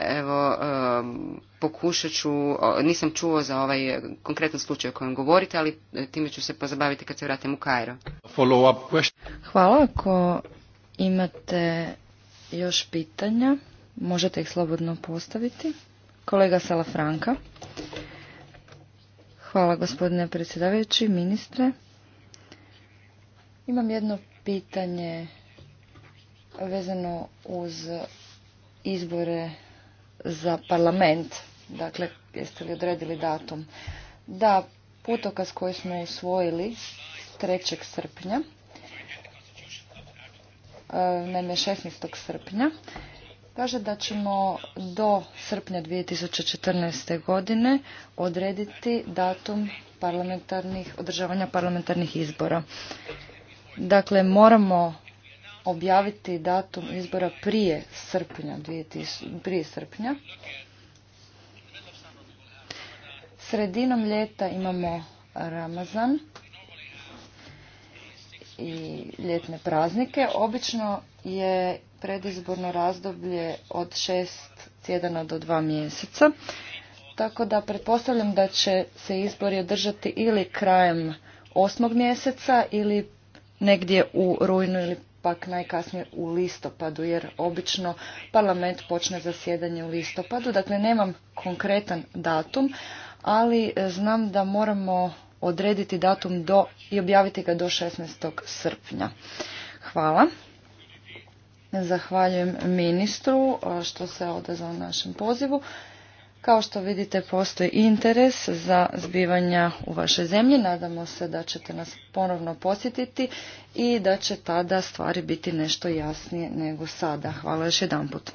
evo, um, pokušat ću, nisam čuo za ovaj konkretan slučaj o kojem govorite, ali e, time ću se pozabaviti kad se vratim u Kajro. Hvala, ako imate još pitanja, možete ih slobodno postaviti. Kolega Salafranka. Hvala gospodine predsjedavajući, ministre. Imam jedno pitanje vezano uz izbore za parlament. Dakle, jeste li odredili datum? Da, putokaz koji smo usvojili 3. srpnja E, naime 16. srpnja, kaže da ćemo do srpnja 2014. godine odrediti datum parlamentarnih, održavanja parlamentarnih izbora. Dakle, moramo objaviti datum izbora prije srpnja, prije srpnja. Sredinom ljeta imamo Ramazan i ljetne praznike. Obično je predizborno razdoblje od šest tjedana do dva mjeseca. Tako da pretpostavljam da će se izbori održati ili krajem osmog mjeseca ili negdje u rujnu ili pak najkasnije u listopadu, jer obično parlament počne zasjedanje u listopadu. Dakle, nemam konkretan datum, ali e, znam da moramo odrediti datum do i objaviti ga do 16. srpnja. Hvala. Zahvaljujem ministru e, što se odazvao našem pozivu. Kao što vidite, postoji interes za zbivanja u vašoj zemlji. Nadamo se da ćete nas ponovno posjetiti i da će tada stvari biti nešto jasnije nego sada. Hvala još jedan put.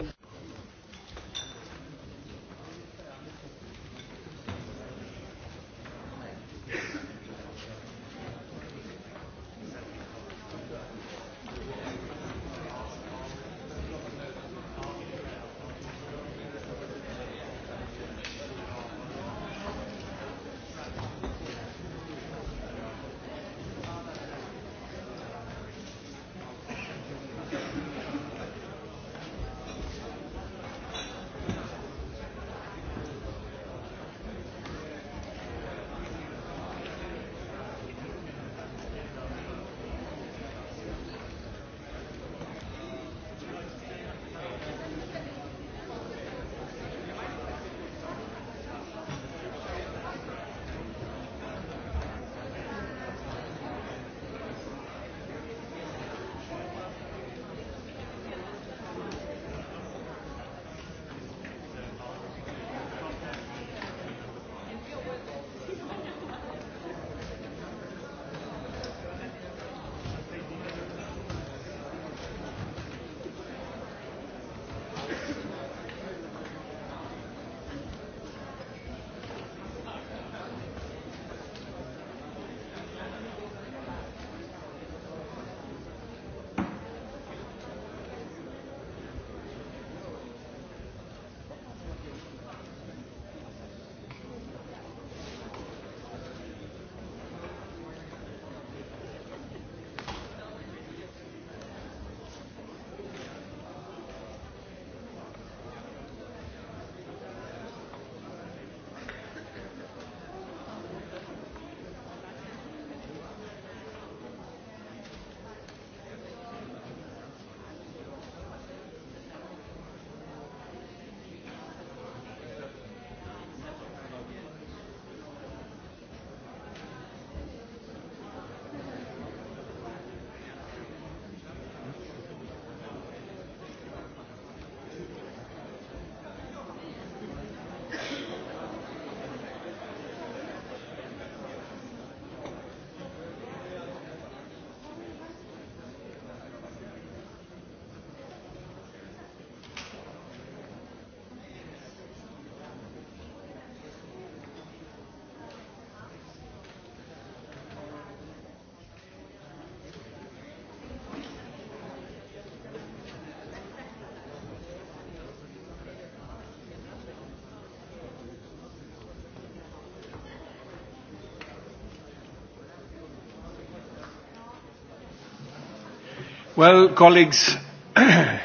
Well, colleagues, [clears throat] uh,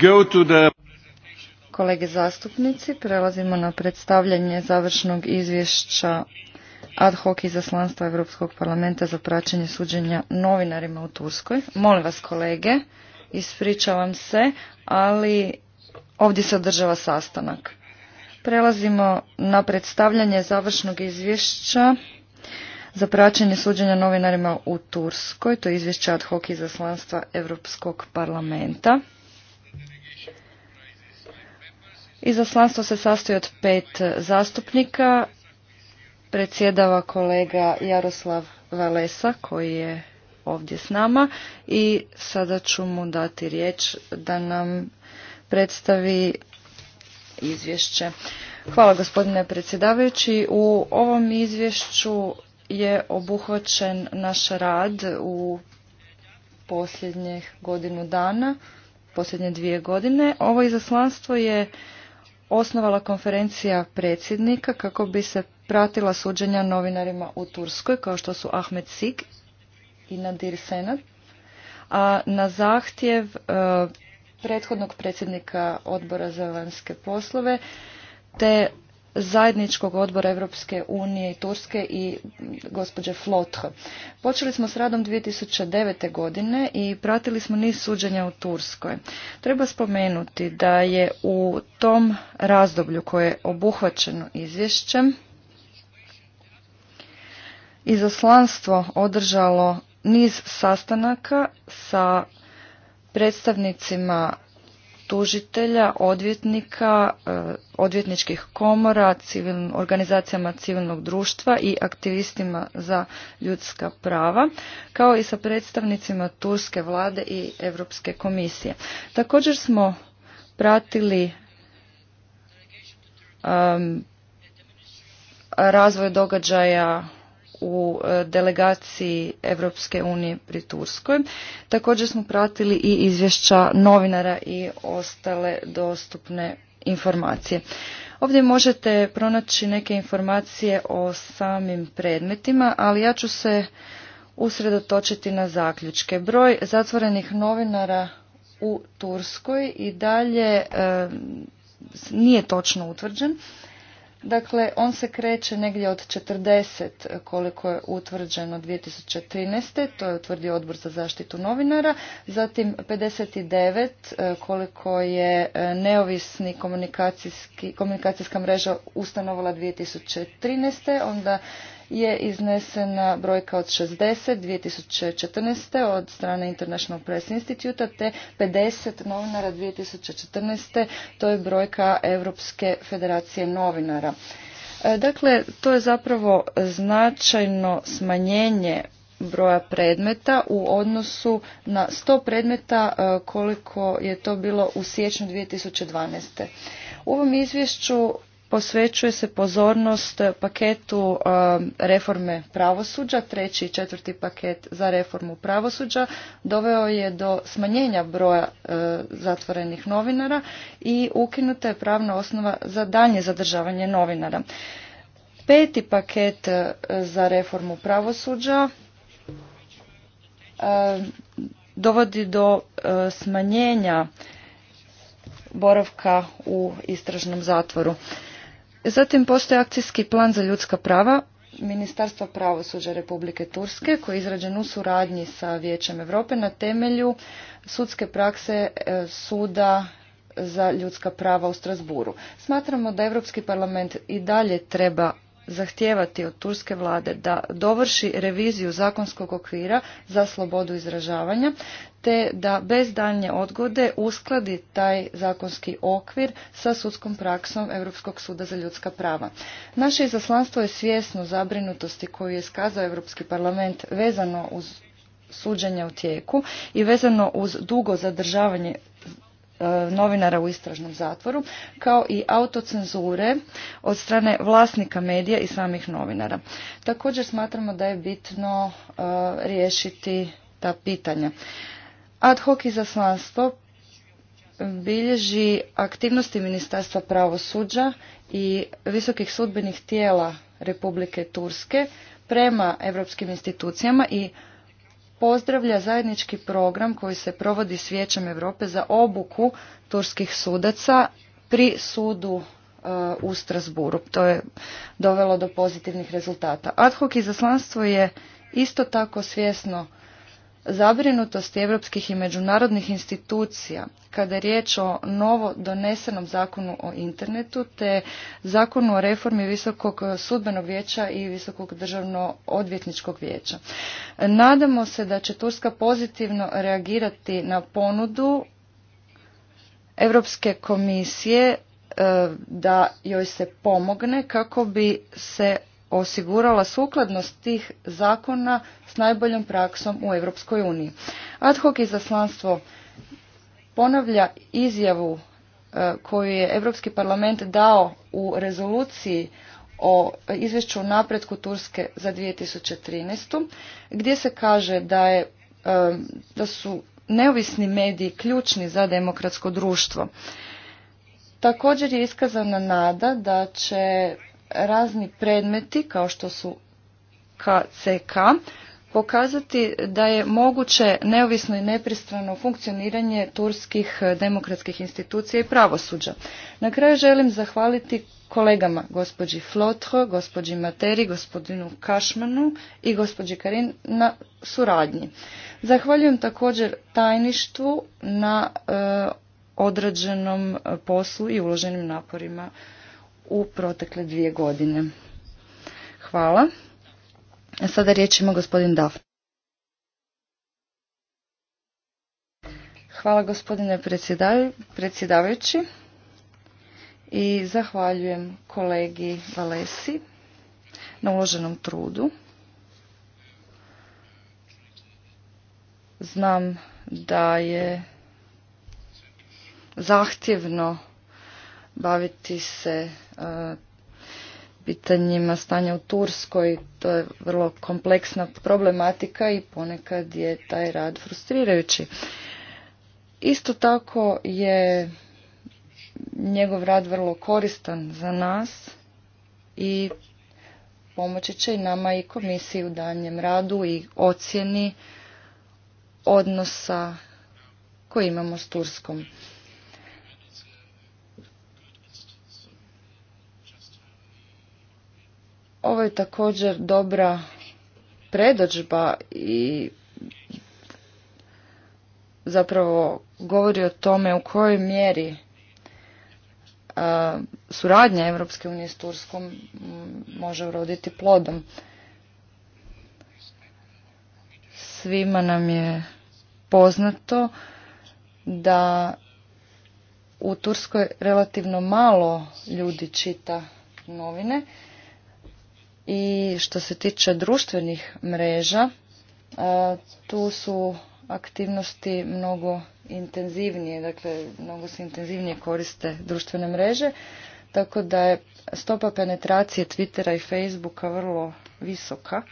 go Kolege zastupnici, prelazimo na predstavljanje završnog izvješća ad hoc izaslanstva Europskog parlamenta za praćenje suđenja novinarima u Turskoj. Molim vas kolege, ispričavam se, ali ovdje se održava sastanak. Prelazimo na predstavljanje završnog izvješća za praćenje suđenja novinarima u Turskoj. To je izvješće ad hoc izaslanstva Europskog parlamenta. Izaslanstvo se sastoji od pet zastupnika. Predsjedava kolega Jaroslav Valesa koji je ovdje s nama i sada ću mu dati riječ da nam predstavi izvješće. Hvala gospodine predsjedavajući. U ovom izvješću je obuhvaćen naš rad u posljednjih godinu dana, posljednje dvije godine. Ovo izaslanstvo je osnovala konferencija predsjednika kako bi se pratila suđenja novinarima u Turskoj, kao što su Ahmed Sik i Nadir Senad. A na zahtjev e, prethodnog predsjednika odbora za vanjske poslove te zajedničkog odbora Europske unije i Turske i gospođe Flotre. Počeli smo s radom 2009. godine i pratili smo niz suđenja u Turskoj. Treba spomenuti da je u tom razdoblju koje je obuhvaćeno izvješćem izaslanstvo održalo niz sastanaka sa predstavnicima tužitelja, odvjetnika, e, odvjetničkih komora, organizacijama civilnog društva i aktivistima za ljudska prava, kao i sa predstavnicima Turske vlade i Europske komisije. Također smo pratili razvoj događaja u e, delegaciji Europske unije pri Turskoj. Također smo pratili i izvješća novinara i ostale dostupne informacije. Ovdje možete pronaći neke informacije o samim predmetima, ali ja ću se usredotočiti na zaključke. Broj zatvorenih novinara u Turskoj i dalje e, nije točno utvrđen. Dakle, on se kreće negdje od 40 koliko je utvrđeno 2013. To je utvrdio odbor za zaštitu novinara. Zatim 59 koliko je e, neovisni komunikacijski, komunikacijska mreža ustanovila 2013. Onda je iznesena brojka od 60 2014. od strane International Press Institute te 50 novinara 2014. to je brojka Europske federacije novinara. E, dakle, to je zapravo značajno smanjenje broja predmeta u odnosu na 100 predmeta e, koliko je to bilo u siječnju 2012. U ovom izvješću posvećuje se pozornost paketu um, reforme pravosuđa, treći i četvrti paket za reformu pravosuđa doveo je do smanjenja broja uh, zatvorenih novinara i ukinuta je pravna osnova za dalje zadržavanje novinara. Peti paket uh, za reformu pravosuđa uh, dovodi do smanjenja boravka u istražnom zatvoru. Zatim postoji akcijski plan za ljudska prava Ministarstva pravosuđa Republike Turske koji je izrađen u suradnji sa Vijećem Europe na temelju sudske prakse e, suda za ljudska prava u Strasburu. Smatramo da Europski parlament i dalje treba zahtijevati od turske vlade da dovrši reviziju zakonskog okvira za slobodu izražavanja te da bez daljnje odgode uskladi taj zakonski okvir sa sudskom praksom Europskog suda za ljudska prava. Naše izaslanstvo je svjesno zabrinutosti koju je skazao Europski parlament vezano uz suđenja u tijeku i vezano uz dugo zadržavanje E, novinara u istražnom zatvoru, kao i autocenzure od strane vlasnika medija i samih novinara. Također smatramo da je bitno e, riješiti ta pitanja. Ad hoc izaslanstvo bilježi aktivnosti Ministarstva pravosuđa i visokih sudbenih tijela Republike Turske prema europskim institucijama i pozdravlja zajednički program koji se provodi s Vijećem Europe za obuku turskih sudaca pri sudu e, u Strasburu. To je dovelo do pozitivnih rezultata. Ad hoc izaslanstvo je isto tako svjesno zabrinutosti europskih i međunarodnih institucija kada je riječ o novo donesenom zakonu o internetu te zakonu o reformi Visokog sudbenog vijeća i Visokog državno odvjetničkog vijeća. Nadamo se da će Turska pozitivno reagirati na ponudu Europske komisije e, da joj se pomogne kako bi se osigurala sukladnost tih zakona s najboljom praksom u Europskoj uniji. Ad hoc izaslanstvo ponavlja izjavu e, koju je Europski parlament dao u rezoluciji o izvješću o napretku Turske za 2013. gdje se kaže da, je, e, da su neovisni mediji ključni za demokratsko društvo. Također je iskazana nada da će razni predmeti kao što su KCK pokazati da je moguće neovisno i nepristrano funkcioniranje turskih demokratskih institucija i pravosuđa. Na kraju želim zahvaliti kolegama gospođi Flotho, gospođi Materi, gospodinu Kašmanu i gospođi Karin na suradnji. Zahvaljujem također tajništvu na e, odrađenom poslu i uloženim naporima u protekle dvije godine. Hvala. Sada riječ ima gospodin daft. Hvala gospodine predsjedavajući i zahvaljujem kolegi Valesi na uloženom trudu. Znam da je zahtjevno baviti se e, pitanjima stanja u Turskoj. To je vrlo kompleksna problematika i ponekad je taj rad frustrirajući. Isto tako je njegov rad vrlo koristan za nas i pomoći će i nama i komisiji u daljnjem radu i ocjeni odnosa koji imamo s Turskom. Ovo je također dobra predođba i zapravo govori o tome u kojoj mjeri suradnja Europske unije s Turskom može uroditi plodom. Svima nam je poznato da u Turskoj relativno malo ljudi čita novine i što se tiče društvenih mreža, e, tu su aktivnosti mnogo intenzivnije, dakle mnogo se intenzivnije koriste društvene mreže, tako da je stopa penetracije Twittera i Facebooka vrlo visoka.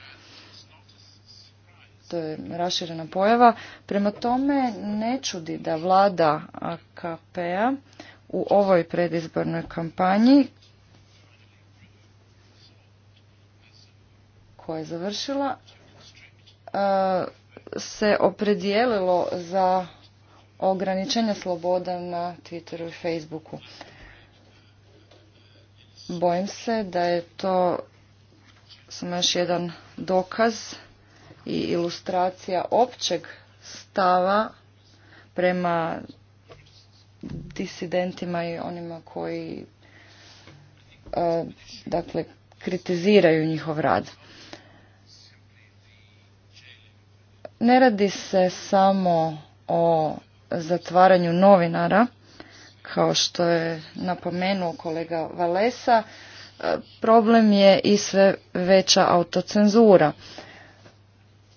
To je raširena pojava. Prema tome ne čudi da vlada AKP-a u ovoj predizbornoj kampanji koja je završila e, se opredijelilo za ograničenje sloboda na Twitteru i Facebooku. Bojim se da je to samo još jedan dokaz i ilustracija općeg stava prema disidentima i onima koji e, dakle kritiziraju njihov rad. Ne radi se samo o zatvaranju novinara, kao što je napomenuo kolega Valesa, e, problem je i sve veća autocenzura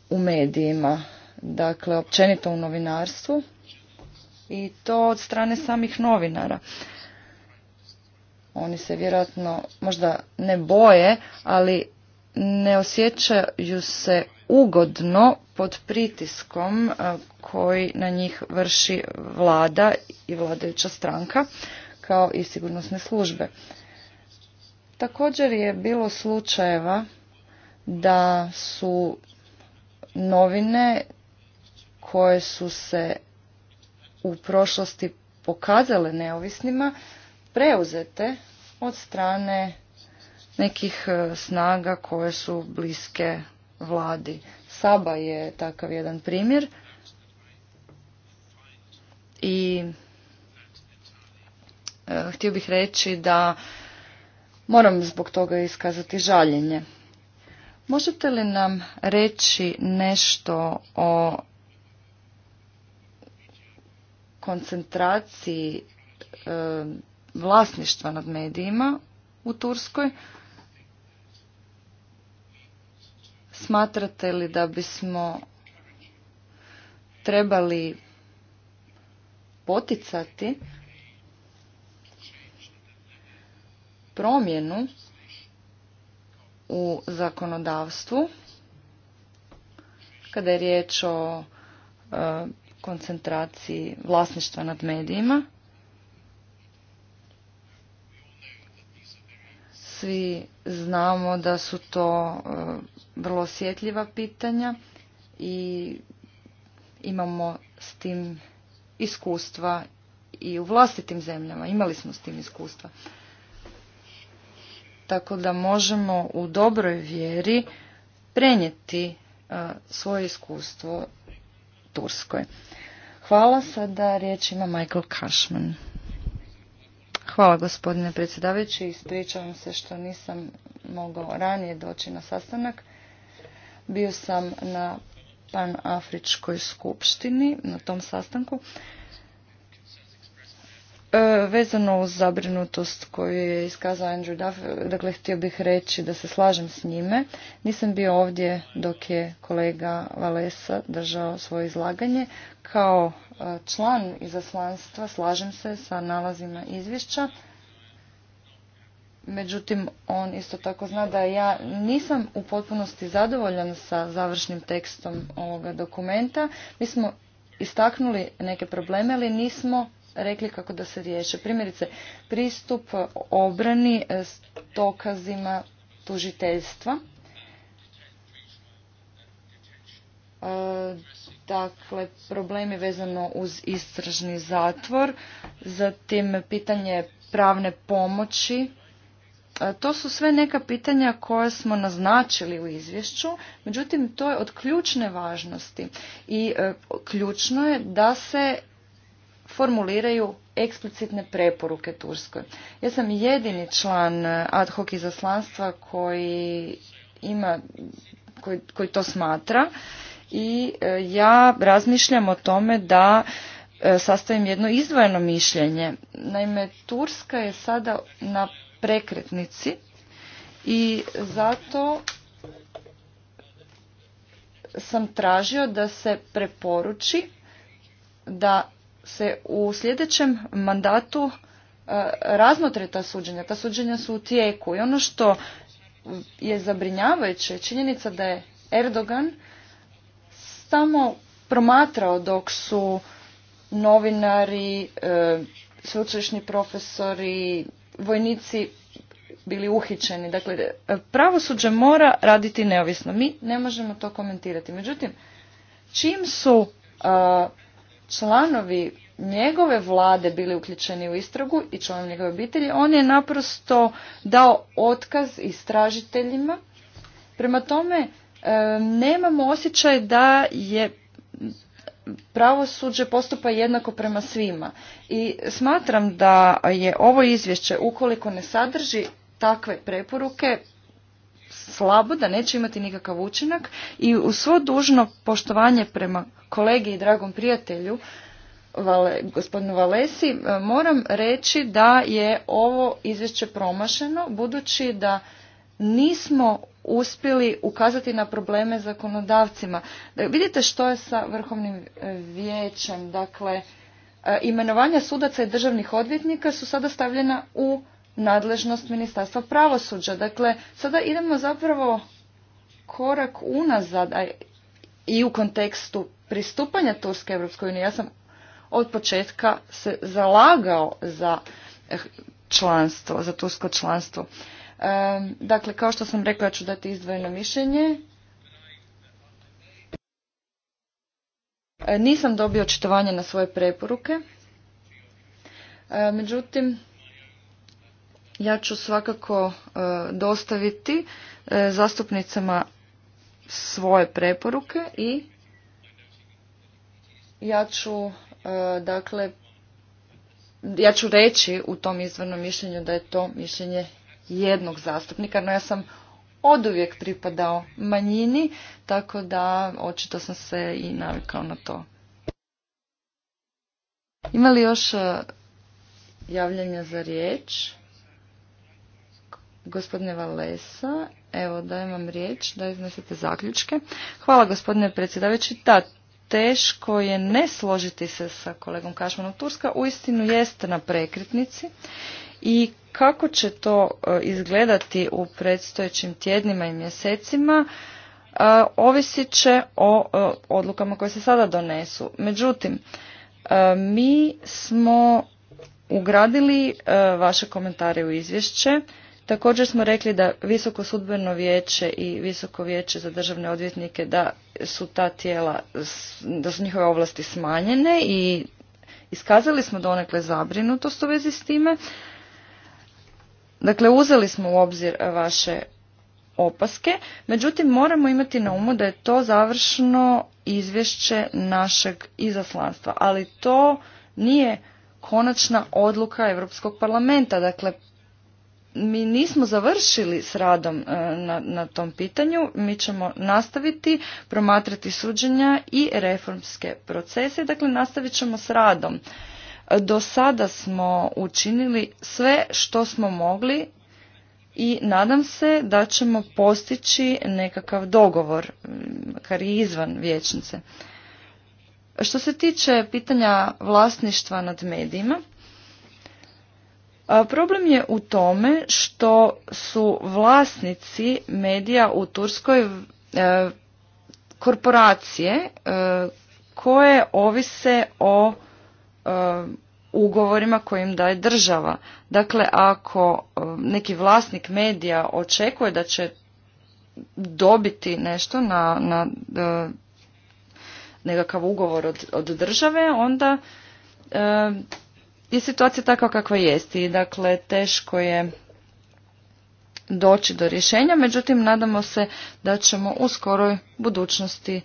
u medijima, dakle općenito u novinarstvu i to od strane samih novinara. Oni se vjerojatno možda ne boje, ali ne osjećaju se ugodno pod pritiskom e, koji na njih vrši vlada i vladajuća stranka kao i sigurnosne službe. Također je bilo slučajeva da su novine koje su se u prošlosti pokazale neovisnima preuzete od strane nekih e, snaga koje su bliske vladi. Saba je takav jedan primjer i e, htio bih reći da moram zbog toga iskazati žaljenje. Možete li nam reći nešto o koncentraciji e, vlasništva nad medijima u Turskoj? Smatrate li da bismo trebali poticati promjenu u zakonodavstvu kada je riječ o e, koncentraciji vlasništva nad medijima. Svi znamo da su to e, vrlo osjetljiva pitanja i imamo s tim iskustva i u vlastitim zemljama. Imali smo s tim iskustva. Tako da možemo u dobroj vjeri prenijeti e, svoje iskustvo Turskoj. Hvala sada, riječ ima Michael Cashman. Hvala gospodine predsjedavajući, ispričavam se što nisam mogao ranije doći na sastanak. Bio sam na Panafričkoj skupštini, na tom sastanku. E, vezano uz zabrinutost koju je iskazao Andrew Duff, dakle htio bih reći da se slažem s njime. Nisam bio ovdje dok je kolega Valesa držao svoje izlaganje. Kao e, član izaslanstva slažem se sa nalazima izvješća međutim on isto tako zna da ja nisam u potpunosti zadovoljan sa završnim tekstom ovoga dokumenta. Mi smo istaknuli neke probleme, ali nismo rekli kako da se riješe. Primjerice, pristup obrani e, s dokazima tužiteljstva. E, dakle, problemi vezano uz istražni zatvor, zatim pitanje pravne pomoći E, to su sve neka pitanja koja smo naznačili u izvješću, međutim to je od ključne važnosti i e, ključno je da se formuliraju eksplicitne preporuke Turskoj. Ja sam jedini član e, ad hoc izaslanstva koji ima, koji, koji to smatra i ja razmišljam o tome da sastavim jedno izdvojeno mišljenje. Naime, Turska je sada na prekretnici i zato sam tražio da se preporuči da se u sljedećem mandatu e, razmotre ta suđenja. Ta suđenja su u tijeku i ono što je zabrinjavajuće je činjenica da je Erdogan samo promatrao dok su novinari, e, sveučilišni profesori, vojnici bili uhićeni. Dakle, pravosuđe mora raditi neovisno. Mi ne možemo to komentirati. Međutim, čim su članovi njegove vlade bili uključeni u istragu i članovi njegove obitelji, on je naprosto dao otkaz istražiteljima. Prema tome, e, nemamo osjećaj da je pravosuđe postupa jednako prema svima. I smatram da je ovo izvješće, ukoliko ne sadrži takve preporuke, slabo, da neće imati nikakav učinak i u svo dužno poštovanje prema kolegi i dragom prijatelju, Vale, gospodinu Valesi, moram reći da je ovo izvješće promašeno, budući da nismo uspjeli ukazati na probleme zakonodavcima. E, vidite što je sa vrhovnim e, vijećem. Dakle, e, imenovanja sudaca i državnih odvjetnika su sada stavljena u nadležnost Ministarstva pravosuđa. Dakle, sada idemo zapravo korak unazad i u kontekstu pristupanja Turske Europskoj uniji. Ja sam od početka se zalagao za eh, članstvo, za tursko članstvo. Dakle, kao što sam rekla, ću dati izdvojeno mišljenje. E, nisam dobio očitovanje na svoje preporuke. E, međutim, ja ću svakako e, dostaviti zastupnicama svoje preporuke i ja ću dakle ja ću reći u tom izvornom mišljenju da je to mišljenje jednog zastupnika, no ja sam oduvijek pripadao manjini, tako da očito sam se i navikao na to. Ima li još e, javljanja za riječ? Gospodine Valesa, evo dajem vam riječ da iznesete zaključke. Hvala gospodine predsjedavajući. Da, teško je ne složiti se sa kolegom Kašmanom Turska. Uistinu jeste na prekretnici i kako će to e, izgledati u predstojećim tjednima i mjesecima, e, ovisit će o e, odlukama koje se sada donesu. Međutim, mi smo ugradili vaše komentare u izvješće. Također smo rekli da Visoko sudbeno vijeće i Visoko vijeće za državne odvjetnike da su ta tijela, da su njihove ovlasti smanjene i iskazali smo donekle zabrinutost u vezi s time, Dakle, uzeli smo u obzir vaše opaske, međutim moramo imati na umu da je to završno izvješće našeg izaslanstva, ali to nije konačna odluka Europskog parlamenta. Dakle, mi nismo završili s radom e, na, na tom pitanju, mi ćemo nastaviti promatrati suđenja i reformske procese, dakle nastavit ćemo s radom do sada smo učinili sve što smo mogli i nadam se da ćemo postići nekakav dogovor, kar i izvan vječnice. Što se tiče pitanja vlasništva nad medijima, problem je u tome što su vlasnici medija u Turskoj e, korporacije e, koje ovise o Uh, ugovorima kojim daje država. Dakle, ako uh, neki vlasnik medija očekuje da će dobiti nešto na, na uh, nekakav ugovor od, od države, onda je situacija takva kakva jest i dakle teško je doći do rješenja, međutim nadamo se da ćemo u skoroj budućnosti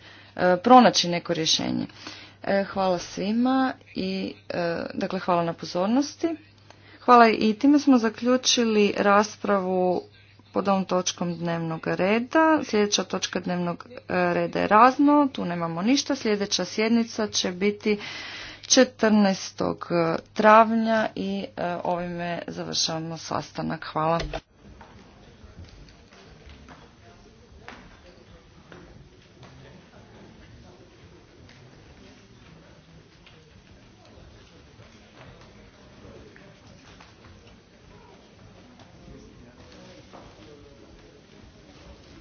pronaći neko rješenje. E, hvala svima i e, dakle hvala na pozornosti. Hvala i time smo zaključili raspravu pod ovom točkom dnevnog reda. Sljedeća točka dnevnog e, reda je razno, tu nemamo ništa. Sljedeća sjednica će biti 14. travnja i ovime završavamo sastanak. Hvala.